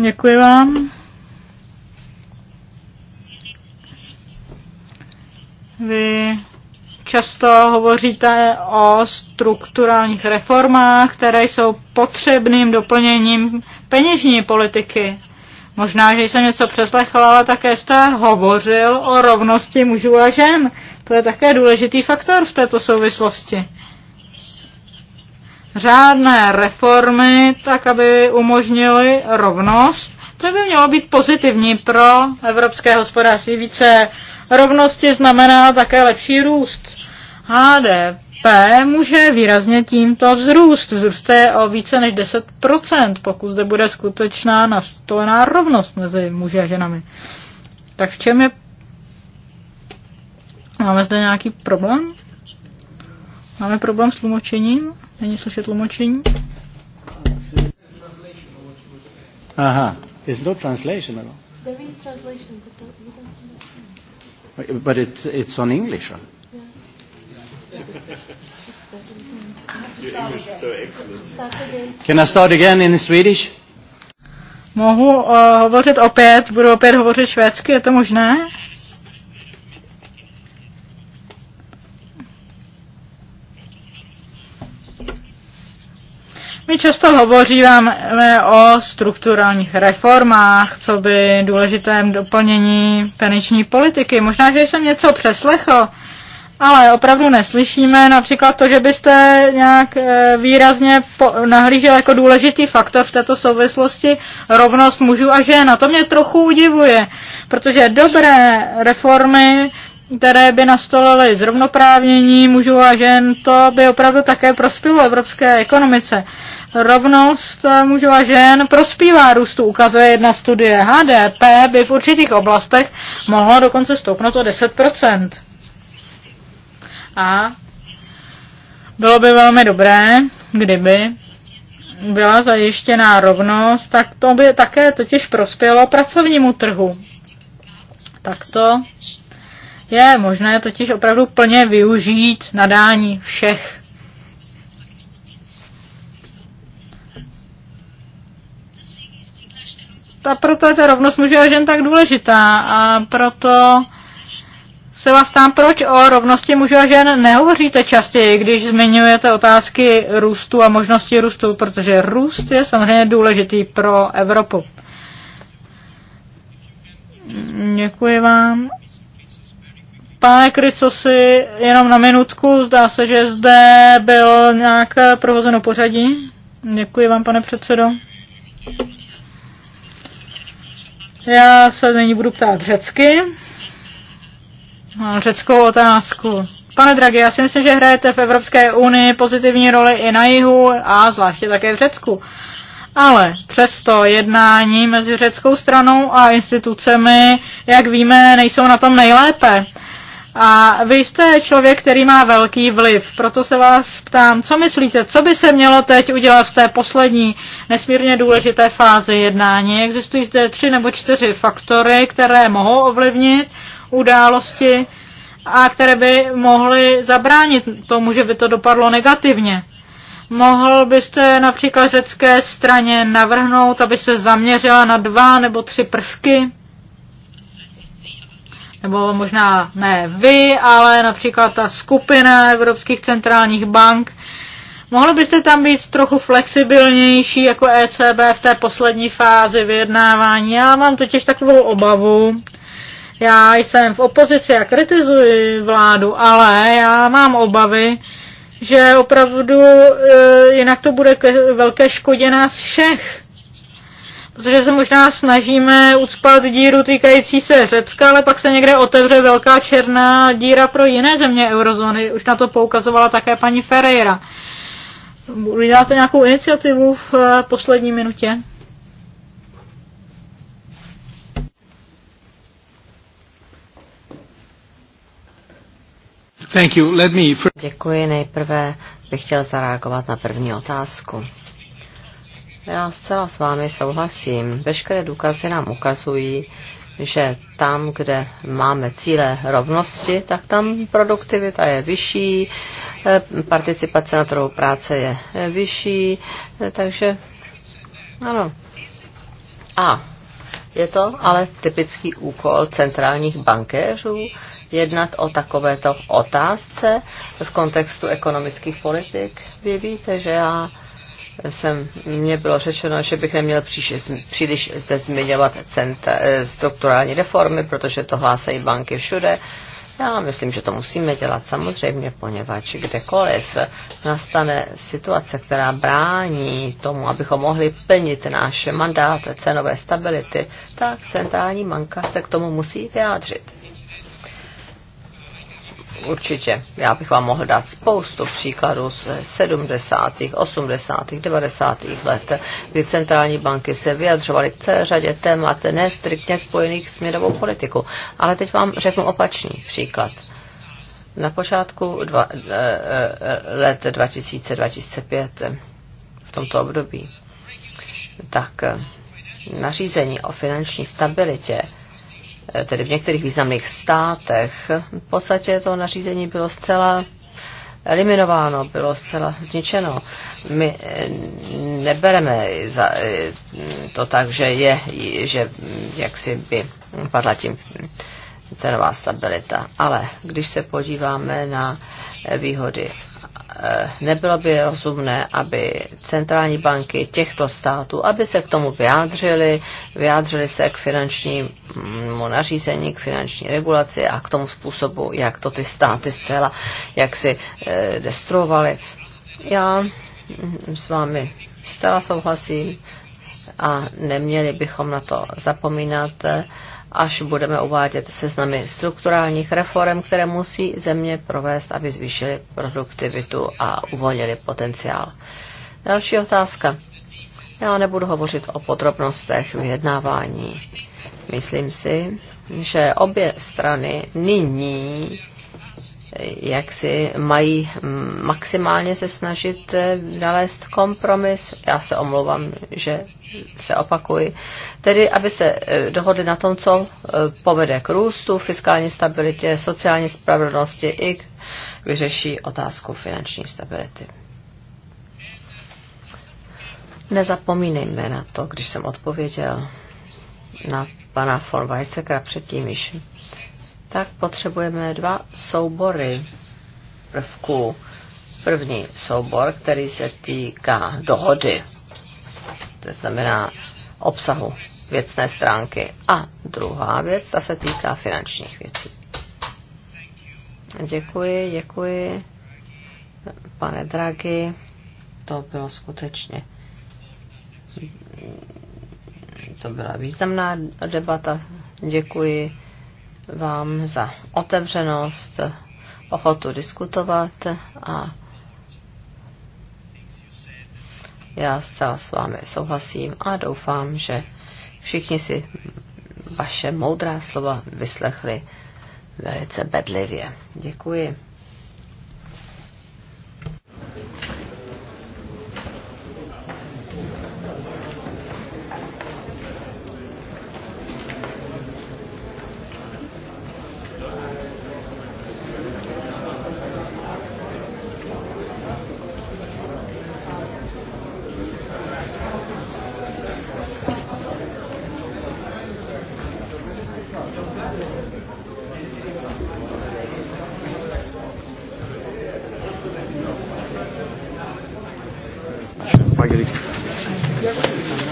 Děkuji vám. Vy často hovoříte o strukturálních reformách, které jsou potřebným doplněním peněžní politiky. Možná, že jsem něco přeslechla, ale také jste hovořil o rovnosti mužů a žen. To je také důležitý faktor v této souvislosti. Řádné reformy, tak aby umožnily rovnost, to by mělo být pozitivní pro evropské hospodářství. Více rovnosti znamená také lepší růst. HDP může výrazně tímto vzrůst. Vzrůste o více než 10%, pokud zde bude skutečná nastolená rovnost mezi muži a ženami. Tak v čem je... Máme zde nějaký problém? Máme problém s tlumočením? Není slyšet tlumočení? Aha is no translation at all. There is translation, but the, you don't understand. But it, it's on English. Huh? Your English is so excellent. Can I start again in Swedish? Mohu uh, hovořit opět, budu opět hovořit švédsky, je to možné? My často hovoříme o strukturálních reformách, co by důležitém doplnění peniční politiky. Možná, že jsem něco přeslechl, ale opravdu neslyšíme například to, že byste nějak eh, výrazně nahlížel jako důležitý faktor v této souvislosti rovnost mužů a žen. A to mě trochu udivuje, protože dobré reformy které by nastolily zrovnoprávnění mužů a žen, to by opravdu také prospělo evropské ekonomice. Rovnost mužů a žen prospívá růstu, ukazuje jedna studie. HDP by v určitých oblastech mohla dokonce stoupnout o 10%. A bylo by velmi dobré, kdyby byla zajištěná rovnost, tak to by také totiž prospělo pracovnímu trhu. Takto je možné totiž opravdu plně využít nadání všech. A proto je ta rovnost muže a žen tak důležitá a proto se vás tam proč o rovnosti mužů a žen nehovoříte častěji, když zmiňujete otázky růstu a možnosti růstu, protože růst je samozřejmě důležitý pro Evropu. Děkuji vám. Pane si jenom na minutku, zdá se, že zde bylo nějak provozeno pořadí. Děkuji vám, pane předsedo. Já se nyní budu ptát řecky. Mám řeckou otázku. Pane Dragi, já si myslím, že hrajete v Evropské unii pozitivní roli i na jihu a zvláště také v Řecku. Ale přesto jednání mezi řeckou stranou a institucemi, jak víme, nejsou na tom nejlépe. A vy jste člověk, který má velký vliv, proto se vás ptám, co myslíte, co by se mělo teď udělat v té poslední nesmírně důležité fázi jednání? Existují zde tři nebo čtyři faktory, které mohou ovlivnit události a které by mohly zabránit tomu, že by to dopadlo negativně. Mohl byste například řecké straně navrhnout, aby se zaměřila na dva nebo tři prvky? nebo možná ne vy, ale například ta skupina evropských centrálních bank. Mohli byste tam být trochu flexibilnější jako ECB v té poslední fázi vyjednávání? Já mám totiž takovou obavu. Já jsem v opozici a kritizuji vládu, ale já mám obavy, že opravdu e, jinak to bude k velké škodě nás všech protože se možná snažíme uspat díru týkající se Řecka, ale pak se někde otevře velká černá díra pro jiné země eurozóny. Už na to poukazovala také paní Ferreira. Uděláte nějakou iniciativu v eh, poslední minutě? Thank you. Let me... Děkuji. Nejprve bych chtěl zareagovat na první otázku. Já zcela s vámi souhlasím. Veškeré důkazy nám ukazují, že tam, kde máme cíle rovnosti, tak tam produktivita je vyšší, eh, participace na trhu práce je eh, vyšší, eh, takže ano. A je to ale typický úkol centrálních bankéřů jednat o takovéto otázce v kontextu ekonomických politik. Vy víte, že já jsem, mně bylo řečeno, že bych neměl příliš, příliš zde zmiňovat centra, eh, strukturální reformy, protože to hlásají banky všude. Já myslím, že to musíme dělat samozřejmě, poněvadž kdekoliv nastane situace, která brání tomu, abychom mohli plnit náš mandát cenové stability, tak centrální banka se k tomu musí vyjádřit určitě, já bych vám mohl dát spoustu příkladů z 70., 80., 90. let, kdy centrální banky se vyjadřovaly k celé řadě témat nestriktně spojených s měnovou politikou. Ale teď vám řeknu opačný příklad. Na počátku dva, eh, eh, let 2000-2005, v tomto období, tak eh, nařízení o finanční stabilitě Eh, tedy v některých významných státech, v podstatě to nařízení bylo zcela eliminováno, bylo zcela zničeno. My eh, nebereme za eh, to tak, že je, že hm, jaksi by padla tím cenová stabilita. Ale když se podíváme na výhody Eh, nebylo by rozumné, aby centrální banky těchto států, aby se k tomu vyjádřili, vyjádřili se k finančnímu nařízení, k finanční regulaci a k tomu způsobu, jak to ty státy zcela, jak si eh, destruovali. Já s vámi zcela souhlasím a neměli bychom na to zapomínat až budeme uvádět seznamy strukturálních reform, které musí země provést, aby zvýšily produktivitu a uvolnili potenciál. Další otázka. Já nebudu hovořit o podrobnostech vyjednávání. Myslím si, že obě strany nyní jak si mají mm, maximálně se snažit eh, nalézt kompromis. Já se omlouvám, že se opakuji. Tedy, aby se eh, dohodli na tom, co eh, povede k růstu, fiskální stabilitě, sociální spravedlnosti i vyřeší otázku finanční stability. Nezapomínejme na to, když jsem odpověděl na pana von Weizsäckera předtím již tak potřebujeme dva soubory prvků. První soubor, který se týká dohody, to znamená obsahu věcné stránky. A druhá věc, ta se týká finančních věcí. Děkuji, děkuji, pane Draghi. To bylo skutečně to byla významná debata. Děkuji vám za otevřenost, ochotu diskutovat a já zcela s vámi souhlasím a doufám, že všichni si vaše moudrá slova vyslechli velice bedlivě. Děkuji.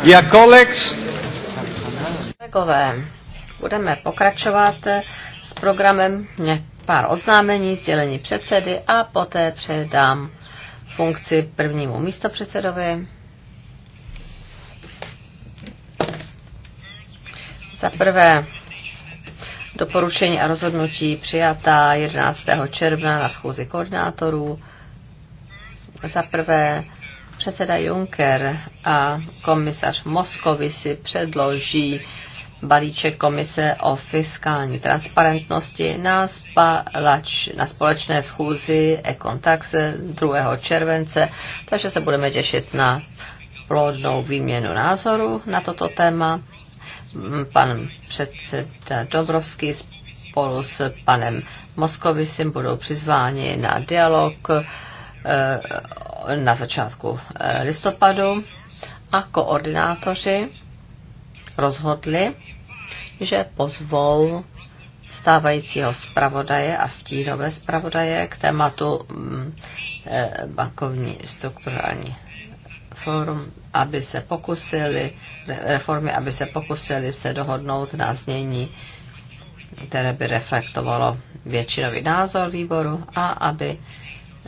Dear colleagues, kolegové, budeme pokračovat s programem mě pár oznámení, sdělení předsedy a poté předám funkci prvnímu místopředsedovi. Za prvé, doporučení a rozhodnutí přijatá 11. června na schůzi koordinátorů. Za prvé, Předseda Juncker a komisař Moskovici předloží balíček komise o fiskální transparentnosti na, spalač, na společné schůzi e-kontax 2. července, takže se budeme těšit na plodnou výměnu názorů na toto téma. Pan předseda Dobrovský spolu s panem Moskovisem budou přizváni na dialog eh, na začátku eh, listopadu a koordinátoři rozhodli, že pozvou stávajícího zpravodaje a stínové zpravodaje k tématu mm, eh, bankovní strukturální forum, aby se pokusili, reformy, aby se pokusili se dohodnout na znění, které by reflektovalo většinový názor výboru a aby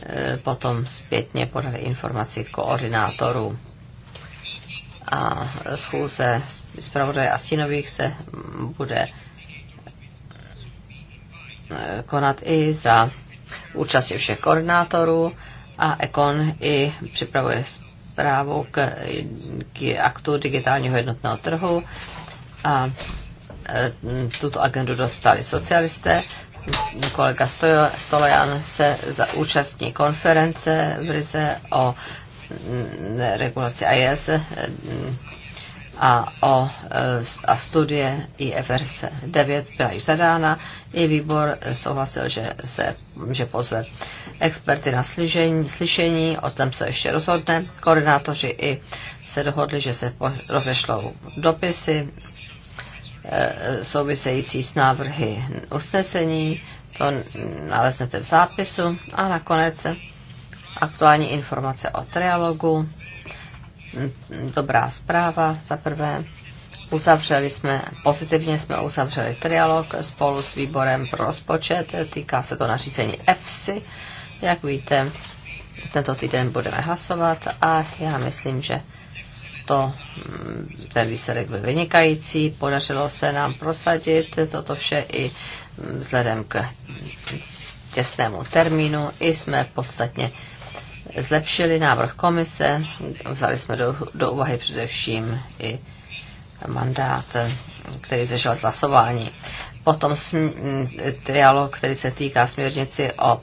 Eh, potom zpětně podali informaci koordinátorů. A schůze zpravodaje a stínových se bude eh, konat i za účastí všech koordinátorů a Ekon i připravuje zprávu k, k aktu digitálního jednotného trhu a eh, tuto agendu dostali socialisté, kolega Stolojan se za účastní konference v Rize o mm, regulaci IS eh, a, o, eh, a studie IFRS 9 byla již zadána. I výbor souhlasil, že, se, že pozve experty na slyšení, slyšení, o tom se ještě rozhodne. Koordinátoři i se dohodli, že se rozešlou dopisy Eh, související s návrhy usnesení, to naleznete v zápisu a nakonec aktuální informace o trialogu. Mm, dobrá zpráva za prvé. Uzavřeli jsme, pozitivně jsme uzavřeli trialog spolu s výborem pro rozpočet. Týká se to nařízení EFSI. Jak víte, tento týden budeme hlasovat a já myslím, že to, mm, ten výsledek byl vynikající, podařilo se nám prosadit toto vše i mm, vzhledem k těsnému termínu. I jsme podstatně zlepšili návrh komise, vzali jsme do, do úvahy především i mandát, který zešel z hlasování. Potom trialog, který se týká směrnici o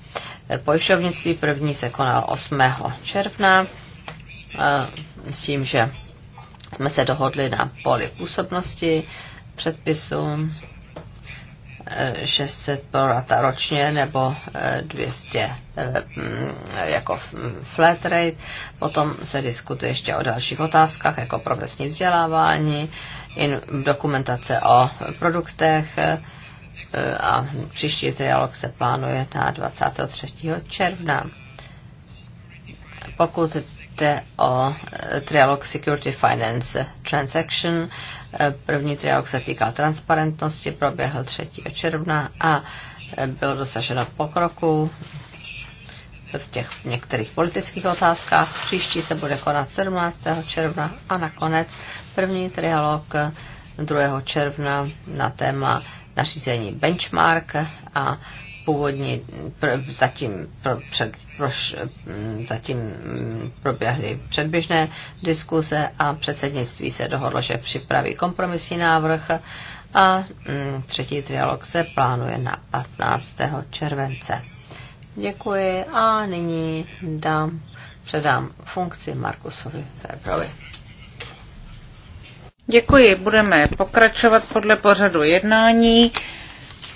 pojišťovnictví, první se konal 8. června eh, s tím, že jsme se dohodli na poli působnosti předpisu 600 eh, prorata ročně nebo 200 eh, eh, jako flat rate. Potom se diskutuje ještě o dalších otázkách, jako profesní vzdělávání, dokumentace o produktech a příští trialog se plánuje na 23. června. Pokud jde o eh, trialog Security Finance Transaction. Eh, první trialog se týkal transparentnosti, proběhl 3. června a eh, bylo dosaženo pokroku v těch některých politických otázkách. Příští se bude konat 17. června a nakonec první trialog 2. června na téma nařízení benchmark a původní pr, zatím pr, před proš, mm, zatím mm, proběhly předběžné diskuze a předsednictví se dohodlo, že připraví kompromisní návrh a mm, třetí trialog se plánuje na 15. července. Děkuji a nyní dám, předám funkci Markusovi Ferbrovi. Děkuji, budeme pokračovat podle pořadu jednání.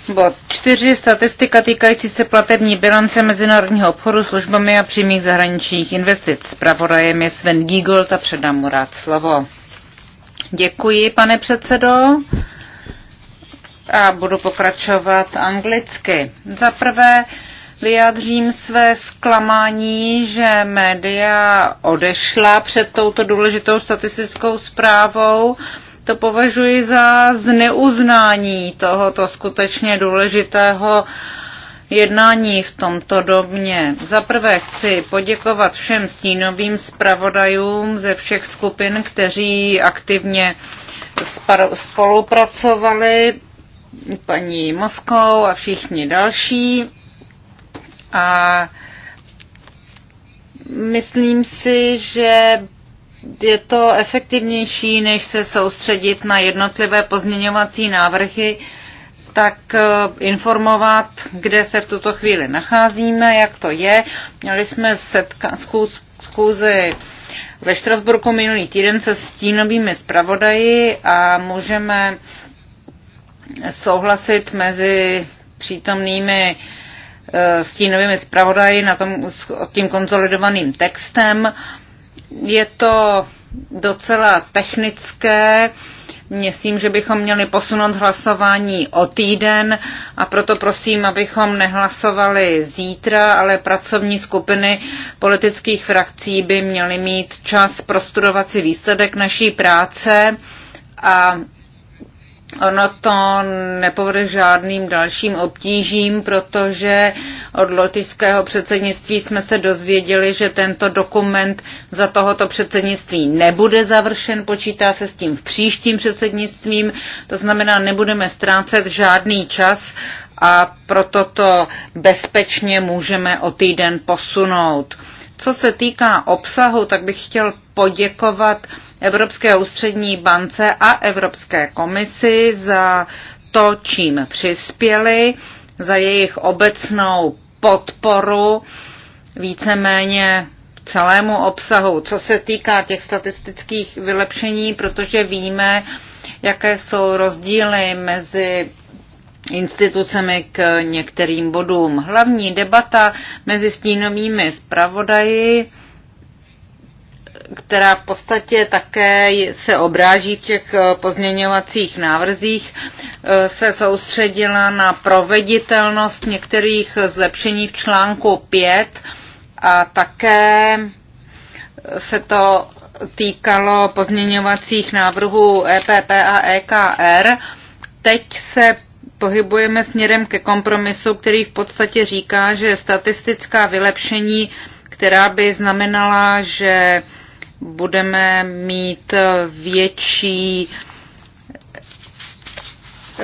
Bod 4. Statistika týkající se platební bilance mezinárodního obchodu, službami a přímých zahraničních investic. Pravorajem je Sven Giegel a předám mu rád slovo. Děkuji, pane předsedo. A budu pokračovat anglicky. Za prvé vyjádřím své zklamání, že média odešla před touto důležitou statistickou zprávou to považuji za zneuznání tohoto skutečně důležitého jednání v tomto době. Za prvé chci poděkovat všem stínovým zpravodajům ze všech skupin, kteří aktivně spolupracovali, paní Moskou a všichni další. A myslím si, že je to efektivnější, než se soustředit na jednotlivé pozměňovací návrhy, tak eh, informovat, kde se v tuto chvíli nacházíme, jak to je. Měli jsme setka- zkus, zkuzi ve Štrasburku minulý týden se stínovými zpravodaji a můžeme souhlasit mezi přítomnými eh, stínovými zpravodaji na tom, s tím konsolidovaným textem. Je to docela technické. Myslím, že bychom měli posunout hlasování o týden a proto prosím, abychom nehlasovali zítra, ale pracovní skupiny politických frakcí by měly mít čas prostudovat si výsledek naší práce a Ono to nepovede žádným dalším obtížím, protože od lotyšského předsednictví jsme se dozvěděli, že tento dokument za tohoto předsednictví nebude završen, počítá se s tím v příštím předsednictvím, to znamená, nebudeme ztrácet žádný čas a proto to bezpečně můžeme o týden posunout. Co se týká obsahu, tak bych chtěl poděkovat Evropské ústřední bance a Evropské komisi za to, čím přispěli, za jejich obecnou podporu víceméně celému obsahu. Co se týká těch statistických vylepšení, protože víme, jaké jsou rozdíly mezi institucemi k některým bodům. Hlavní debata mezi stínovými zpravodaji která v podstatě také se obráží v těch eh, pozměňovacích návrzích, eh, se soustředila na proveditelnost některých zlepšení v článku 5 a také se to týkalo pozměňovacích návrhů EPP a EKR. Teď se pohybujeme směrem ke kompromisu, který v podstatě říká, že statistická vylepšení, která by znamenala, že budeme mít větší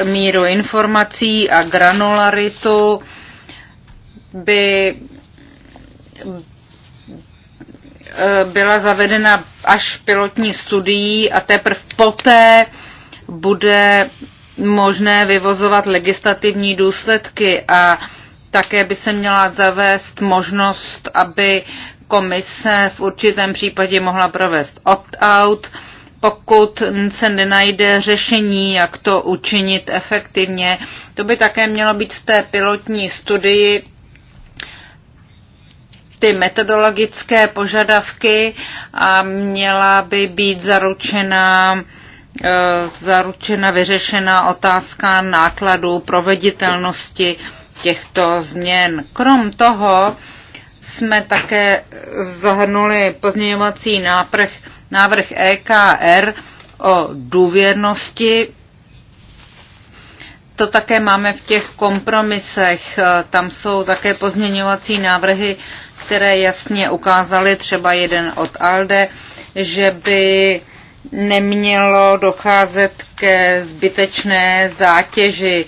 míru informací a granularitu by byla zavedena až pilotní studií a teprve poté bude možné vyvozovat legislativní důsledky a také by se měla zavést možnost, aby uh, komise v určitém případě mohla provést opt-out, pokud se nenajde řešení, jak to učinit efektivně. To by také mělo být v té pilotní studii ty metodologické požadavky a měla by být zaručena e, zaručena, vyřešena otázka nákladů, proveditelnosti těchto změn. Krom toho, jsme také zahrnuli pozměňovací návrh, návrh EKR o důvěrnosti. To také máme v těch kompromisech. Tam jsou také pozměňovací návrhy, které jasně ukázaly, třeba jeden od ALDE, že by nemělo docházet ke zbytečné zátěži.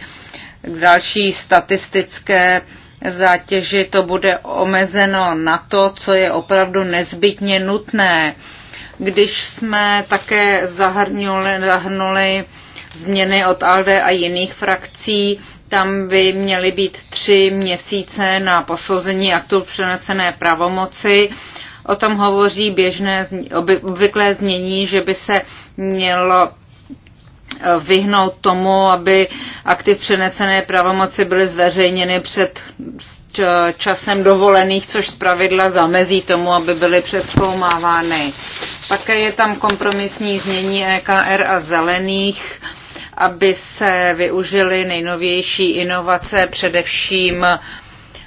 Další statistické uh, zátěži to bude omezeno na to, co je opravdu nezbytně nutné. Když jsme také zahrnuli, zahrnuli změny od ALDE a jiných frakcí, tam by měly být tři měsíce na posouzení aktu přenesené pravomoci. O tom hovoří běžné, obvyklé změní, že by se mělo vyhnout tomu, aby aktiv přenesené pravomoci byly zveřejněny před časem dovolených, což zpravidla zamezí tomu, aby byly přeskoumávány. Také je tam kompromisní změní EKR a zelených, aby se využily nejnovější inovace, především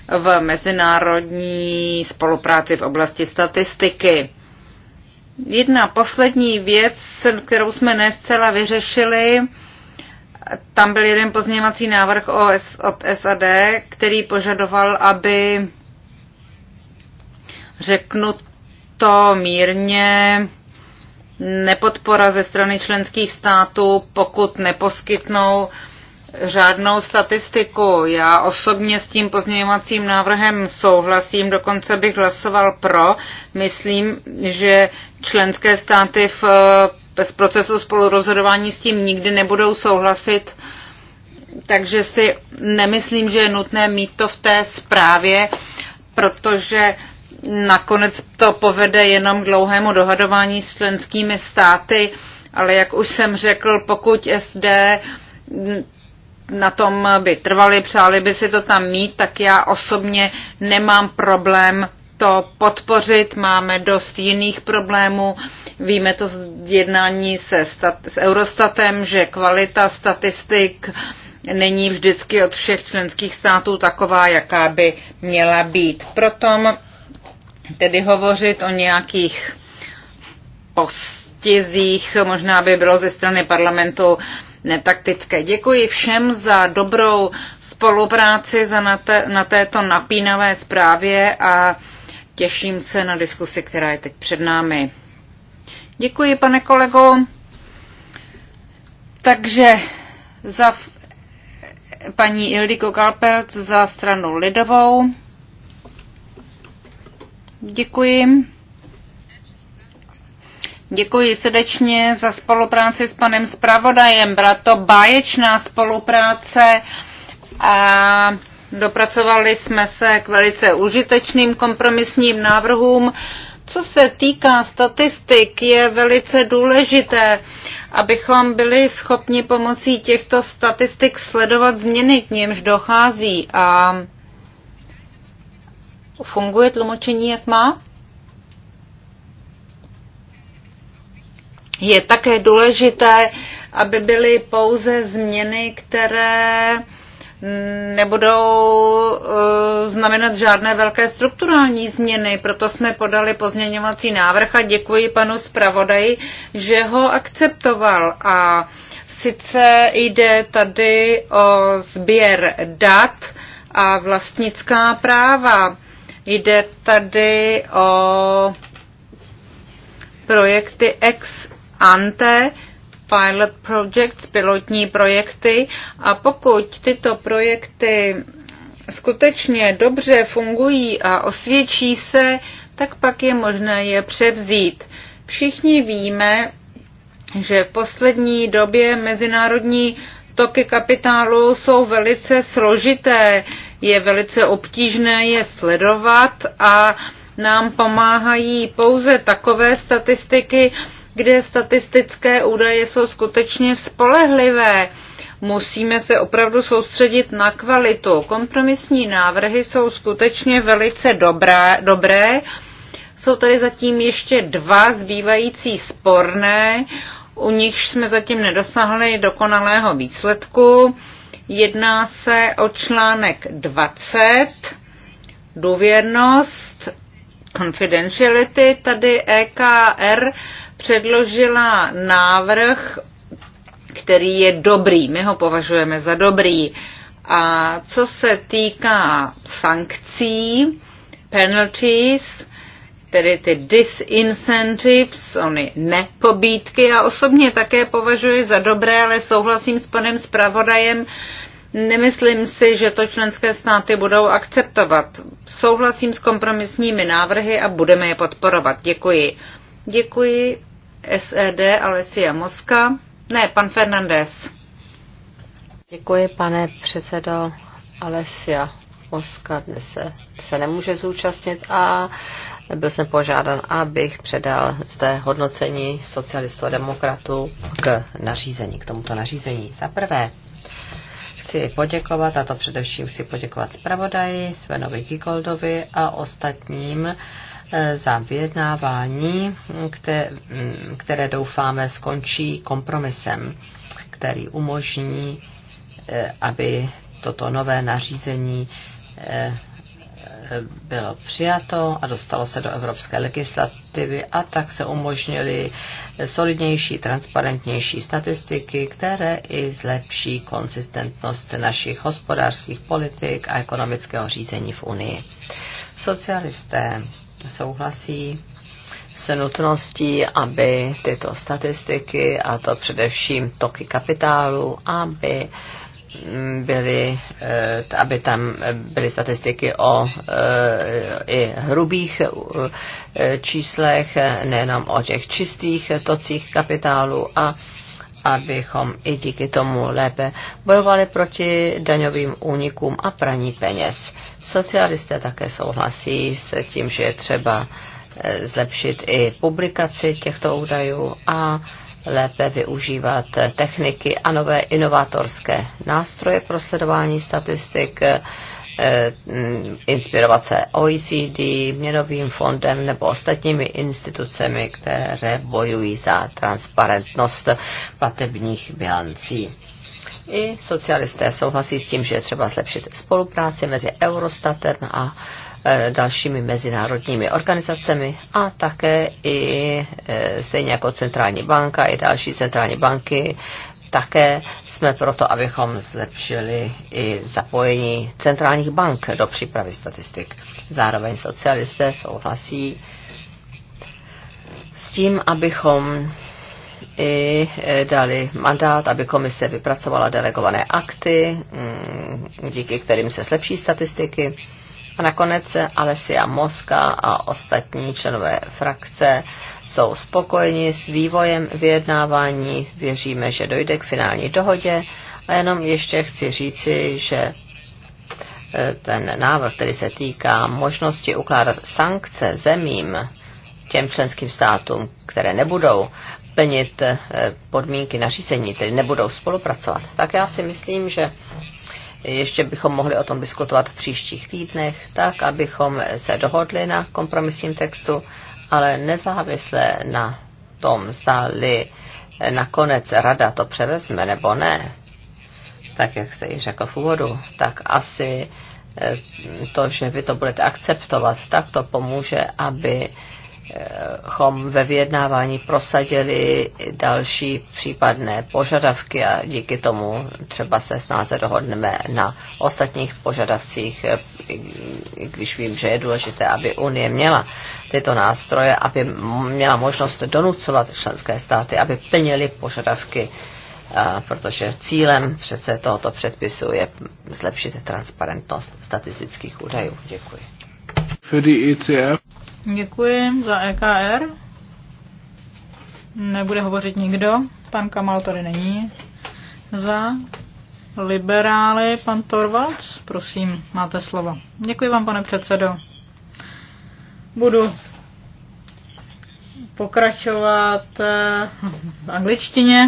v mezinárodní spolupráci v oblasti statistiky. Jedna poslední věc, kterou jsme nescela vyřešili, tam byl jeden pozměňovací návrh od SAD, který požadoval, aby řeknu to mírně, nepodpora ze strany členských států, pokud neposkytnou uh, řádnou statistiku. Já osobně s tím pozměňovacím návrhem souhlasím, dokonce bych hlasoval pro. Myslím, že členské státy v, bez eh, procesu spolurozhodování s tím nikdy nebudou souhlasit, takže si nemyslím, že je nutné mít to v té zprávě, protože nakonec to povede jenom k dlouhému dohadování s členskými státy, ale jak už jsem řekl, pokud SD na tom by trvali, přáli by si to tam mít, tak já osobně nemám problém to podpořit. Máme dost jiných problémů. Víme to z jednání se stat- s Eurostatem, že kvalita statistik není vždycky od všech členských států taková, jaká by měla být. Proto tedy hovořit o nějakých postizích, možná by bylo ze strany parlamentu netaktické. Děkuji všem za dobrou spolupráci za na, te, na této napínavé zprávě a těším se na diskusi, která je teď před námi. Děkuji, pane kolego. Takže za paní Ildiko Galpelc za stranu Lidovou. Děkuji. Děkuji srdečně za spolupráci s panem zpravodajem. Byla to báječná spolupráce a dopracovali jsme se k velice užitečným kompromisním návrhům. Co se týká statistik, je velice důležité, abychom byli schopni pomocí těchto statistik sledovat změny, k němž dochází. A funguje tlumočení, jak má? Je také důležité, aby byly pouze změny, které nebudou eh, znamenat žádné velké strukturální změny. Proto jsme podali pozměňovací návrh a děkuji panu zpravodaji, že ho akceptoval. A sice jde tady o sběr dat a vlastnická práva. Jde tady o projekty ex ANTE, pilot projects, pilotní projekty a pokud tyto projekty skutečně dobře fungují a osvědčí se, tak pak je možné je převzít. Všichni víme, že v poslední době mezinárodní toky kapitálu jsou velice složité, je velice obtížné je sledovat a nám pomáhají pouze takové statistiky, kde statistické údaje jsou skutečně spolehlivé. Musíme se opravdu soustředit na kvalitu. Kompromisní návrhy jsou skutečně velice dobré. dobré. Jsou tady zatím ještě dva zbývající sporné, u nichž jsme zatím nedosáhli dokonalého výsledku. Jedná se o článek 20, důvěrnost, confidentiality, tady EKR předložila návrh, který je dobrý. My ho považujeme za dobrý. A co se týká sankcí, penalties, tedy ty disincentives, ony nepobídky. Já osobně také považuji za dobré, ale souhlasím s panem zpravodajem, nemyslím si, že to členské státy budou akceptovat. Souhlasím s kompromisními návrhy a budeme je podporovat. Děkuji. Děkuji SED Alessia Moska. Ne, pan Fernandez. Děkuji, pane předsedo Alessia Moska. Dnes se Se nemůže zúčastnit a byl jsem požádán, abych předal zde hodnocení socialistů a demokratů k nařízení, k tomuto nařízení. Za prvé, chci poděkovat, a to především chci poděkovat zpravodaji Svenovi Kikoldovi a ostatním E, za vyjednávání, které doufáme skončí kompromisem, který umožní, e, aby toto nové nařízení e, bylo přijato a dostalo se do evropské legislativy a tak se umožnily solidnější, transparentnější statistiky, které i zlepší konsistentnost našich hospodářských politik a ekonomického řízení v Unii. Socialisté souhlasí se nutností, aby tyto statistiky, a to především toky kapitálu, aby mm, byly, eh, aby tam byly statistiky o eh, i hrubých eh, číslech, nejenom o těch čistých tocích kapitálu a abychom i díky tomu lépe bojovali proti daňovým únikům a praní peněz. Socialisté také souhlasí s tím, že je třeba e, zlepšit i publikaci těchto údajů a lépe využívat techniky a nové inovatorské nástroje pro sledování statistik Eh, mm, inspirovat se OECD, měnovým fondem nebo ostatními institucemi, které bojují za transparentnost platebních bilancí. I socialisté souhlasí s tím, že je třeba zlepšit spolupráci mezi Eurostatem a eh, dalšími mezinárodními organizacemi a také i eh, stejně jako centrální banka i další centrální banky také jsme proto, abychom zlepšili i zapojení centrálních bank do přípravy statistik. Zároveň socialisté souhlasí s tím, abychom i e, dali mandát, aby komise vypracovala delegované akty, mm, díky kterým se zlepší statistiky a nakonec Alessia Moska a ostatní členové frakce jsou spokojeni s vývojem vyjednávání. Věříme, že dojde k finální dohodě. A jenom ještě chci říci, že e, ten návrh, který se týká možnosti ukládat sankce zemím, těm členským státům, které nebudou plnit e, podmínky nařízení, tedy nebudou spolupracovat, tak já si myslím, že ještě bychom mohli o tom diskutovat v příštích týdnech, tak abychom se dohodli na kompromisním textu, ale nezávisle na tom, zdáli nakonec rada to převezme nebo ne, tak jak jste ji řekl v úvodu, tak asi eh, to, že vy to budete akceptovat, tak to pomůže, aby chom ve vyjednávání prosadili další případné požadavky a díky tomu třeba se snáze dohodneme na ostatních požadavcích, když vím, že je důležité, aby Unie měla tyto nástroje, aby měla možnost donucovat členské státy, aby plnili požadavky, protože cílem přece tohoto předpisu je zlepšit transparentnost statistických údajů. Děkuji. Für die ECF. Děkuji za EKR. Nebude hovořit nikdo. Pan Kamal tady není. Za liberály pan Torvalds, prosím, máte slovo. Děkuji vám, pane předsedo. Budu pokračovat eh, v angličtině,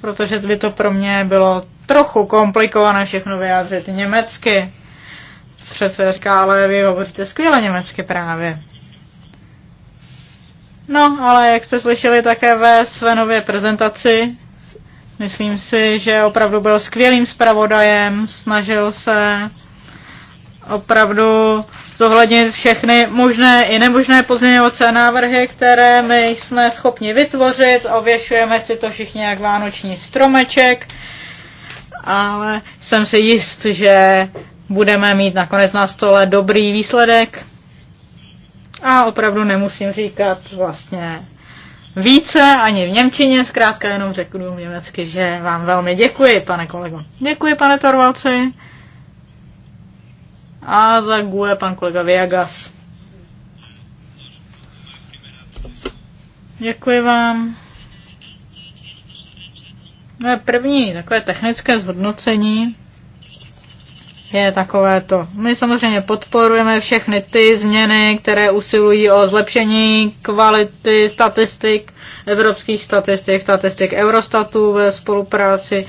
protože by to pro mě bylo trochu komplikované všechno vyjádřit německy přece říká, ale vy hovoříte skvěle německy právě. No, ale jak jste slyšeli také ve Svenově prezentaci, myslím si, že opravdu byl skvělým zpravodajem, snažil se opravdu zohlednit všechny možné i nemožné pozměňovací návrhy, které my jsme schopni vytvořit. Ověšujeme si to všichni jak vánoční stromeček, ale jsem si jist, že budeme mít nakonec na stole dobrý výsledek a opravdu nemusím říkat vlastně více ani v Němčině, zkrátka jenom řeknu v německy, že vám velmi děkuji, pane kolego. Děkuji, pane Torvalci. A za GUE pan kolega Viagas. Děkuji vám. No, první takové technické zhodnocení je takové to My samozřejmě podporujeme všechny ty změny, které usilují o zlepšení kvality statistik, evropských statistik, statistik Eurostatu ve spolupráci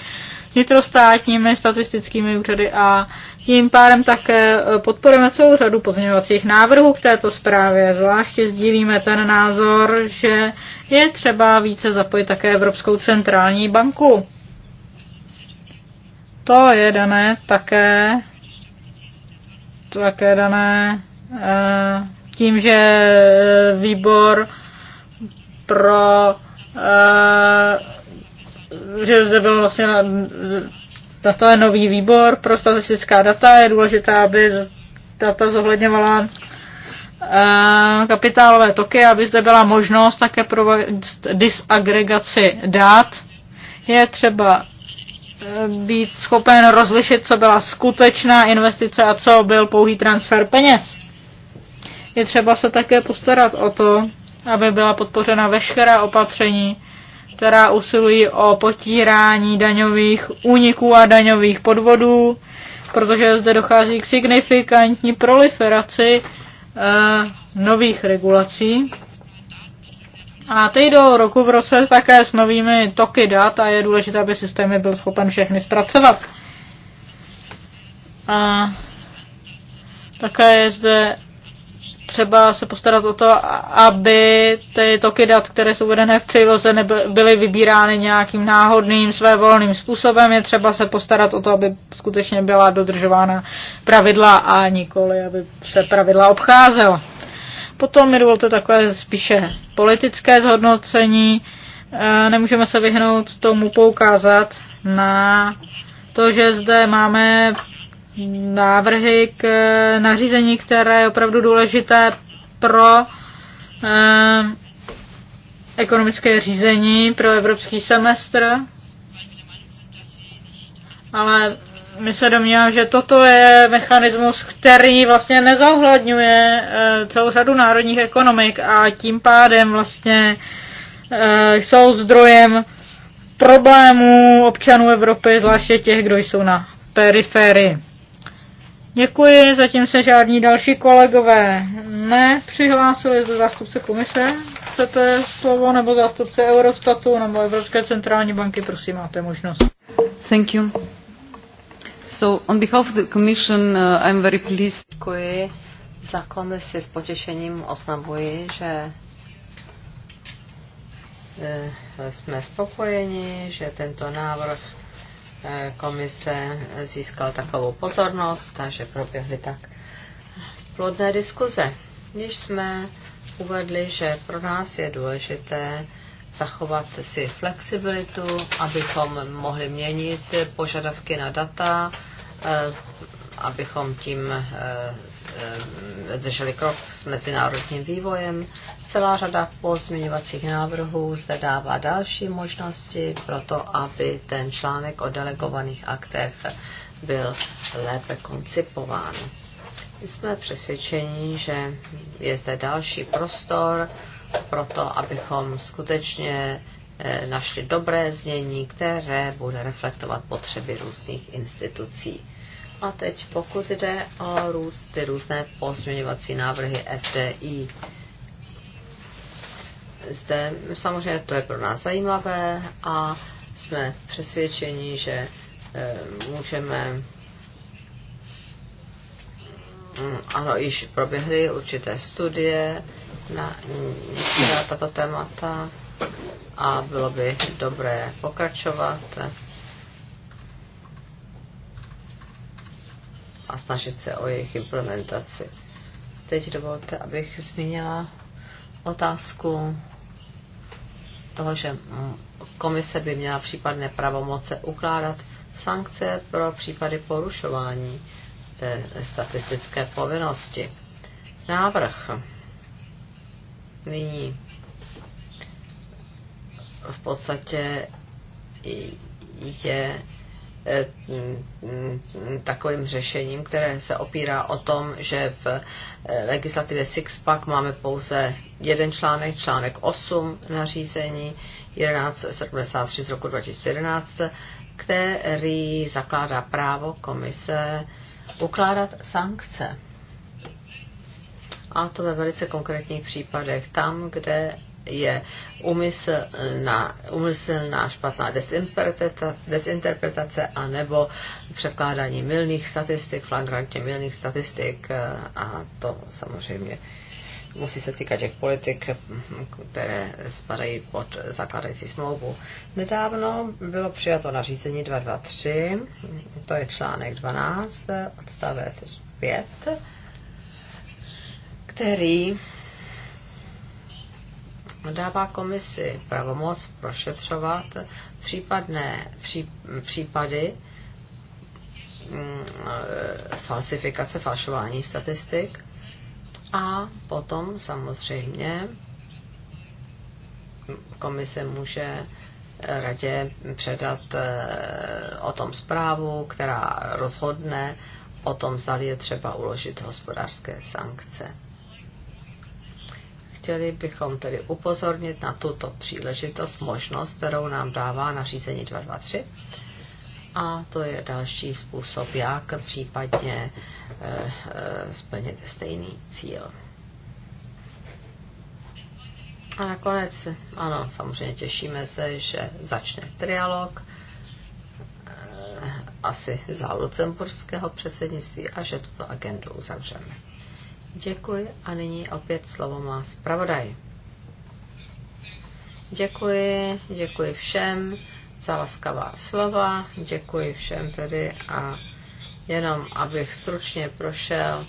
s vnitrostátními statistickými úřady a tím pádem také podporujeme celou řadu pozměňovacích návrhů k této zprávě. Zvláště sdílíme ten názor, že je třeba více zapojit také Evropskou centrální banku. To je dané také také dané eh, tím, že eh, výbor pro eh, že zde byl vlastně nastaven nový výbor pro statistická data. Je důležité, aby data zohledňovala kapitálové toky, aby zde byla možnost také pro disagregaci dát. Je třeba být schopen rozlišit, co byla skutečná investice a co byl pouhý transfer peněz. Je třeba se také postarat o to, aby byla podpořena veškerá opatření, která usilují o potírání daňových úniků a daňových podvodů, protože zde dochází k signifikantní proliferaci e, nových regulací a ty do roku v roce také s novými toky dat a je důležité, aby systémy byl schopen všechny zpracovat. A také je zde třeba se postarat o to, aby ty toky dat, které jsou uvedené v příloze, byly vybírány nějakým náhodným, svévolným způsobem. Je třeba se postarat o to, aby skutečně byla dodržována pravidla a nikoli, aby se pravidla obcházela. Potom mi dovolte takové spíše politické zhodnocení. E, nemůžeme se vyhnout tomu poukázat na to, že zde máme návrhy k nařízení, které je opravdu důležité pro e, ekonomické řízení, pro evropský semestr, ale my se domníváme, že toto je mechanismus, který vlastně nezohledňuje eh, celou řadu národních ekonomik a tím pádem vlastně eh, jsou zdrojem problémů občanů Evropy, zvláště těch, kdo jsou na periférii. Děkuji, zatím se žádní další kolegové nepřihlásili ze zástupce komise. Chcete slovo nebo zástupce Eurostatu nebo Evropské centrální banky, prosím, máte možnost. Thank you. So on behalf of the Commission, uh, I'm very pleased. Děkuji. Za komisi s potěšením oznamuji, že eh, jsme spokojeni, že tento návrh eh, komise získal takovou pozornost a že proběhly tak plodné diskuze. Když jsme uvedli, že pro nás je důležité zachovat si flexibilitu, abychom mohli měnit požadavky na data, eh, abychom tím eh, drželi krok s mezinárodním vývojem. Celá řada pozměňovacích návrhů zde dává další možnosti pro to, aby ten článek o delegovaných aktech byl lépe koncipován. Jsme přesvědčeni, že je zde další prostor proto, abychom skutečně eh, našli dobré znění, které bude reflektovat potřeby různých institucí. A teď pokud jde o růz, ty různé pozměňovací návrhy FDI, zde samozřejmě to je pro nás zajímavé a jsme přesvědčeni, že eh, můžeme mm, ano, již proběhly určité studie, na některá tato témata a bylo by dobré pokračovat a snažit se o jejich implementaci. Teď dovolte, abych zmínila otázku toho, že komise by měla případné pravomoce ukládat sankce pro případy porušování té statistické povinnosti. Návrh Nyní v podstatě je eh, mm, takovým řešením, které se opírá o tom, že v eh, legislativě Sixpack máme pouze jeden článek, článek 8 nařízení 1173 z roku 2011, který zakládá právo komise ukládat sankce a to ve velice konkrétních případech. Tam, kde je umysl na špatná desinterpretace, desinterpretace a nebo překládání milných statistik, flagrantně milných statistik a to samozřejmě musí se týkat těch politik, které spadají pod zakládající smlouvu. Nedávno bylo přijato nařízení 223, to je článek 12, odstavec 5, který dává komisi pravomoc prošetřovat případné pří, případy mm, e, falsifikace, falšování statistik a potom samozřejmě komise může radě předat e, o tom zprávu, která rozhodne o tom, zda je třeba uložit hospodářské sankce chtěli bychom tedy upozornit na tuto příležitost, možnost, kterou nám dává nařízení 223. A to je další způsob, jak případně e, e, splnit stejný cíl. A nakonec, ano, samozřejmě těšíme se, že začne trialog eh, asi za lucemburského předsednictví a že tuto agendu uzavřeme. Děkuji a nyní opět slovo má zpravodaj. Děkuji, děkuji všem za laskavá slova, děkuji všem tedy a jenom abych stručně prošel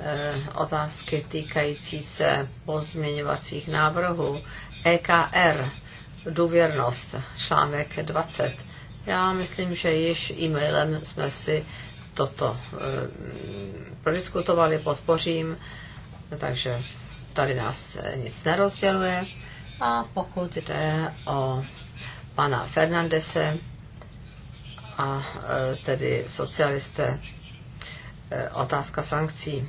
eh, otázky týkající se pozměňovacích návrhů. EKR, důvěrnost, článek 20. Já myslím, že již e-mailem jsme si toto eh, prodiskutovali, podpořím, takže tady nás eh, nic nerozděluje. A pokud jde o pana Fernandese a eh, tedy socialisté, otázka sankcí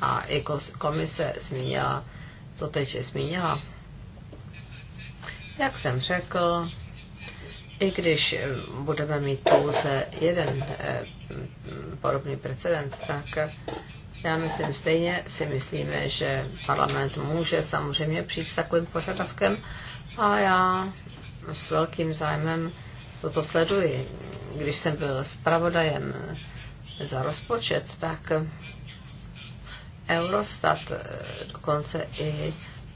a i komise zmínila, to teď zmínila. Jak jsem řekl, i když budeme mít pouze jeden podobný precedens, tak já myslím, stejně si myslíme, že parlament může samozřejmě přijít s takovým požadavkem a já s velkým zájmem toto sleduji. Když jsem byl zpravodajem za rozpočet, tak Eurostat eh, dokonce i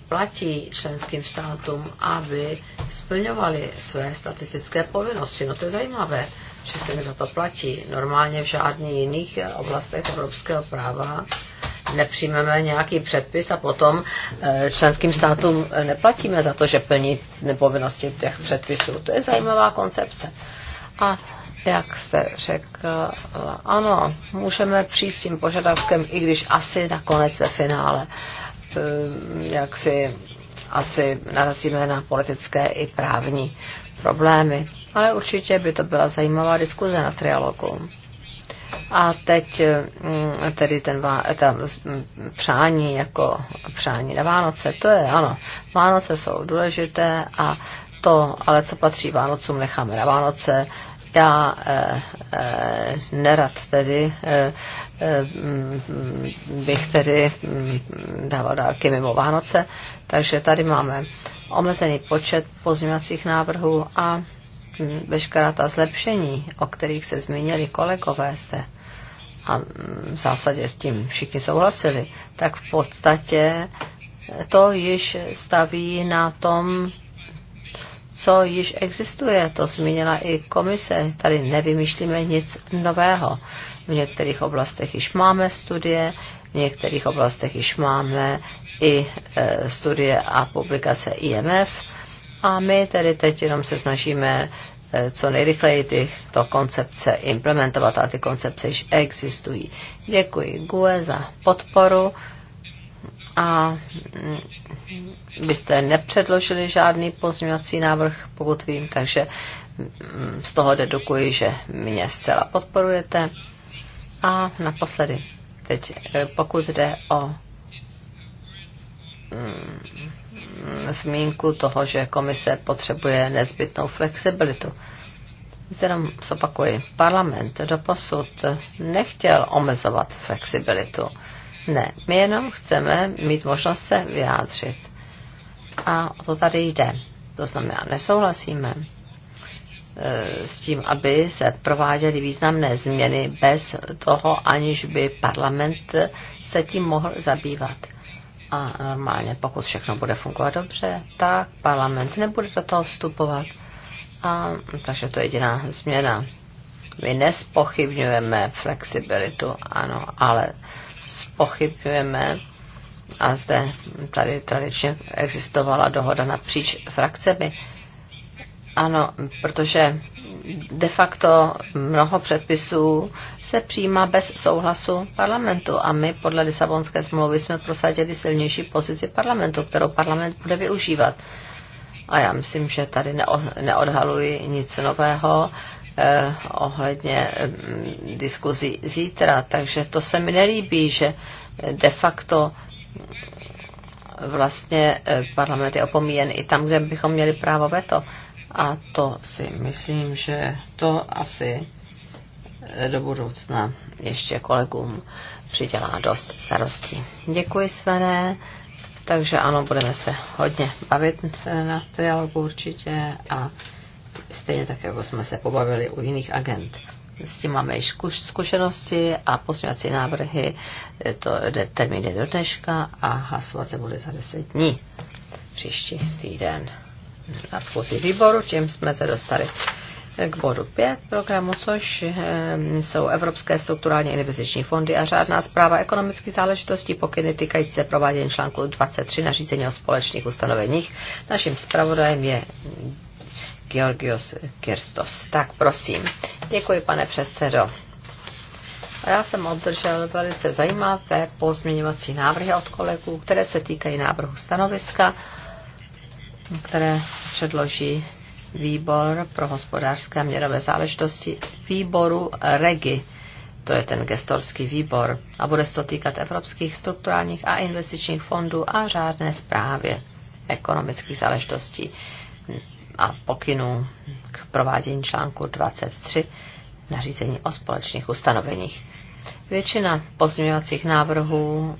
platí členským státům, aby splňovali své statistické povinnosti. No to je zajímavé že se mi za to platí. Normálně v žádných jiných oblastech evropského práva nepřijmeme nějaký předpis a potom eh, členským státům neplatíme za to, že plní nepovinnosti těch předpisů. To je zajímavá koncepce. A jak jste řekla, ano, můžeme přijít s tím požadavkem, i když asi nakonec ve finále eh, jak si asi narazíme na politické i právní problémy ale určitě by to byla zajímavá diskuze na trialogu. A teď mm, tedy ten ta přání jako přání na Vánoce, to je ano, Vánoce jsou důležité a to, ale co patří Vánocům, necháme na Vánoce. Já eh, eh, nerad tedy eh, eh, bych tedy mm, dával dárky mimo Vánoce, takže tady máme omezený počet pozměňovacích návrhů a veškerá ta zlepšení, o kterých se zmínili kolegové zde, a v zásadě s tím všichni souhlasili, tak v podstatě to již staví na tom, co již existuje. To zmínila i komise. Tady nevymýšlíme nic nového. V některých oblastech již máme studie, v některých oblastech již máme i e, studie a publikace IMF a my tedy teď jenom se snažíme eh, co nejrychleji tyto koncepce implementovat a ty koncepce již existují. Děkuji GUE za podporu a byste mm, nepředložili žádný pozměňovací návrh, pokud vím, takže mm, z toho dedukuji, že mě zcela podporujete. A naposledy, teď eh, pokud jde o mm, zmínku toho, že komise potřebuje nezbytnou flexibilitu. Zde nám zopakuji, parlament doposud nechtěl omezovat flexibilitu. Ne, my jenom chceme mít možnost se vyjádřit. A o to tady jde. To znamená, nesouhlasíme e, s tím, aby se prováděly významné změny bez toho, aniž by parlament se tím mohl zabývat. A normálně, pokud všechno bude fungovat dobře, tak parlament nebude do toho vstupovat. A, takže to je jediná změna. My nespochybňujeme flexibilitu, ano, ale spochybňujeme a zde tady tradičně existovala dohoda napříč frakcemi. Ano, protože de facto mnoho předpisů se přijímá bez souhlasu parlamentu a my podle Lisabonské smlouvy jsme prosadili silnější pozici parlamentu, kterou parlament bude využívat. A já myslím, že tady neodhaluji nic nového eh, ohledně eh, diskuzí zítra, takže to se mi nelíbí, že de facto mm, vlastně eh, parlament je opomíjen i tam, kde bychom měli právo veto. to. A to si myslím, že to asi do budoucna ještě kolegům přidělá dost starostí. Děkuji, Svené. Takže ano, budeme se hodně bavit na trialogu určitě a stejně tak, jako jsme se pobavili u jiných agent. S tím máme i zkušenosti a posměvací návrhy, to jde, termín jde do dneška a hlasovat se bude za 10 dní příští týden na schůzi výboru, čím jsme se dostali k bodu 5 programu, což eh, jsou Evropské strukturální investiční fondy a řádná zpráva ekonomických záležitostí pokyny týkající se provádění článku 23 nařízení o společných ustanoveních. Naším zpravodajem je Georgios Kirstos. Tak prosím. Děkuji, pane předsedo. A já jsem obdržel velice zajímavé pozměňovací návrhy od kolegů, které se týkají návrhu stanoviska které předloží výbor pro hospodářské a měnové záležitosti výboru REGI. To je ten gestorský výbor a bude se to týkat evropských strukturálních a investičních fondů a řádné zprávě ekonomických záležitostí a pokynů k provádění článku 23 nařízení o společných ustanoveních. Většina pozměňovacích návrhů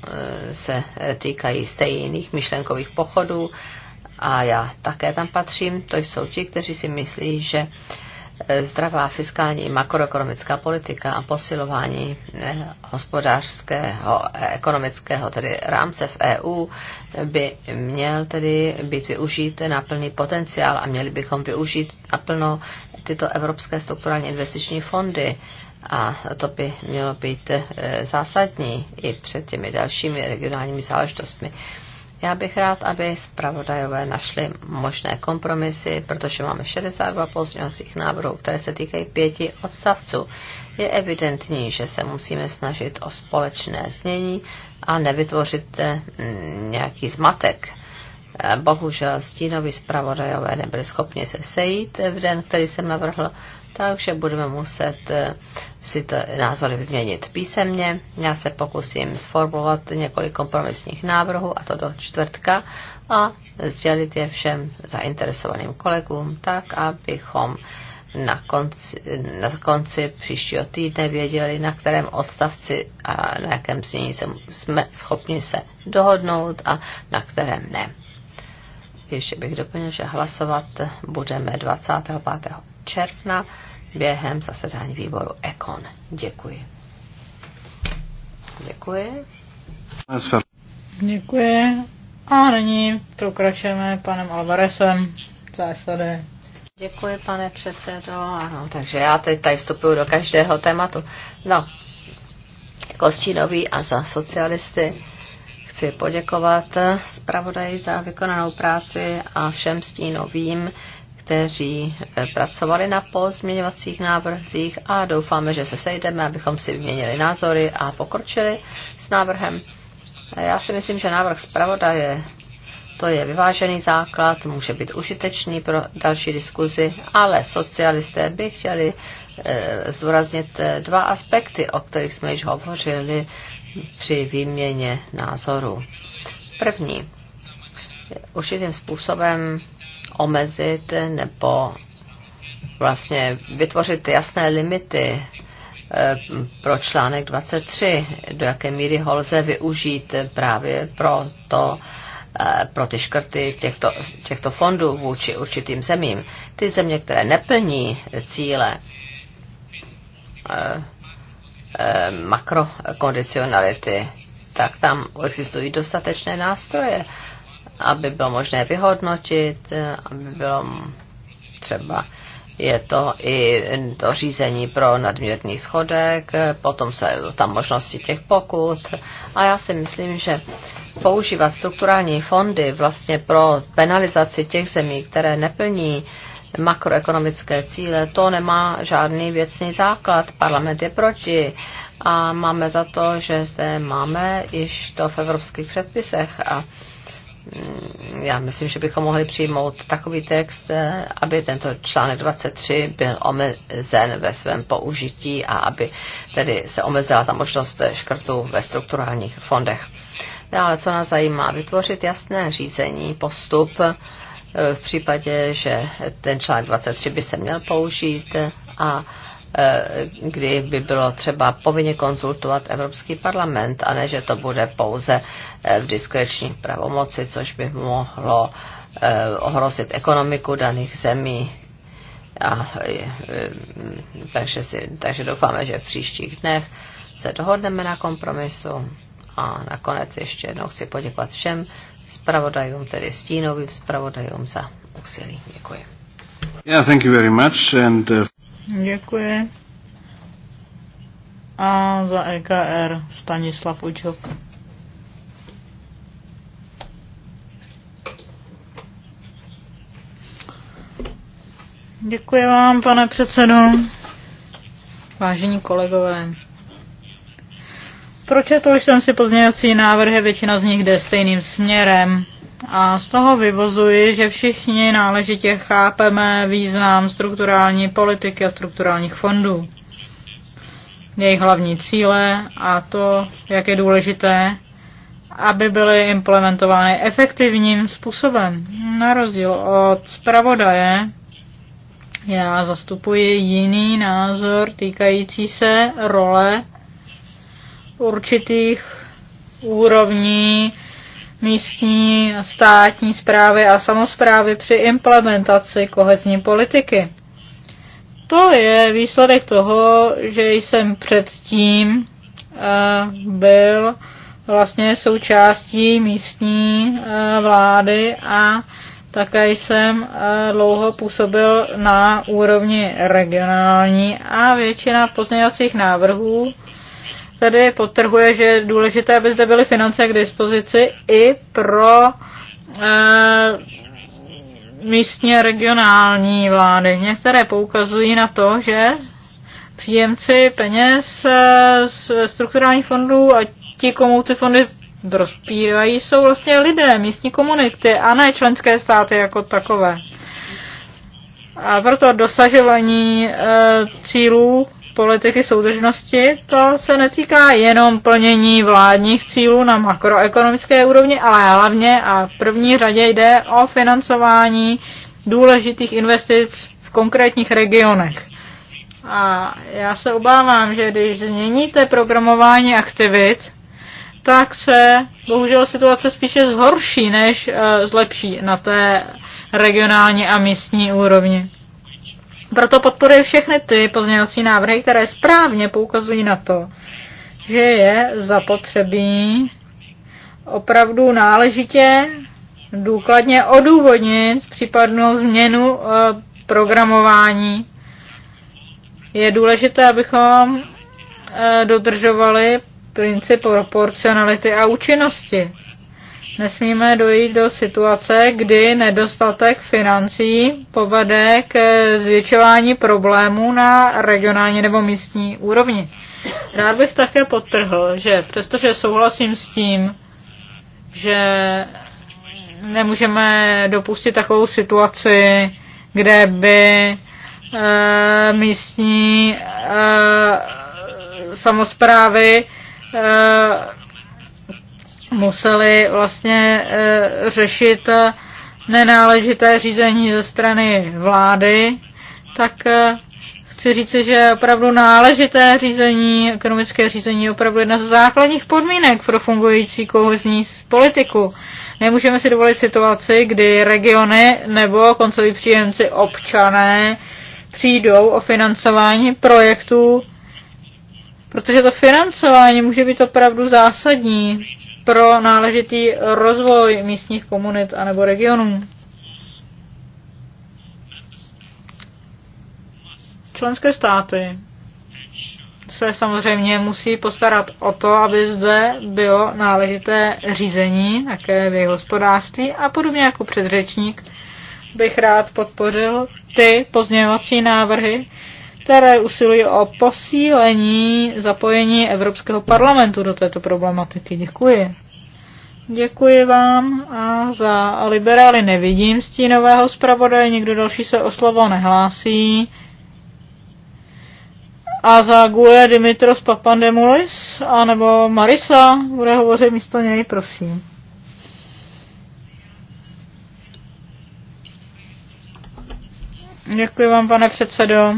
e, se týkají stejných myšlenkových pochodů, a já také tam patřím, to jsou ti, kteří si myslí, že eh, zdravá fiskální makroekonomická politika a posilování eh, hospodářského, eh, ekonomického tedy rámce v EU by měl tedy být využít na plný potenciál a měli bychom využít naplno tyto evropské strukturální investiční fondy. A to by mělo být zásadní i před těmi dalšími regionálními záležitostmi. Já bych rád, aby zpravodajové našli možné kompromisy, protože máme 62 pozměňovacích návrhů, které se týkají pěti odstavců. Je evidentní, že se musíme snažit o společné znění a nevytvořit eh, nějaký zmatek. Eh, bohužel stínoví zpravodajové nebyli schopni se sejít v den, který jsem navrhl takže budeme muset eh, si to názory vyměnit písemně. Já se pokusím sformulovat několik kompromisních návrhů, a to do čtvrtka, a sdělit je všem zainteresovaným kolegům, tak abychom na konci, na konci příštího týdne věděli, na kterém odstavci a na jakém znění jsme schopni se dohodnout a na kterém ne. Ještě bych doplnil, že hlasovat budeme 25. června během zasedání výboru EKON. Děkuji. Děkuji. Děkuji. A nyní pokračujeme panem Alvarezem zásady. Děkuji, pane předsedo. Ano, takže já teď tady vstupuju do každého tématu. No, kostinový jako a za socialisty chci poděkovat zpravodaji za vykonanou práci a všem stínovým, kteří eh, pracovali na pozměňovacích návrzích a doufáme, že se sejdeme, abychom si vyměnili názory a pokročili s návrhem. Já si myslím, že návrh zpravodaje to je vyvážený základ, může být užitečný pro další diskuzi, ale socialisté by chtěli eh, zdůraznit eh, dva aspekty, o kterých jsme již hovořili při výměně názoru. První, určitým způsobem omezit nebo vlastně vytvořit jasné limity eh, pro článek 23, do jaké míry ho lze využít právě pro, to, eh, pro ty škrty těchto, těchto fondů vůči určitým zemím. Ty země, které neplní cíle, eh, Eh, makrokondicionality, tak tam existují dostatečné nástroje, aby bylo možné vyhodnotit, eh, aby bylo třeba je to i to řízení pro nadměrný schodek, potom se tam možnosti těch pokut. A já si myslím, že používat strukturální fondy vlastně pro penalizaci těch zemí, které neplní uh, makroekonomické cíle, to nemá žádný věcný základ. Parlament je proti a máme za to, že zde máme již to v evropských předpisech a mm, já myslím, že bychom mohli přijmout takový text, eh, aby tento článek 23 byl omezen ve svém použití a aby tedy se omezila ta možnost škrtů ve strukturálních fondech. Ale co nás zajímá, vytvořit jasné řízení, postup, v případě, že ten článek 23 by se měl použít a e, kdy by bylo třeba povinně konzultovat Evropský parlament a ne, že to bude pouze e, v diskreční pravomoci, což by mohlo e, ohrozit ekonomiku daných zemí. A, takže, si, takže doufáme, že v příštích dnech se dohodneme na kompromisu. A nakonec ještě jednou chci poděkovat všem zpravodajům, tedy stínovým zpravodajům za úsilí. Děkuji. Yeah, thank you very much and, uh... Děkuji. A za EKR Stanislav Učok. Děkuji vám, pane předsedo. Vážení kolegové, Pročetl jsem si pozměňovací návrhy, většina z nich jde stejným směrem. A z toho vyvozuji, že všichni náležitě chápeme význam strukturální politiky a strukturálních fondů. Jejich hlavní cíle a to, jak je důležité, aby byly implementovány efektivním způsobem. Na rozdíl od zpravodaje, já zastupuji jiný názor týkající se role určitých úrovní místní a státní zprávy a samozprávy při implementaci kohezní politiky. To je výsledek toho, že jsem předtím eh, byl vlastně součástí místní eh, vlády a také jsem eh, dlouho působil na úrovni regionální a většina pozměňovacích návrhů Tady potrhuje, že je důležité, aby zde byly finance k dispozici i pro e, místně regionální vlády. Některé poukazují na to, že příjemci peněz eh, z strukturálních fondů a ti, komu ty fondy prospívají, jsou vlastně lidé, místní komunity a ne členské státy jako takové. A proto dosažování e, cílů politiky soudržnosti, to se netýká jenom plnění vládních cílů na makroekonomické úrovni, ale hlavně a v první řadě jde o financování důležitých investic v konkrétních regionech. A já se obávám, že když změníte programování aktivit, tak se bohužel situace spíše zhorší, než eh, zlepší na té regionální a místní úrovni. Proto podporuji všechny ty pozměňovací návrhy, které správně poukazují na to, že je zapotřebí opravdu náležitě důkladně odůvodnit případnou změnu eh, programování. Je důležité, abychom eh, dodržovali princip proporcionality a účinnosti. Nesmíme dojít do situace, kdy nedostatek financí povede k zvětšování problémů na regionální nebo místní úrovni. Rád bych také podtrhl, že přestože souhlasím s tím, že nemůžeme dopustit takovou situaci, kde by e, místní e, eh, samozprávy e, eh, museli vlastně e, řešit e, nenáležité řízení ze strany vlády, tak e, chci říci, že opravdu náležité řízení, ekonomické řízení je opravdu jedna z základních podmínek pro fungující kohezní politiku. Nemůžeme si dovolit situaci, kdy regiony nebo koncoví příjemci občané přijdou o financování projektů, protože to financování může být opravdu zásadní pro náležitý rozvoj místních komunit anebo regionů. Členské státy se samozřejmě musí postarat o to, aby zde bylo náležité řízení, také v jejich hospodářství a podobně jako předřečník bych rád podpořil ty pozměňovací návrhy, které usilují o posílení zapojení Evropského parlamentu do této problematiky. Děkuji. Děkuji vám a za liberály nevidím stínového zpravodaje, někdo další se o slovo nehlásí. A za Gule Dimitros Papandemulis, anebo Marisa, bude hovořit místo něj, prosím. Děkuji vám, pane předsedo.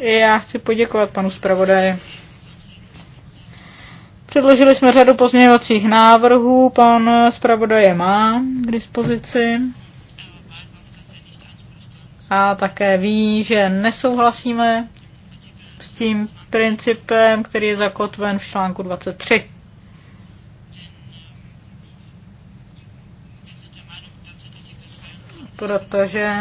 Já chci poděkovat panu zpravodaji. Předložili jsme řadu pozměňovacích návrhů, pan zpravodaj je má k dispozici. A také ví, že nesouhlasíme s tím principem, který je zakotven v článku 23. Protože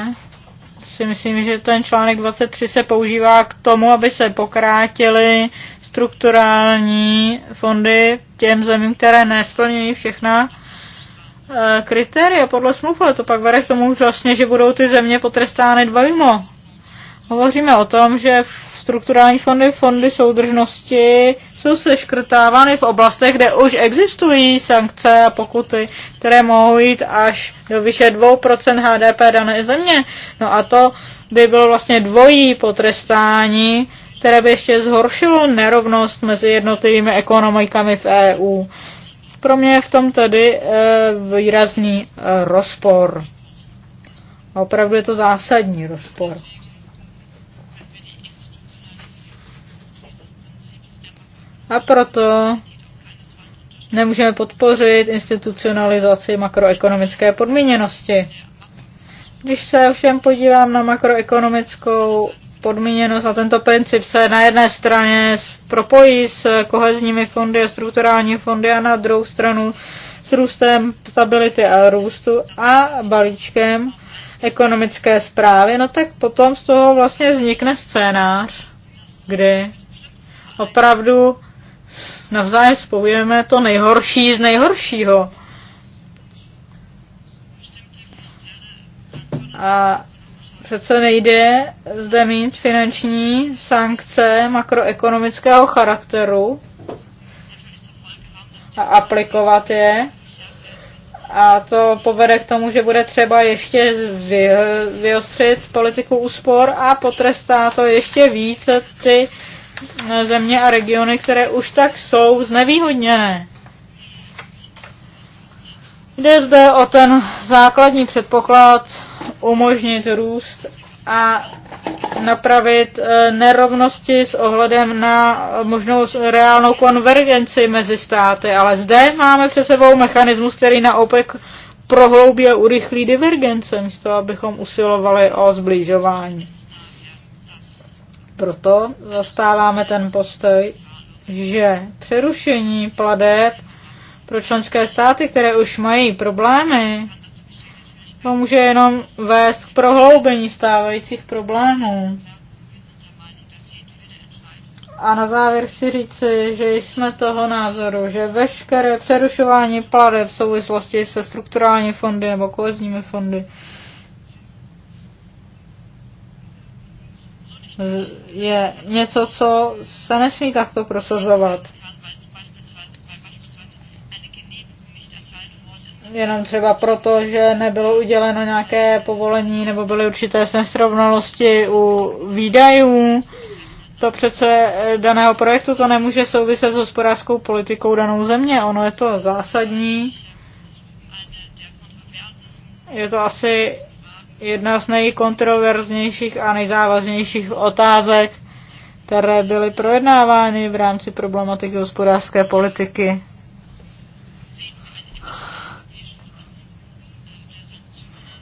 si myslím, že ten článek 23 se používá k tomu, aby se pokrátily strukturální fondy těm zemím, které nesplňují všechna eh, kritéria podle smluv, ale to pak vede k tomu vlastně, že budou ty země potrestány dvojmo. Hovoříme o tom, že strukturální fondy, fondy soudržnosti jsou seškrtávány v oblastech, kde už existují sankce a pokuty, které mohou jít až do vyše 2% HDP dané země. No a to by bylo vlastně dvojí potrestání, které by ještě zhoršilo nerovnost mezi jednotlivými ekonomikami v EU. Pro mě je v tom tedy e, výrazný e, rozpor. A opravdu je to zásadní rozpor. A proto nemůžeme podpořit institucionalizaci makroekonomické podmíněnosti. Když se ovšem podívám na makroekonomickou podmíněnost a tento princip se na jedné straně propojí s kohezními fondy a strukturální fondy a na druhou stranu s růstem stability a růstu a balíčkem ekonomické zprávy, no tak potom z toho vlastně vznikne scénář, kdy opravdu navzájem spojujeme to nejhorší z nejhoršího. A přece nejde zde mít finanční sankce makroekonomického charakteru a aplikovat je. A to povede k tomu, že bude třeba ještě vyostřit politiku úspor a potrestá to ještě více ty Eh, země a regiony, které už tak jsou znevýhodněné. Jde zde o ten základní předpoklad umožnit růst a napravit eh, nerovnosti s ohledem na možnou reálnou konvergenci mezi státy. Ale zde máme před sebou mechanismus, který naopak prohloubí a urychlí divergence, místo abychom usilovali o zbližování. Proto zastáváme ten postoj, že přerušení pladeb pro členské státy, které už mají problémy, to může jenom vést k prohloubení stávajících problémů. A na závěr chci říci, že jsme toho názoru, že veškeré přerušování pladeb v souvislosti se strukturální fondy nebo kohezními fondy je něco, co se nesmí takto prosazovat. Jenom třeba proto, že nebylo uděleno nějaké povolení nebo byly určité nesrovnalosti u výdajů. To přece daného projektu to nemůže souviset s hospodářskou politikou danou země. Ono je to zásadní. Je to asi jedna z nejkontroverznějších a nejzávažnějších otázek, které byly projednávány v rámci problematiky hospodářské politiky.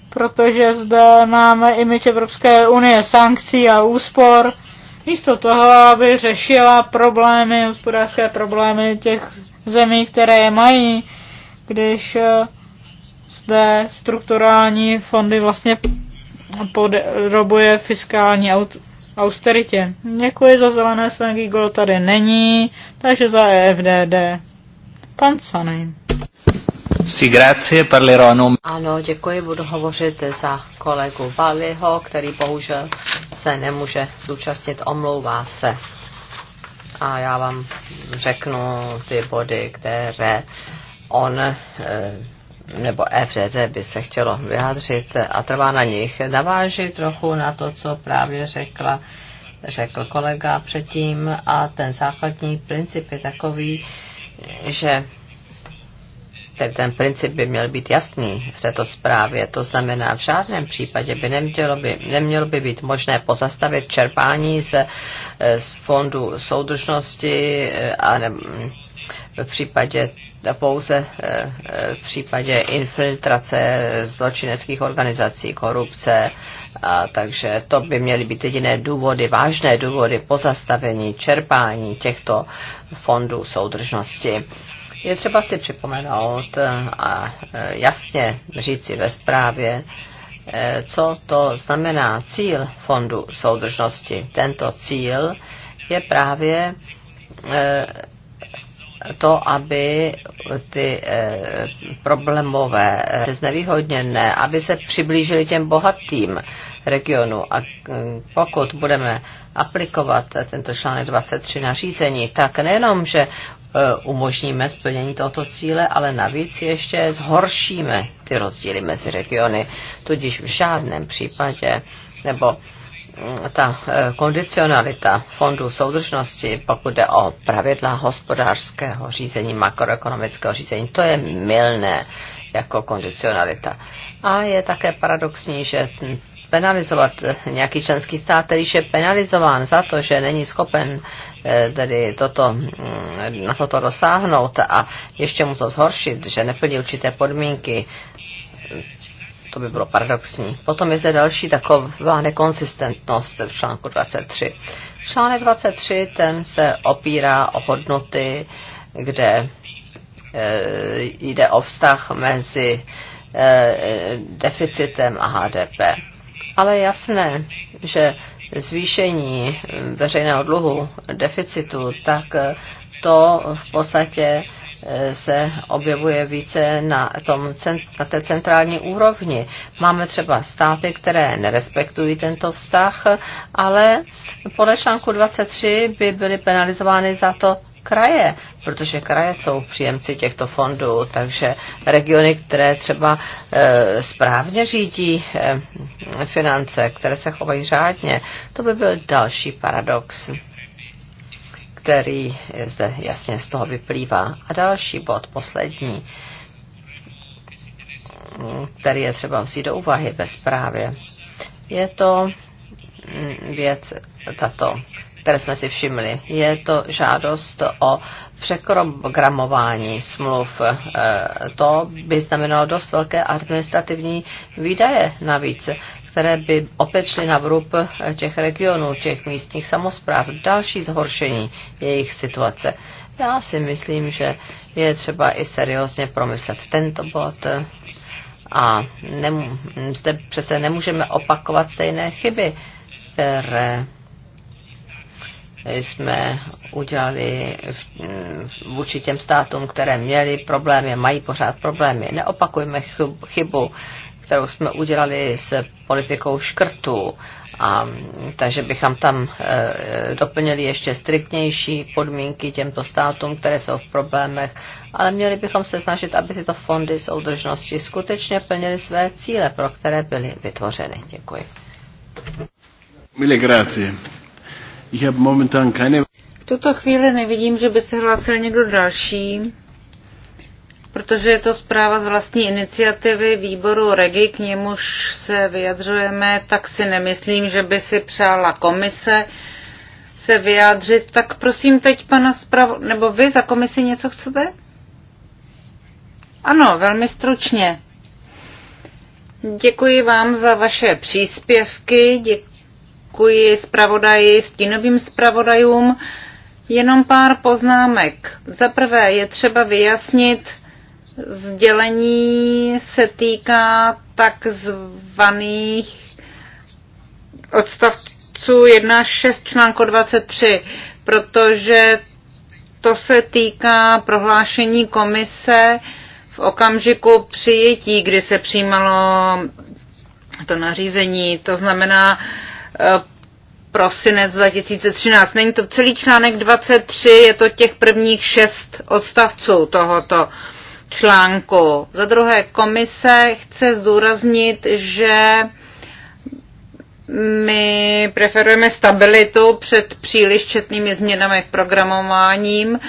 Protože zde máme imič Evropské unie sankcí a úspor, místo toho, aby řešila problémy, hospodářské problémy těch zemí, které je mají, když eh, zde strukturální fondy vlastně podrobuje fiskální austeritě. Děkuji za zelené své Gigol tady není, takže za EFDD. Pan Sanej. Si grazie, parlerò a nome. Ano, děkuji, budu hovořit za kolegu Valiho, který bohužel se nemůže zúčastnit, omlouvá se. A já vám řeknu ty body, které on eh, nebo FDD by se chtělo vyjádřit a trvá na nich. Naváží trochu na to, co právě řekla, řekl kolega předtím a ten základní princip je takový, že tedy ten princip by měl být jasný v této zprávě. To znamená, v žádném případě by nemělo by, nemělo by být možné pozastavit čerpání z, z fondu soudržnosti eh, a ne, v případě pouze eh, eh, v případě infiltrace zločineckých organizací, korupce, a takže to by měly být jediné důvody, vážné důvody pozastavení čerpání těchto fondů soudržnosti. Je třeba si připomenout eh, a jasně říci ve zprávě, co to znamená cíl fondu soudržnosti. Tento cíl je právě to, aby ty eh, problémové eh, ty znevýhodněné, aby se přiblížili těm bohatým regionu. A eh, pokud budeme aplikovat tento článek 23 nařízení, tak nejenom, že umožníme splnění tohoto cíle, ale navíc ještě zhoršíme ty rozdíly mezi regiony. Tudíž v žádném případě nebo ta e, kondicionalita fondu soudržnosti, pokud jde o pravidla hospodářského řízení, makroekonomického řízení, to je milné jako kondicionalita. A je také paradoxní, že penalizovat nějaký členský stát, který je penalizován za to, že není schopen e, tedy toto, na toto dosáhnout a ještě mu to zhoršit, že neplní určité podmínky, to by bylo paradoxní. Potom je zde další taková nekonsistentnost v článku 23. Článek 23 ten se opírá o hodnoty, kde eh, jde o vztah mezi eh, deficitem a HDP. Ale jasné, že zvýšení veřejného dluhu, deficitu, tak to v podstatě se objevuje více na, tom, na té centrální úrovni. Máme třeba státy, které nerespektují tento vztah, ale podle článku 23 by byly penalizovány za to kraje, protože kraje jsou příjemci těchto fondů, takže regiony, které třeba e, správně řídí e, finance, které se chovají řádně, to by byl další paradox který zde jasně z toho vyplývá. A další bod, poslední, který je třeba vzít do úvahy ve zprávě, je to věc tato, které jsme si všimli. Je to žádost o překrogramování smluv. E, to by znamenalo dost velké administrativní výdaje navíc které by opět šly na vrub těch regionů, těch místních samozpráv. Další zhoršení jejich situace. Já si myslím, že je třeba i seriózně promyslet tento bod. A nemů- zde přece nemůžeme opakovat stejné chyby, které jsme udělali vůči těm státům, které měly problémy, mají pořád problémy. Neopakujeme chybu, kterou jsme udělali s politikou škrtů. A, takže bychom tam e, doplnili ještě striktnější podmínky těmto státům, které jsou v problémech, ale měli bychom se snažit, aby tyto fondy soudržnosti skutečně plnily své cíle, pro které byly vytvořeny. Děkuji. V tuto chvíli nevidím, že by se hlásil někdo další protože je to zpráva z vlastní iniciativy výboru REGI, k němuž se vyjadřujeme, tak si nemyslím, že by si přála komise se vyjádřit. Tak prosím teď pana zpravo... nebo vy za komisi něco chcete? Ano, velmi stručně. Děkuji vám za vaše příspěvky, děkuji zpravodaji, stínovým zpravodajům. Jenom pár poznámek. Za prvé je třeba vyjasnit, Sdělení se týká takzvaných odstavců 1.6 článku 23, protože to se týká prohlášení komise v okamžiku přijetí, kdy se přijímalo to nařízení, to znamená eh, prosinec 2013. Není to celý článek 23, je to těch prvních šest odstavců tohoto článku. Za druhé, komise chce zdůraznit, že my preferujeme stabilitu před příliš četnými změnami v programováním.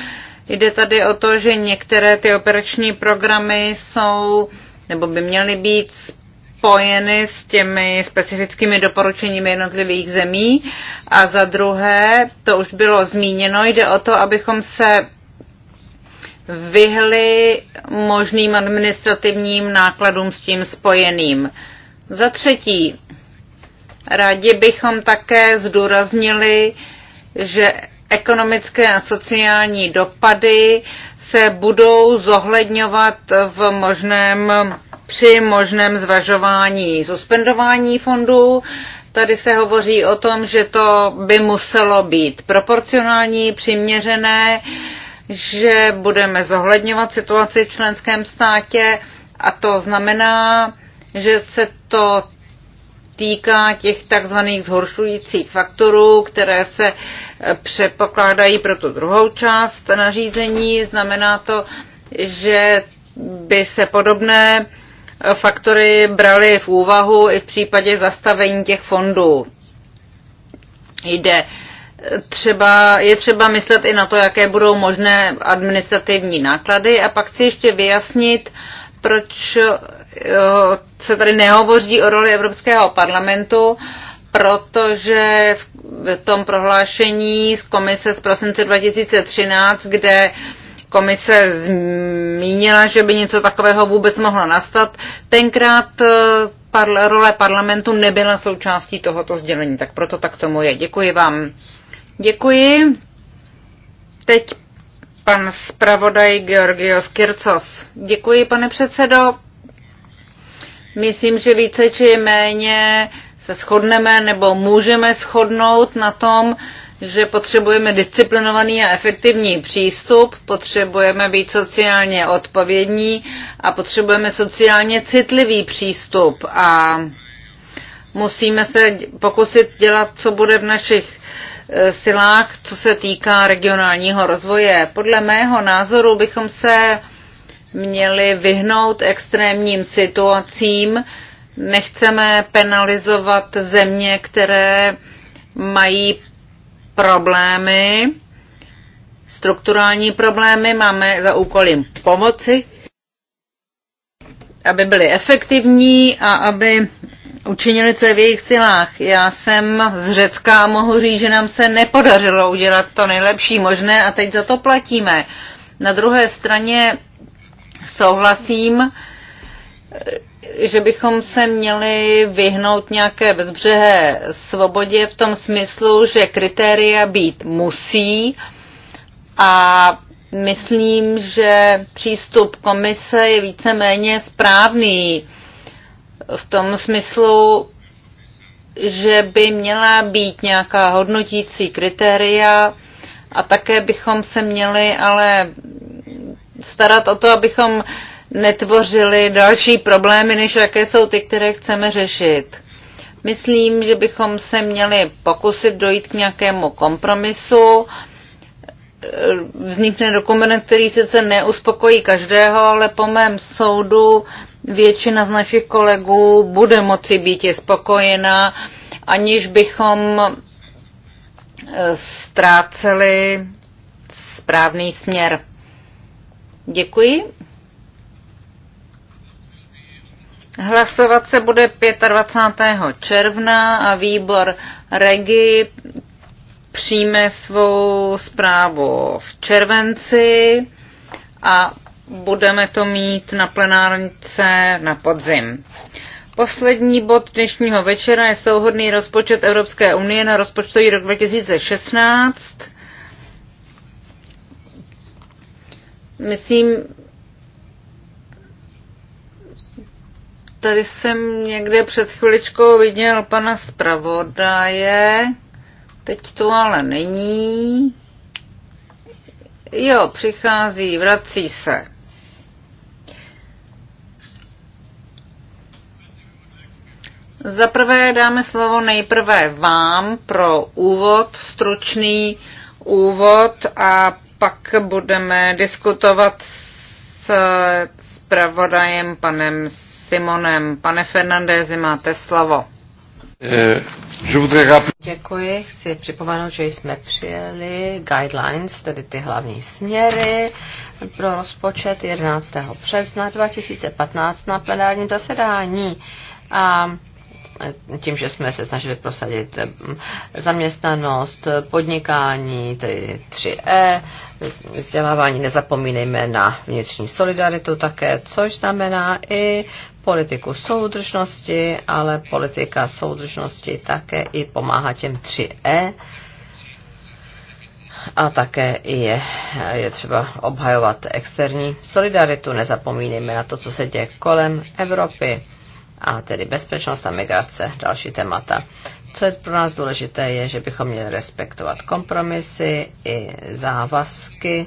Jde tady o to, že některé ty operační programy jsou nebo by měly být spojeny s těmi specifickými doporučeními jednotlivých zemí. A za druhé, to už bylo zmíněno, jde o to, abychom se vyhly možným administrativním nákladům s tím spojeným. Za třetí, rádi bychom také zdůraznili, že ekonomické a sociální dopady se budou zohledňovat v možném, při možném zvažování suspendování fondů. Tady se hovoří o tom, že to by muselo být proporcionální, přiměřené. Uh, že budeme zohledňovat situaci v členském státě a to znamená, že se to týká těch takzvaných zhoršujících faktorů, které se eh, přepokládají pro tu druhou část nařízení. Znamená to, že by se podobné eh, faktory braly v úvahu i v případě zastavení těch fondů. Jde třeba, je třeba myslet i na to, jaké budou možné administrativní náklady a pak si ještě vyjasnit, proč eh, se tady nehovoří o roli Evropského parlamentu, protože v tom prohlášení z komise z prosince 2013, kde komise zmínila, že by něco takového vůbec mohlo nastat, tenkrát eh, parla, role parlamentu nebyla součástí tohoto sdělení, tak proto tak tomu je. Děkuji vám. Děkuji. Teď pan zpravodaj Georgios Kircos. Děkuji, pane předsedo. Myslím, že více či méně se shodneme nebo můžeme shodnout na tom, že potřebujeme disciplinovaný a efektivní přístup, potřebujeme být sociálně odpovědní a potřebujeme sociálně citlivý přístup a musíme se pokusit dělat, co bude v našich E, silách, co se týká regionálního rozvoje. Podle mého názoru bychom se měli vyhnout extrémním situacím. Nechceme penalizovat země, které mají problémy, strukturální problémy. Máme za úkol jim pomoci, aby byly efektivní a aby učinili, co je v jejich silách. Já jsem z Řecka a mohu říct, že nám se nepodařilo udělat to nejlepší možné a teď za to platíme. Na druhé straně souhlasím, že bychom se měli vyhnout nějaké bezbřehé svobodě v tom smyslu, že kritéria být musí a myslím, že přístup komise je víceméně správný v tom smyslu, že by měla být nějaká hodnotící kritéria a také bychom se měli ale starat o to, abychom netvořili další problémy, než jaké jsou ty, které chceme řešit. Myslím, že bychom se měli pokusit dojít k nějakému kompromisu. Vznikne dokument, který sice neuspokojí každého, ale po mém soudu většina z našich kolegů bude moci být je spokojená, aniž bychom eh, ztráceli správný směr. Děkuji. Hlasovat se bude 25. června a výbor Regi přijme svou zprávu v červenci a budeme to mít na plenárnice na podzim. Poslední bod dnešního večera je souhodný rozpočet Evropské unie na rozpočtový rok 2016. Myslím, tady jsem někde před chviličkou viděl pana zpravodaje. Teď to ale není. Jo, přichází, vrací se. Za prvé dáme slovo nejprve vám pro úvod, stručný úvod a pak budeme diskutovat s zpravodajem panem Simonem. Pane Fernandézi, máte slovo. Eh, Děkuji. Chci připomenout, že jsme přijeli guidelines, tedy ty hlavní směry pro rozpočet 11. března 2015 na plenárním zasedání. A tím, že jsme se snažili prosadit eh, zaměstnanost, podnikání, ty 3E, vzdělávání, nezapomínejme na vnitřní solidaritu také, což znamená i politiku soudržnosti, ale politika soudržnosti také i pomáhá těm 3E, a také je, je třeba obhajovat externí solidaritu. Nezapomínejme na to, co se děje kolem Evropy a tedy bezpečnost a migrace, další témata. Co je pro nás důležité, je, že bychom měli respektovat kompromisy i závazky,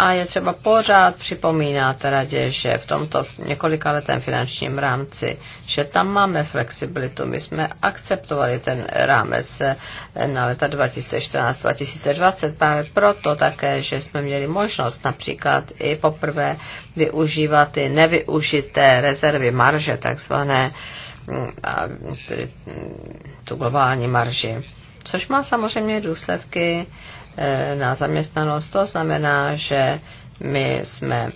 a je třeba pořád připomínat radě, že v tomto několika letém finančním rámci, že tam máme flexibilitu. My jsme akceptovali ten rámec eh, na leta 2014-2020 právě proto také, že jsme měli možnost například i poprvé využívat ty nevyužité rezervy marže, takzvané mm, mm, tu globální marži. Což má samozřejmě důsledky Eh, na zaměstnanost. To znamená, že my jsme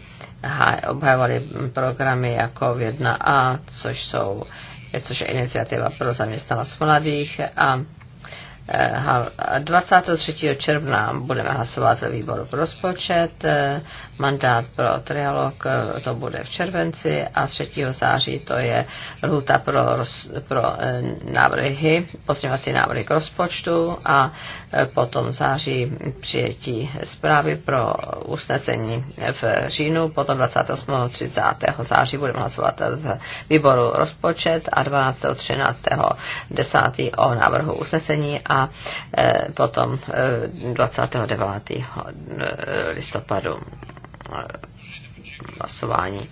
obhajovali programy jako 1A, což, jsou, což je iniciativa pro zaměstnanost mladých a 23. června budeme hlasovat ve výboru pro rozpočet, eh, mandát pro trialog eh, to bude v červenci a 3. září to je lhuta pro, pro eh, návrhy, posněvací návrhy k rozpočtu a potom v září přijetí zprávy pro usnesení v říjnu, potom 28. 30. září budeme hlasovat v výboru rozpočet a 12. 13. 10. o návrhu usnesení a Eh, potom 29. Eh, eh, listopadu hlasování.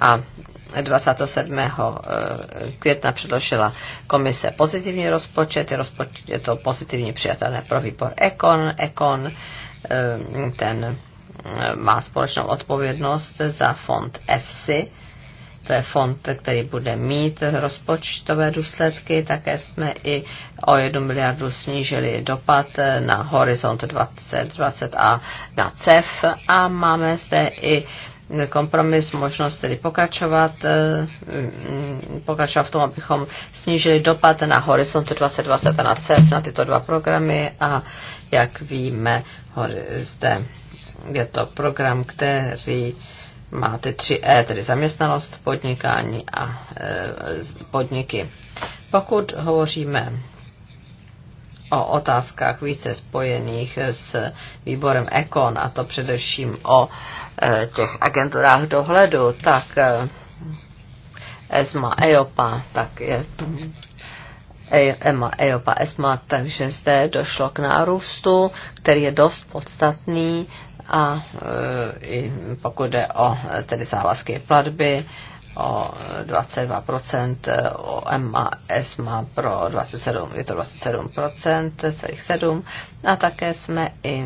A 27. května předložila komise pozitivní rozpočet, je, to pozitivně přijatelné pro výbor Ekon. Ekon ten má společnou odpovědnost za fond EFSI to je fond, který bude mít rozpočtové důsledky. Také jsme i o jednu miliardu snížili dopad na Horizont 2020 a na CEF. A máme zde i kompromis, možnost tedy pokračovat, mm, pokračovat v tom, abychom snížili dopad na Horizont 2020 a na CEF, na tyto dva programy a jak víme, zde je to program, který máte 3E, tedy zaměstnanost, podnikání a e, podniky. Pokud hovoříme o otázkách více spojených s výborem Econ, a to především o e, těch agenturách dohledu, tak e, ESMA, EOPA, tak je EMA, EOPA, ESMA, takže zde došlo k nárůstu, který je dost podstatný a e, i pokud jde o tedy závazky platby, o 22%, e, o MAS má pro 27, je to 27%, celých 7. A také jsme i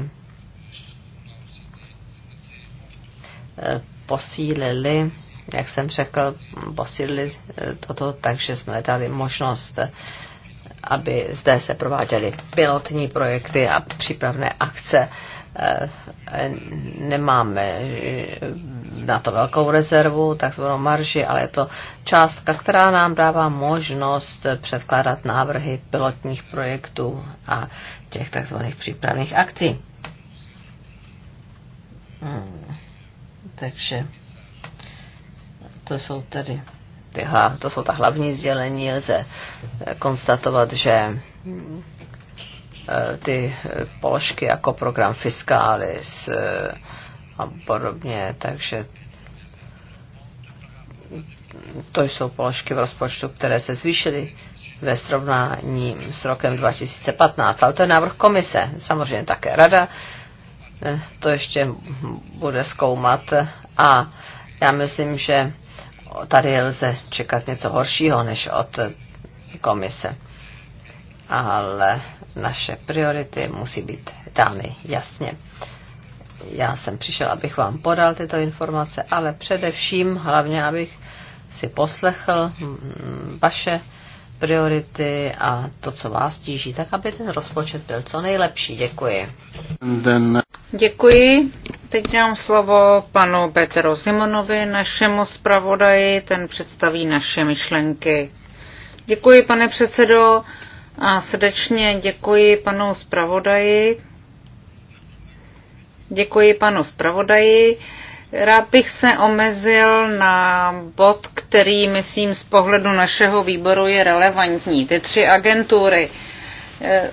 e, posílili, jak jsem řekl, posílili toto, takže jsme dali možnost aby zde se prováděly pilotní projekty a přípravné akce Eh, nemáme eh, na to velkou rezervu, takzvanou marži, ale je to částka, která nám dává možnost předkládat návrhy pilotních projektů a těch takzvaných přípravných akcí. Hmm. Takže to jsou tady ty, to jsou ta hlavní sdělení. Lze konstatovat, že Eh, ty položky jako program Fiscalis eh, a podobně, takže to jsou položky v rozpočtu, které se zvýšily ve srovnání s rokem 2015. Ale to je návrh komise, samozřejmě také rada, eh, to ještě bude zkoumat a já myslím, že tady lze čekat něco horšího než od komise. Ale naše priority musí být dány jasně. Já jsem přišel, abych vám podal tyto informace, ale především hlavně, abych si poslechl mm, vaše priority a to, co vás tíží, tak aby ten rozpočet byl co nejlepší. Děkuji. Děkuji. Teď dám slovo panu Petru Zimonovi, našemu zpravodaji, ten představí naše myšlenky. Děkuji, pane předsedo. A srdečně děkuji panu zpravodaji. Děkuji panu zpravodaji. Rád bych se omezil na bod, který, myslím, z pohledu našeho výboru je relevantní. Ty tři agentury. Eh,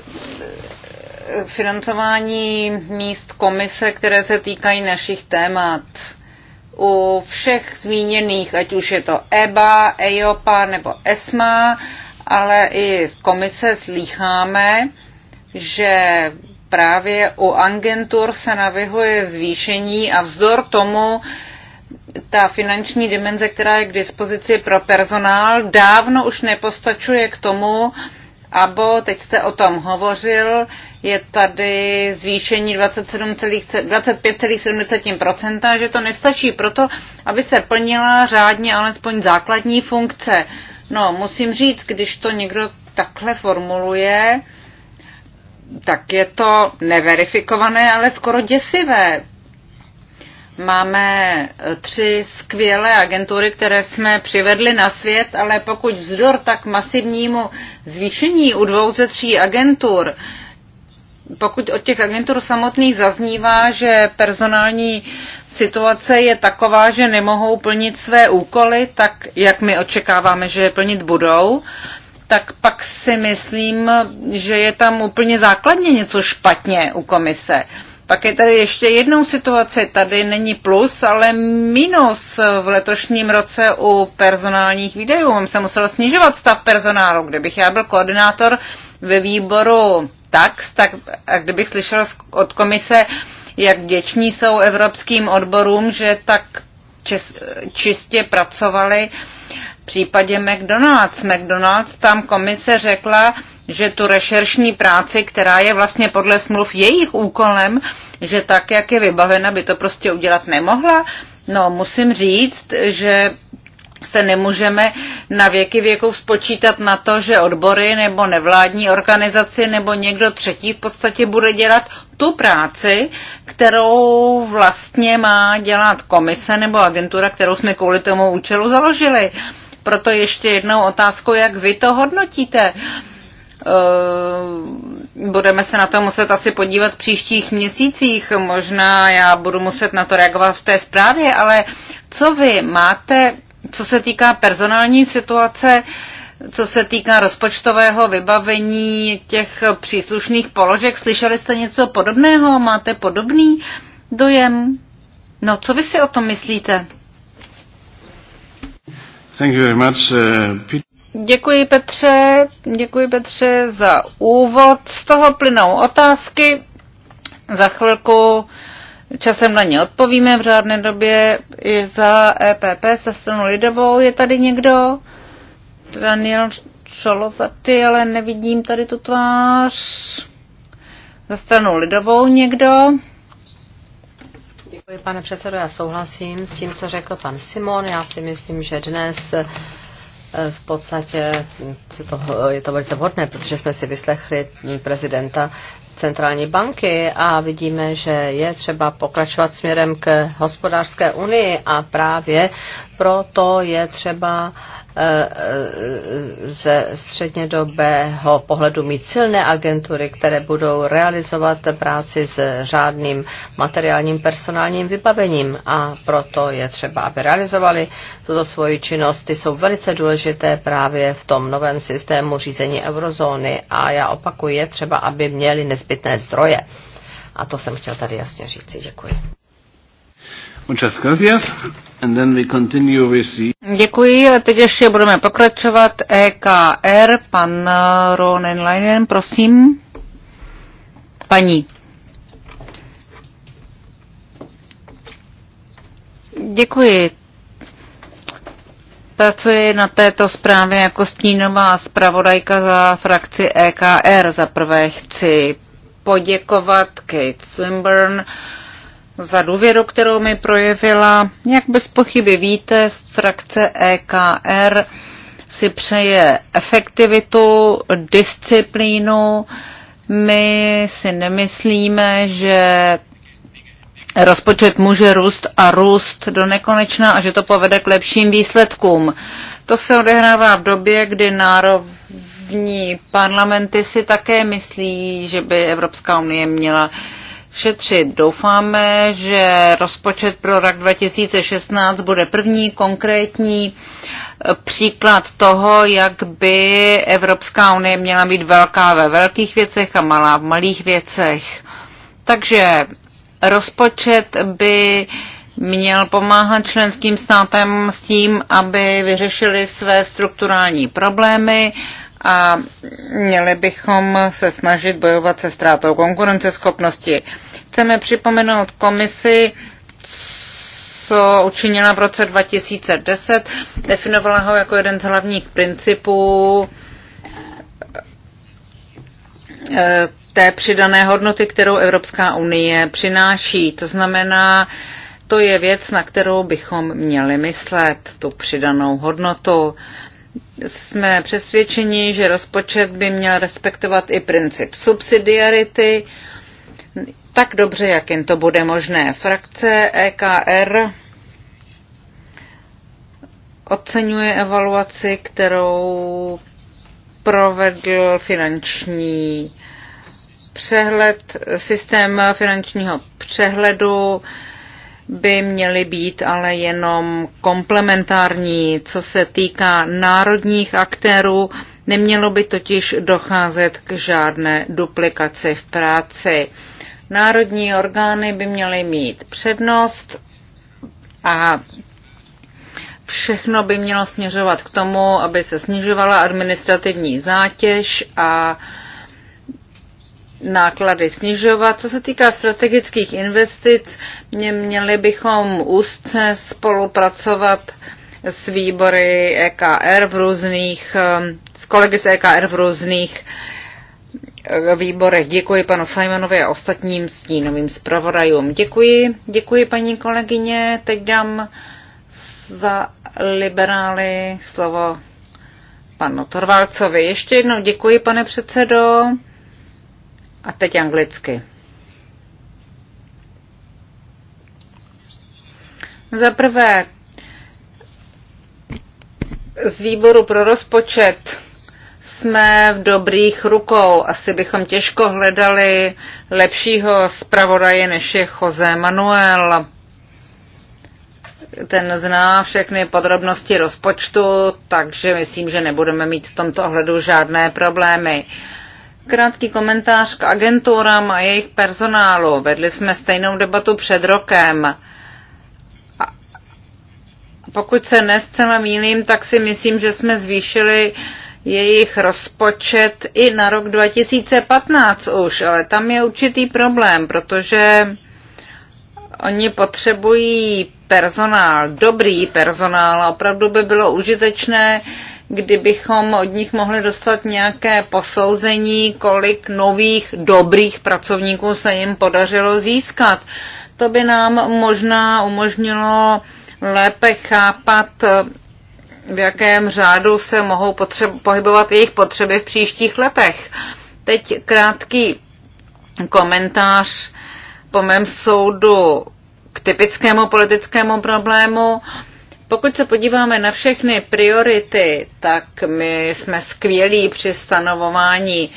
financování míst komise, které se týkají našich témat. U všech zmíněných, ať už je to EBA, EIOPA nebo ESMA, ale i z komise slýcháme, že právě u agentur se navyhuje zvýšení a vzdor tomu ta finanční dimenze, která je k dispozici pro personál, dávno už nepostačuje k tomu, Abo, teď jste o tom hovořil, je tady zvýšení 25,7%, že to nestačí proto, aby se plnila řádně alespoň základní funkce. No, musím říct, když to někdo takhle formuluje, tak je to neverifikované, ale skoro děsivé. Máme eh, tři skvělé agentury, které jsme přivedli na svět, ale pokud vzdor tak masivnímu zvýšení u dvou ze tří agentur, pokud od těch agentur samotných zaznívá, že personální uh, situace je taková, že nemohou plnit své úkoly tak, jak my očekáváme, že je plnit budou, tak pak si myslím, že je tam úplně základně něco špatně u komise. Pak je tady ještě jednou situace, tady není plus, ale minus v letošním roce u personálních videů. On se musel snižovat stav personálu. Kdybych já byl koordinátor ve výboru tax, tak a kdybych slyšel od komise, jak vděční jsou evropským odborům, že tak čistě pracovali v případě McDonald's. McDonald's tam komise řekla, že tu rešeršní práci, která je vlastně podle smluv jejich úkolem, že tak, jak je vybavena, by to prostě udělat nemohla. No, musím říct, že se nemůžeme na věky věků spočítat na to, že odbory nebo nevládní organizaci nebo někdo třetí v podstatě bude dělat tu práci, kterou vlastně má dělat komise nebo agentura, kterou jsme kvůli tomu účelu založili. Proto ještě jednou otázku, jak vy to hodnotíte. Eh, budeme se na to muset asi podívat v příštích měsících, možná já budu muset na to reagovat v té zprávě, ale co vy máte co se týká personální situace, co se týká rozpočtového vybavení těch příslušných položek, slyšeli jste něco podobného? Máte podobný dojem? No, co vy si o tom myslíte? Thank you very much, uh, Děkuji Petře, děkuji Petře za úvod. Z toho plynou otázky. Za chvilku Časem na ně odpovíme v řádné době. I za EPP se stranu Lidovou je tady někdo? Daniel Čolozaty, ale nevidím tady tu tvář. Za stranu Lidovou někdo? Děkuji, pane předsedo, já souhlasím s tím, co řekl pan Simon. Já si myslím, že dnes Eh, v podstatě hm, se to, eh, je to velice vhodné, protože jsme si vyslechli hm, prezidenta centrální banky a vidíme, že je třeba pokračovat směrem k hospodářské unii a právě proto je třeba uh, Eh, ze střednědobého pohledu mít silné agentury, které budou realizovat práci s řádným materiálním personálním vybavením a proto je třeba, aby realizovali tuto svoji činnost. Ty jsou velice důležité právě v tom novém systému řízení eurozóny a já opakuji, je třeba, aby měli nezbytné zdroje. A to jsem chtěl tady jasně říci. Děkuji. Děkuji, a teď ještě budeme pokračovat. EKR, pan eh, Ronen Leinen, prosím. Paní. Děkuji. Pracuji na této zprávě jako stínová zpravodajka za frakci EKR. Za prvé chci poděkovat Kate Swinburne, za důvěru, kterou mi projevila. Jak bez pochyby víte, z frakce EKR si přeje efektivitu, disciplínu. My si nemyslíme, že rozpočet může růst a růst do nekonečna a že to povede k lepším výsledkům. To se odehrává v době, kdy národní parlamenty si také myslí, že by Evropská unie měla uh, šetřit. Doufáme, že rozpočet pro rok 2016 bude první konkrétní eh, příklad toho, jak by Evropská unie měla být velká ve velkých věcech a malá v malých věcech. Takže rozpočet by měl pomáhat členským státem s tím, aby vyřešili své strukturální problémy a měli bychom se snažit bojovat se ztrátou konkurenceschopnosti chceme připomenout komisi, co učinila v roce 2010, definovala ho jako jeden z hlavních principů eh, té přidané hodnoty, kterou Evropská unie přináší. To znamená, to je věc, na kterou bychom měli myslet, tu přidanou hodnotu. Jsme přesvědčeni, že rozpočet by měl respektovat i princip subsidiarity, tak dobře, jak jen to bude možné. Frakce EKR oceňuje evaluaci, kterou provedl finanční přehled, systém finančního přehledu by měly být ale jenom komplementární, co se týká národních aktérů, nemělo by totiž docházet k žádné duplikaci v práci. Národní orgány by měly mít přednost a všechno by mělo směřovat k tomu, aby se snižovala administrativní zátěž a náklady snižovat. Co se týká strategických investic, mě měli bychom úzce spolupracovat s výbory EKR v různých, s kolegy z EKR v různých výborech. Děkuji panu Simonovi a ostatním stínovým zpravodajům. Děkuji, děkuji paní kolegyně. Teď dám za liberály slovo panu Torvalcovi. Ještě jednou děkuji, pane předsedo. A teď anglicky. Za prvé, z výboru pro rozpočet jsme v dobrých rukou. Asi bychom těžko hledali lepšího zpravodaje, než je Jose Manuel. Ten zná všechny podrobnosti rozpočtu, takže myslím, že nebudeme mít v tomto ohledu žádné problémy. Krátký komentář k agenturám a jejich personálu. Vedli jsme stejnou debatu před rokem pokud se nescela mílím, tak si myslím, že jsme zvýšili jejich rozpočet i na rok 2015 už, ale tam je určitý problém, protože oni potřebují personál, dobrý personál a opravdu by bylo užitečné, kdybychom od nich mohli dostat nějaké posouzení, kolik nových dobrých pracovníků se jim podařilo získat. To by nám možná umožnilo lépe chápat v jakém řádu se mohou potřeb- pohybovat jejich potřeby v příštích letech. Teď krátký komentář po mém soudu k typickému politickému problému. Pokud se podíváme na všechny priority, tak my jsme skvělí při stanovování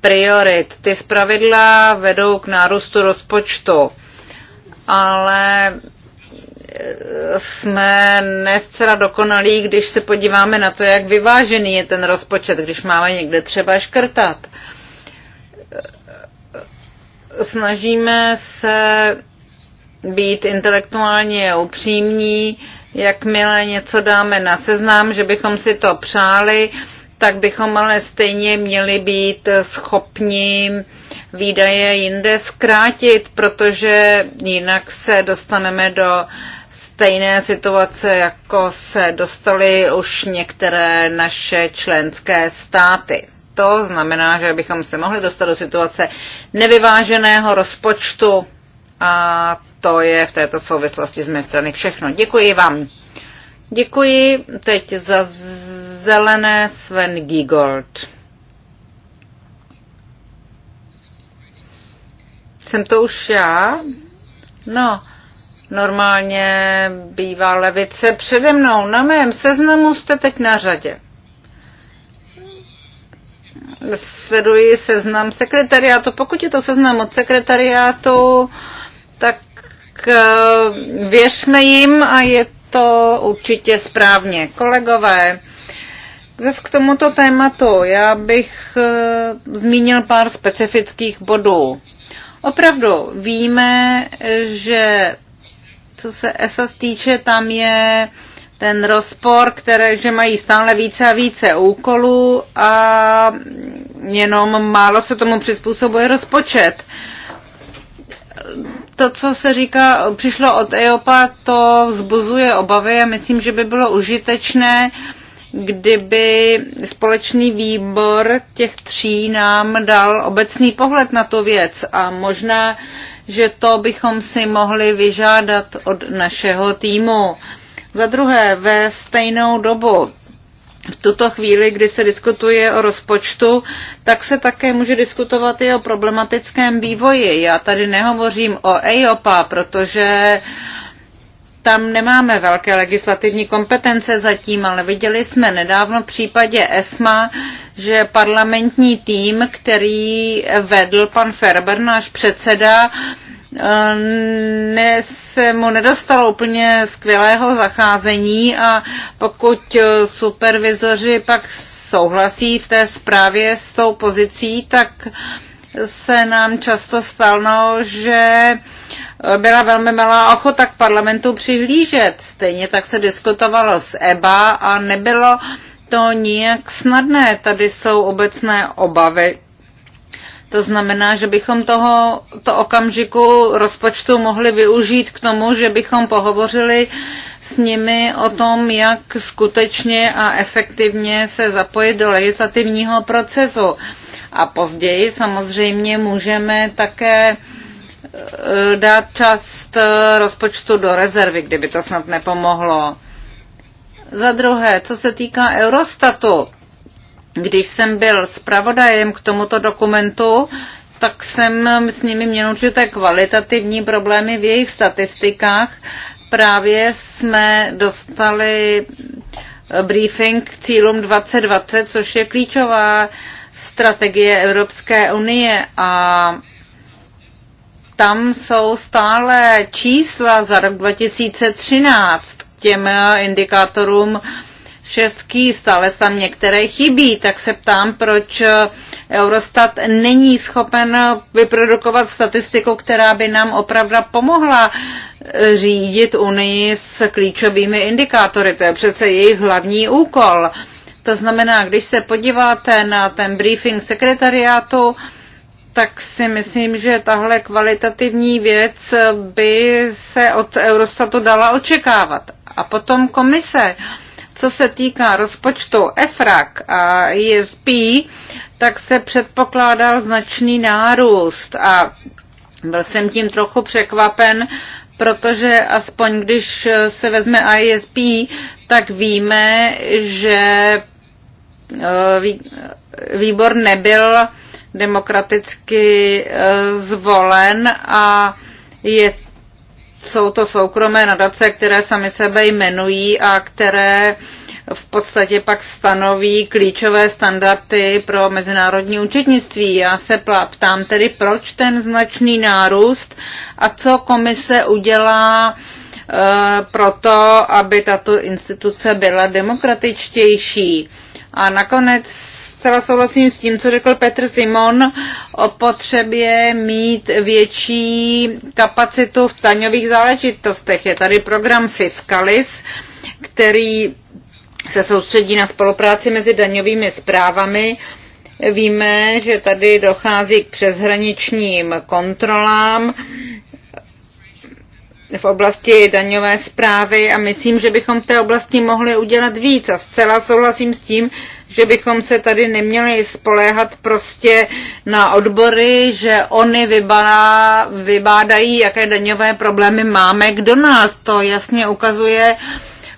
priorit. Ty zpravidla vedou k nárůstu rozpočtu, ale jsme nescela dokonalí, když se podíváme na to, jak vyvážený je ten rozpočet, když máme někde třeba škrtat. Snažíme se být intelektuálně upřímní, jakmile něco dáme na seznam, že bychom si to přáli, tak bychom ale stejně měli být schopni výdaje jinde zkrátit, protože jinak se dostaneme do stejné situace, jako se dostaly už některé naše členské státy. To znamená, že bychom se mohli dostat do situace nevyváženého rozpočtu a to je v této souvislosti z mé strany všechno. Děkuji vám. Děkuji teď za zelené Sven Giegold. Jsem to už já? No, normálně bývá levice přede mnou. Na mém seznamu jste teď na řadě. Sleduji seznam sekretariátu. Pokud je to seznam od sekretariátu, tak eh, věřme jim a je to určitě správně. Kolegové, zase k tomuto tématu já bych eh, zmínil pár specifických bodů. Opravdu víme, že co se ESA týče, tam je ten rozpor, které, že mají stále více a více úkolů a jenom málo se tomu přizpůsobuje rozpočet. To, co se říká, přišlo od EOPA, to vzbuzuje obavy a myslím, že by bylo užitečné uh, kdyby společný výbor těch tří nám dal obecný pohled na tu věc a možná, že to bychom si mohli vyžádat od našeho týmu. Za druhé, ve stejnou dobu v tuto chvíli, kdy se diskutuje o rozpočtu, tak se také může diskutovat i o problematickém vývoji. Já tady nehovořím o EIOPA, protože uh, tam nemáme velké legislativní kompetence zatím, ale viděli jsme nedávno v případě ESMA, že parlamentní tým, který vedl pan Ferber, náš předseda, eh, ne, se mu nedostalo úplně skvělého zacházení a pokud eh, supervizoři pak souhlasí v té zprávě s tou pozicí, tak se nám často stalo, že byla velmi malá ochota k parlamentu přihlížet. Stejně tak se diskutovalo s EBA a nebylo to nijak snadné. Tady jsou obecné obavy. To znamená, že bychom toho, to okamžiku rozpočtu mohli využít k tomu, že bychom pohovořili s nimi o tom, jak skutečně a efektivně se zapojit do legislativního procesu. A později samozřejmě můžeme také eh, dát část eh, rozpočtu do rezervy, kdyby to snad nepomohlo. Za druhé, co se týká Eurostatu, když jsem byl zpravodajem k tomuto dokumentu, tak jsem s nimi měl určité kvalitativní problémy v jejich statistikách. Právě jsme dostali briefing k cílům 2020, což je klíčová strategie Evropské unie a tam jsou stále čísla za rok 2013 k těm indikátorům šestky, stále tam některé chybí, tak se ptám, proč Eurostat není schopen vyprodukovat statistiku, která by nám opravdu pomohla řídit Unii s klíčovými indikátory. To je přece jejich hlavní úkol. To znamená, když se podíváte na ten briefing sekretariátu, tak si myslím, že tahle kvalitativní věc by se od Eurostatu dala očekávat. A potom komise, co se týká rozpočtu EFRAC a ESP, tak se předpokládal značný nárůst a byl jsem tím trochu překvapen, protože aspoň když se vezme ISP, tak víme, že Eh, eh, výbor nebyl demokraticky eh, zvolen a je, jsou to soukromé nadace, které sami sebe jmenují a které v podstatě pak stanoví klíčové standardy pro mezinárodní účetnictví. Já se ptám tedy, proč ten značný nárůst a co komise udělá proto, aby tato instituce byla demokratičtější. A nakonec zcela souhlasím s tím, co řekl Petr Simon o potřebě mít větší kapacitu v daňových záležitostech. Je tady program Fiscalis, který se soustředí na spolupráci mezi daňovými zprávami. Víme, že tady dochází k přeshraničním kontrolám v oblasti daňové zprávy a myslím, že bychom v té oblasti mohli udělat víc a zcela souhlasím s tím, že bychom se tady neměli spoléhat prostě na odbory, že oni vybá, vybádají, jaké daňové problémy máme, kdo nás to jasně ukazuje,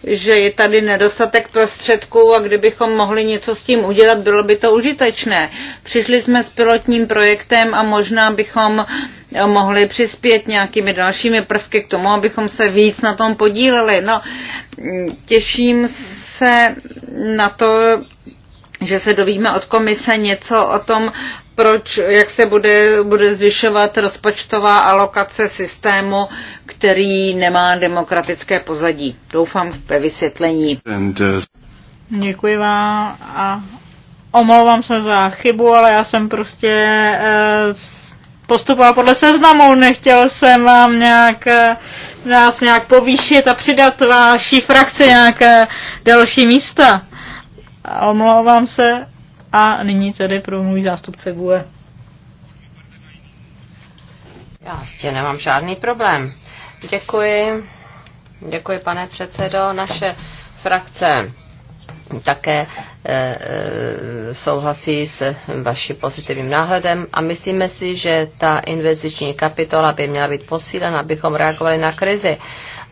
že je tady nedostatek prostředků a kdybychom mohli něco s tím udělat, bylo by to užitečné. Přišli jsme s pilotním projektem a možná bychom mohli přispět nějakými dalšími prvky k tomu, abychom se víc na tom podíleli. No, těším se na to, že se dovíme od komise něco o tom proč, jak se bude, bude zvyšovat rozpočtová alokace systému, který nemá demokratické pozadí. Doufám ve vysvětlení. Uh, Děkuji vám a omlouvám se za chybu, ale já jsem prostě eh, postupoval podle seznamu, nechtěl jsem vám nějak, eh, nás nějak povýšit a přidat vaší frakci nějaké další místa. omlouvám se a nyní tedy promluví zástupce GUE. Já s tím nemám žádný problém. Děkuji. Děkuji, pane předsedo. Naše frakce také eh, eh, souhlasí s vaším pozitivním náhledem a myslíme si, že ta investiční kapitola by měla být posílena, abychom reagovali na krizi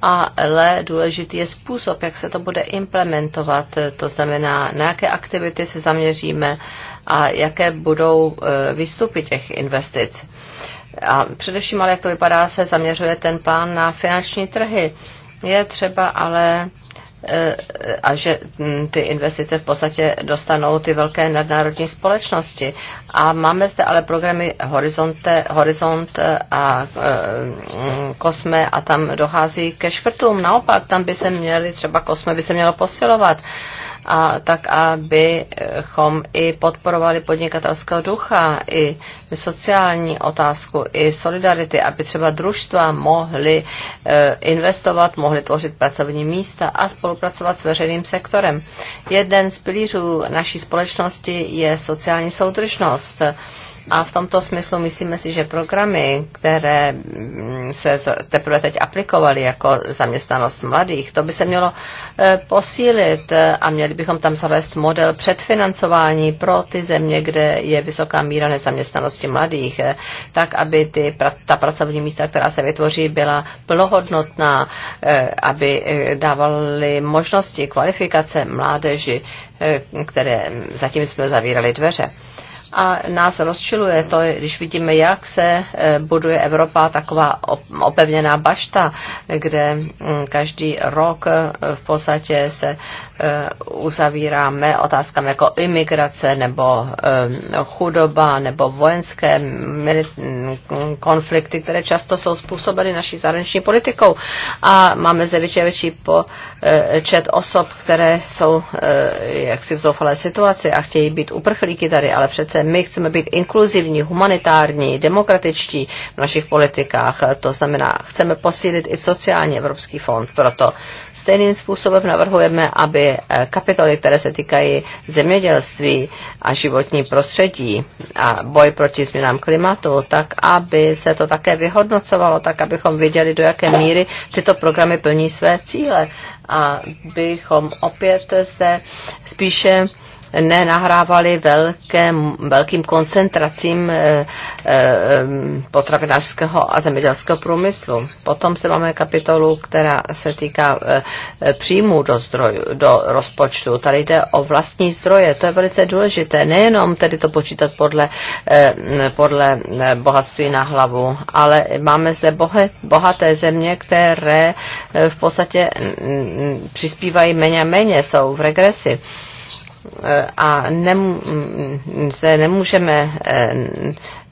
ale důležitý je způsob, jak se to bude implementovat, to znamená, na jaké aktivity se zaměříme a jaké budou e, výstupy těch investic. A především ale, jak to vypadá, se zaměřuje ten plán na finanční trhy. Je třeba ale a že mm, ty investice v podstatě dostanou ty velké nadnárodní společnosti. A máme zde ale programy Horizonte, Horizont eh, a eh, Kosme a tam dochází ke škrtům. Naopak, tam by se měly, třeba Kosme by se mělo posilovat a tak, abychom i podporovali podnikatelského ducha, i sociální otázku, i solidarity, aby třeba družstva mohly eh, investovat, mohly tvořit pracovní místa a spolupracovat s veřejným sektorem. Jeden z pilířů naší společnosti je sociální soudržnost. A v tomto smyslu myslíme si, že programy, které mm, se teprve teď aplikovaly jako zaměstnanost mladých, to by se mělo e, posílit e, a měli bychom tam zavést model předfinancování pro ty země, kde je vysoká míra nezaměstnanosti mladých, e, tak aby ty, ta pracovní místa, která se vytvoří, byla plnohodnotná, aby dávaly možnosti kvalifikace mládeži, které zatím jsme zavírali dveře. A nás rozčiluje to, když vidíme, jak se e, buduje Evropa taková opevněná bašta, kde mm, každý rok e, v podstatě se e, uzavíráme otázkami jako imigrace nebo chudoba nebo vojenské konflikty, které často jsou způsobeny naší zahraniční politikou. A máme zde větší a větší počet osob, které jsou jaksi v zoufalé situaci a chtějí být uprchlíky tady, ale přece komise. My chceme být inkluzivní, humanitární, demokratičtí v našich politikách. To znamená, chceme posílit i sociálně Evropský fond. Proto stejným způsobem navrhujeme, aby eh, kapitoly, které se týkají zemědělství a životní prostředí a boj proti změnám klimatu, tak aby se to také vyhodnocovalo, tak abychom viděli, do jaké míry tyto programy plní své cíle. A bychom opět zde spíše nenahrávali velké, velkým koncentracím eh, eh, potravinářského a zemědělského průmyslu. Potom se máme kapitolu, která se týká eh, příjmů do, zdrojů, do rozpočtu. Tady jde o vlastní zdroje. To je velice důležité. Nejenom tedy to počítat podle, podle bohatství na hlavu, ale máme zde bohaté země, které v podstatě mm, mm, přispívají méně a méně, jsou v regresi. Eh, a nem, mm, se nemůžeme eh,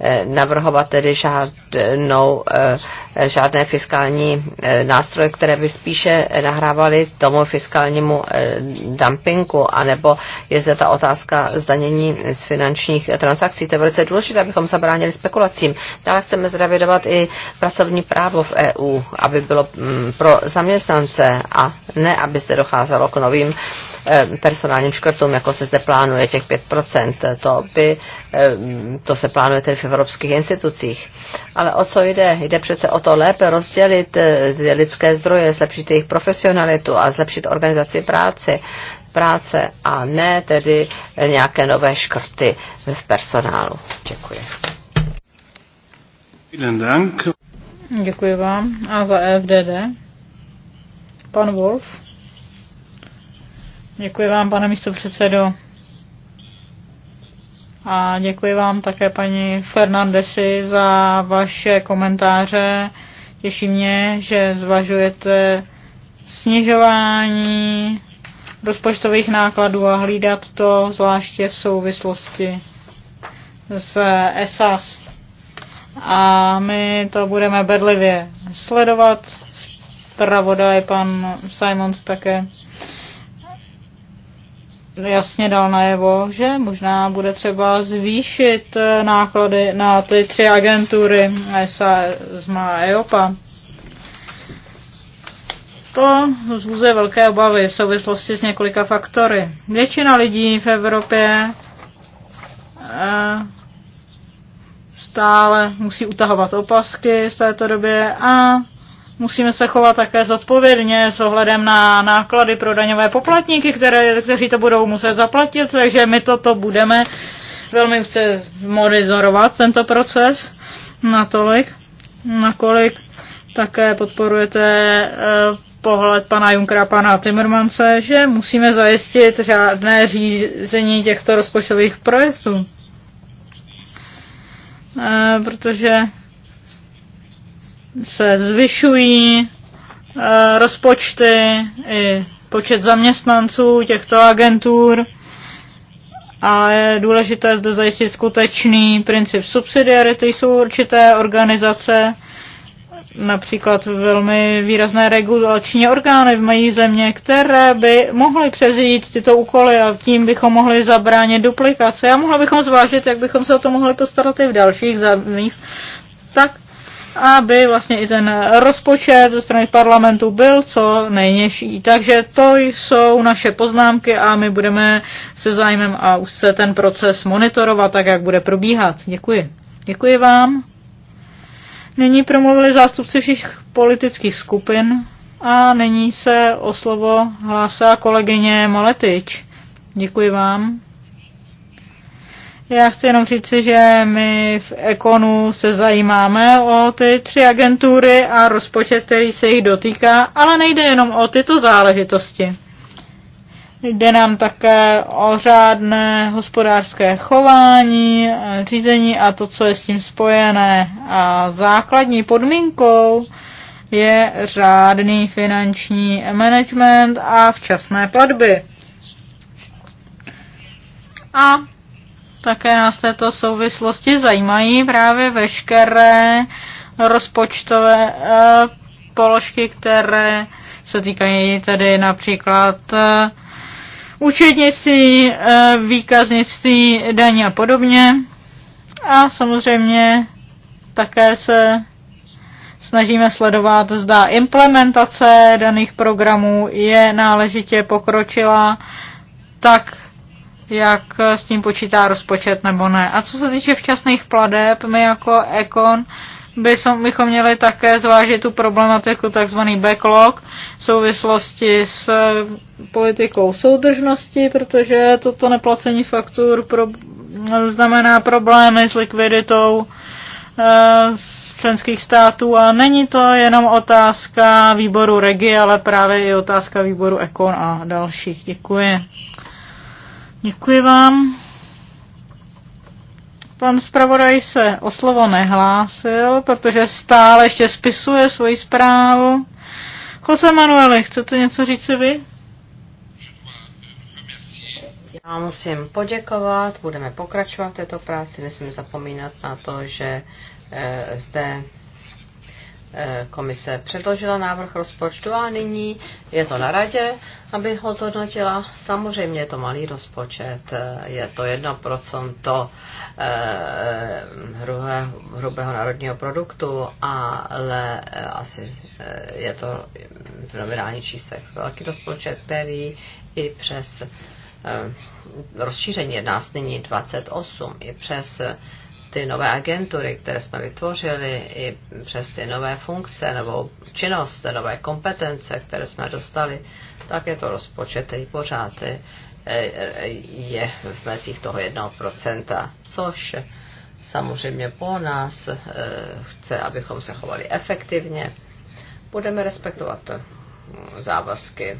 Eh, navrhovat tedy žádnou, eh, žádné fiskální eh, nástroje, které by spíše nahrávaly tomu fiskálnímu dumpingu, anebo je zde ta otázka zdanění z finančních transakcí. To je velice důležité, abychom zabránili spekulacím. Dále chceme zrevidovat i pracovní právo v EU, aby bylo mm, pro zaměstnance a ne, aby zde docházelo k novým personálním škrtům, jako se zde plánuje těch 5%. To, by, to se plánuje tedy v evropských institucích. Ale o co jde? Jde přece o to lépe rozdělit eh, lidské zdroje, zlepšit jejich profesionalitu a zlepšit organizaci práce práce a ne tedy nějaké nové škrty v personálu. Děkuji. Děkuji vám. A za e FDD? Pan Wolf? Děkuji vám, pane místo předsedo. A děkuji vám také paní Fernandesi za vaše komentáře. Těší mě, že zvažujete snižování rozpočtových nákladů a hlídat to zvláště v souvislosti s ESAS. A my to budeme bedlivě sledovat. Pravodaj pan Simons také jasně dal najevo, že možná bude třeba zvýšit eh, náklady na ty tři agentury ESA, ZMA a EOPA. E to zůze velké obavy v souvislosti s několika faktory. Většina lidí v Evropě eh, stále musí utahovat opasky v této době a musíme se chovat také zodpovědně s ohledem na náklady pro daňové poplatníky, které, kteří to budou muset zaplatit, takže my toto budeme velmi chce monizorovat tento proces natolik, nakolik také podporujete e, pohled pana a pana Timmermance, že musíme zajistit řádné řízení těchto rozpočtových projektů. E, protože se zvyšují eh, rozpočty i počet zaměstnanců těchto agentur, A je důležité zde zajistit skutečný princip subsidiarity. Jsou určité organizace, například velmi výrazné regulační orgány v mají země, které by mohly přezít tyto úkoly a tím bychom mohli zabránit duplikace a mohli bychom zvážit, jak bychom se o to mohli postarat i v dalších zemích, tak aby vlastně i ten rozpočet ze strany parlamentu byl co nejnižší. Takže to jsou naše poznámky a my budeme se zájmem a už se ten proces monitorovat, tak jak bude probíhat. Děkuji. Děkuji vám. Nyní promluvili zástupci všech politických skupin a nyní se o slovo hlásá kolegyně Maletič. Děkuji vám. Já chci jenom říci, že my v Ekonu se zajímáme o ty tři agentury a rozpočet, který se jich dotýká, ale nejde jenom o tyto záležitosti. Jde nám také o řádné hospodářské chování, řízení a to, co je s tím spojené. A základní podmínkou je řádný finanční management a včasné platby. A také nás této souvislosti zajímají právě veškeré rozpočtové eh, položky, které se týkají tedy například eh, účetnictví, eh, výkaznictví, daní a podobně. A samozřejmě také se snažíme sledovat, zda implementace daných programů je náležitě pokročila tak, jak s tím počítá rozpočet nebo ne. A co se týče včasných pladeb, my jako Ekon bychom měli také zvážit tu problematiku tzv. backlog v souvislosti s eh, politikou soudržnosti, protože toto neplacení faktur pro, znamená problémy s likviditou e, členských států a není to jenom otázka výboru regie, ale právě i otázka výboru ekon a dalších. Děkuji. Děkuji vám. Pan zpravodaj se o slovo nehlásil, protože stále ještě spisuje svoji zprávu. Jose Manuele, chcete něco říct si vy? Já musím poděkovat, budeme pokračovat v této práci, nesmíme zapomínat na to, že eh, zde Eh, komise předložila návrh rozpočtu a nyní je to na radě, aby ho zhodnotila. Samozřejmě je to malý rozpočet, eh, je to 1% eh, hrubého, hrubého národního produktu, ale asi je to v nominální čístech velký rozpočet, který i přes rozšíření nás nyní 28, i přes ty nové agentury, které jsme vytvořili, i přes ty nové funkce, novou činnost, nové kompetence, které jsme dostali, tak je to rozpočet, který pořád je v mezích toho 1%, což samozřejmě po nás eh, chce, abychom se chovali efektivně. Budeme respektovat závazky,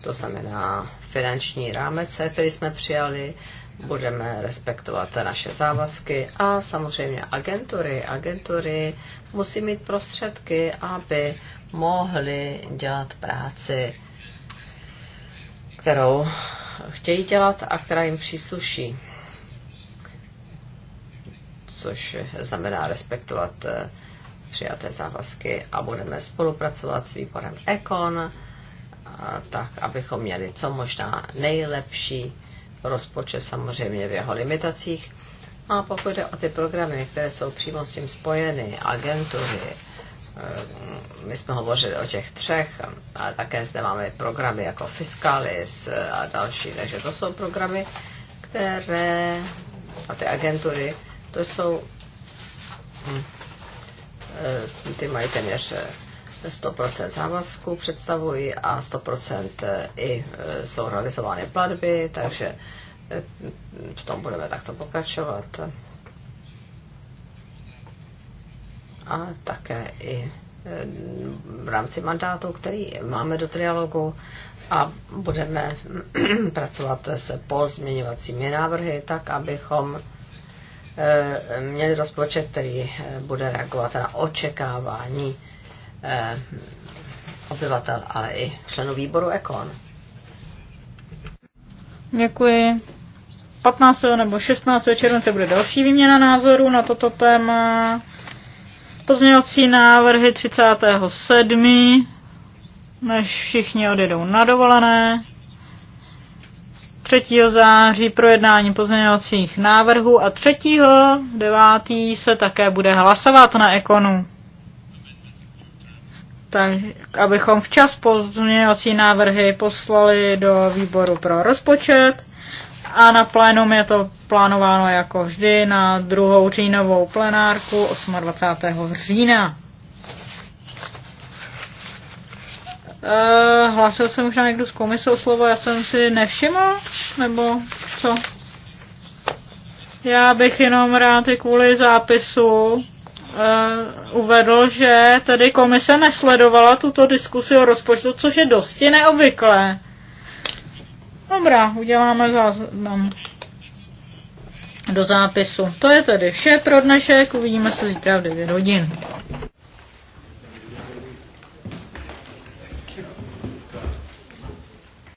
to znamená finanční rámec, který jsme přijali, budeme respektovat naše závazky a samozřejmě agentury. Agentury musí mít prostředky, aby mohly dělat práci, kterou chtějí dělat a která jim přísluší. Což znamená respektovat eh, přijaté závazky a budeme spolupracovat s výborem Econ, eh, tak abychom měli co možná nejlepší rozpočet samozřejmě v jeho limitacích. A pokud jde o ty programy, které jsou přímo s tím spojeny, agentury, eh, my jsme hovořili o těch třech, ale také zde máme programy jako Fiscalis a další, takže to jsou programy, které a ty agentury, to jsou hm, eh, ty mají téměř eh, 100% závazků představují a 100% eh, i eh, jsou realizovány platby, takže eh, v tom budeme takto pokračovat. A také i v rámci mandátu, který máme do trialogu a budeme *clears throat* pracovat se pozměňovacími návrhy, tak abychom měli rozpočet, který bude reagovat na očekávání Eh, obyvatel, ale i členů výboru Ekon. Děkuji. 15. nebo 16. července bude další výměna názorů na toto téma. Pozměňovací návrhy 37. než všichni odjedou na dovolené. 3. září projednání pozměňovacích návrhů a 3. 9. se také bude hlasovat na ekonu tak abychom včas pozměňovací návrhy poslali do výboru pro rozpočet a na plénum je to plánováno jako vždy na druhou říjnovou plenárku 28. října. Uh, hlásil se možná někdo z komise o slovo, já jsem si nevšiml, nebo co? Já bych jenom rád i kvůli zápisu Eh, uvedl, že tedy komise nesledovala tuto diskusi o rozpočtu, což je dosti neobvyklé. Dobrá, uděláme záznam do zápisu. To je tedy vše pro dnešek, uvidíme se zítra v 9 hodin.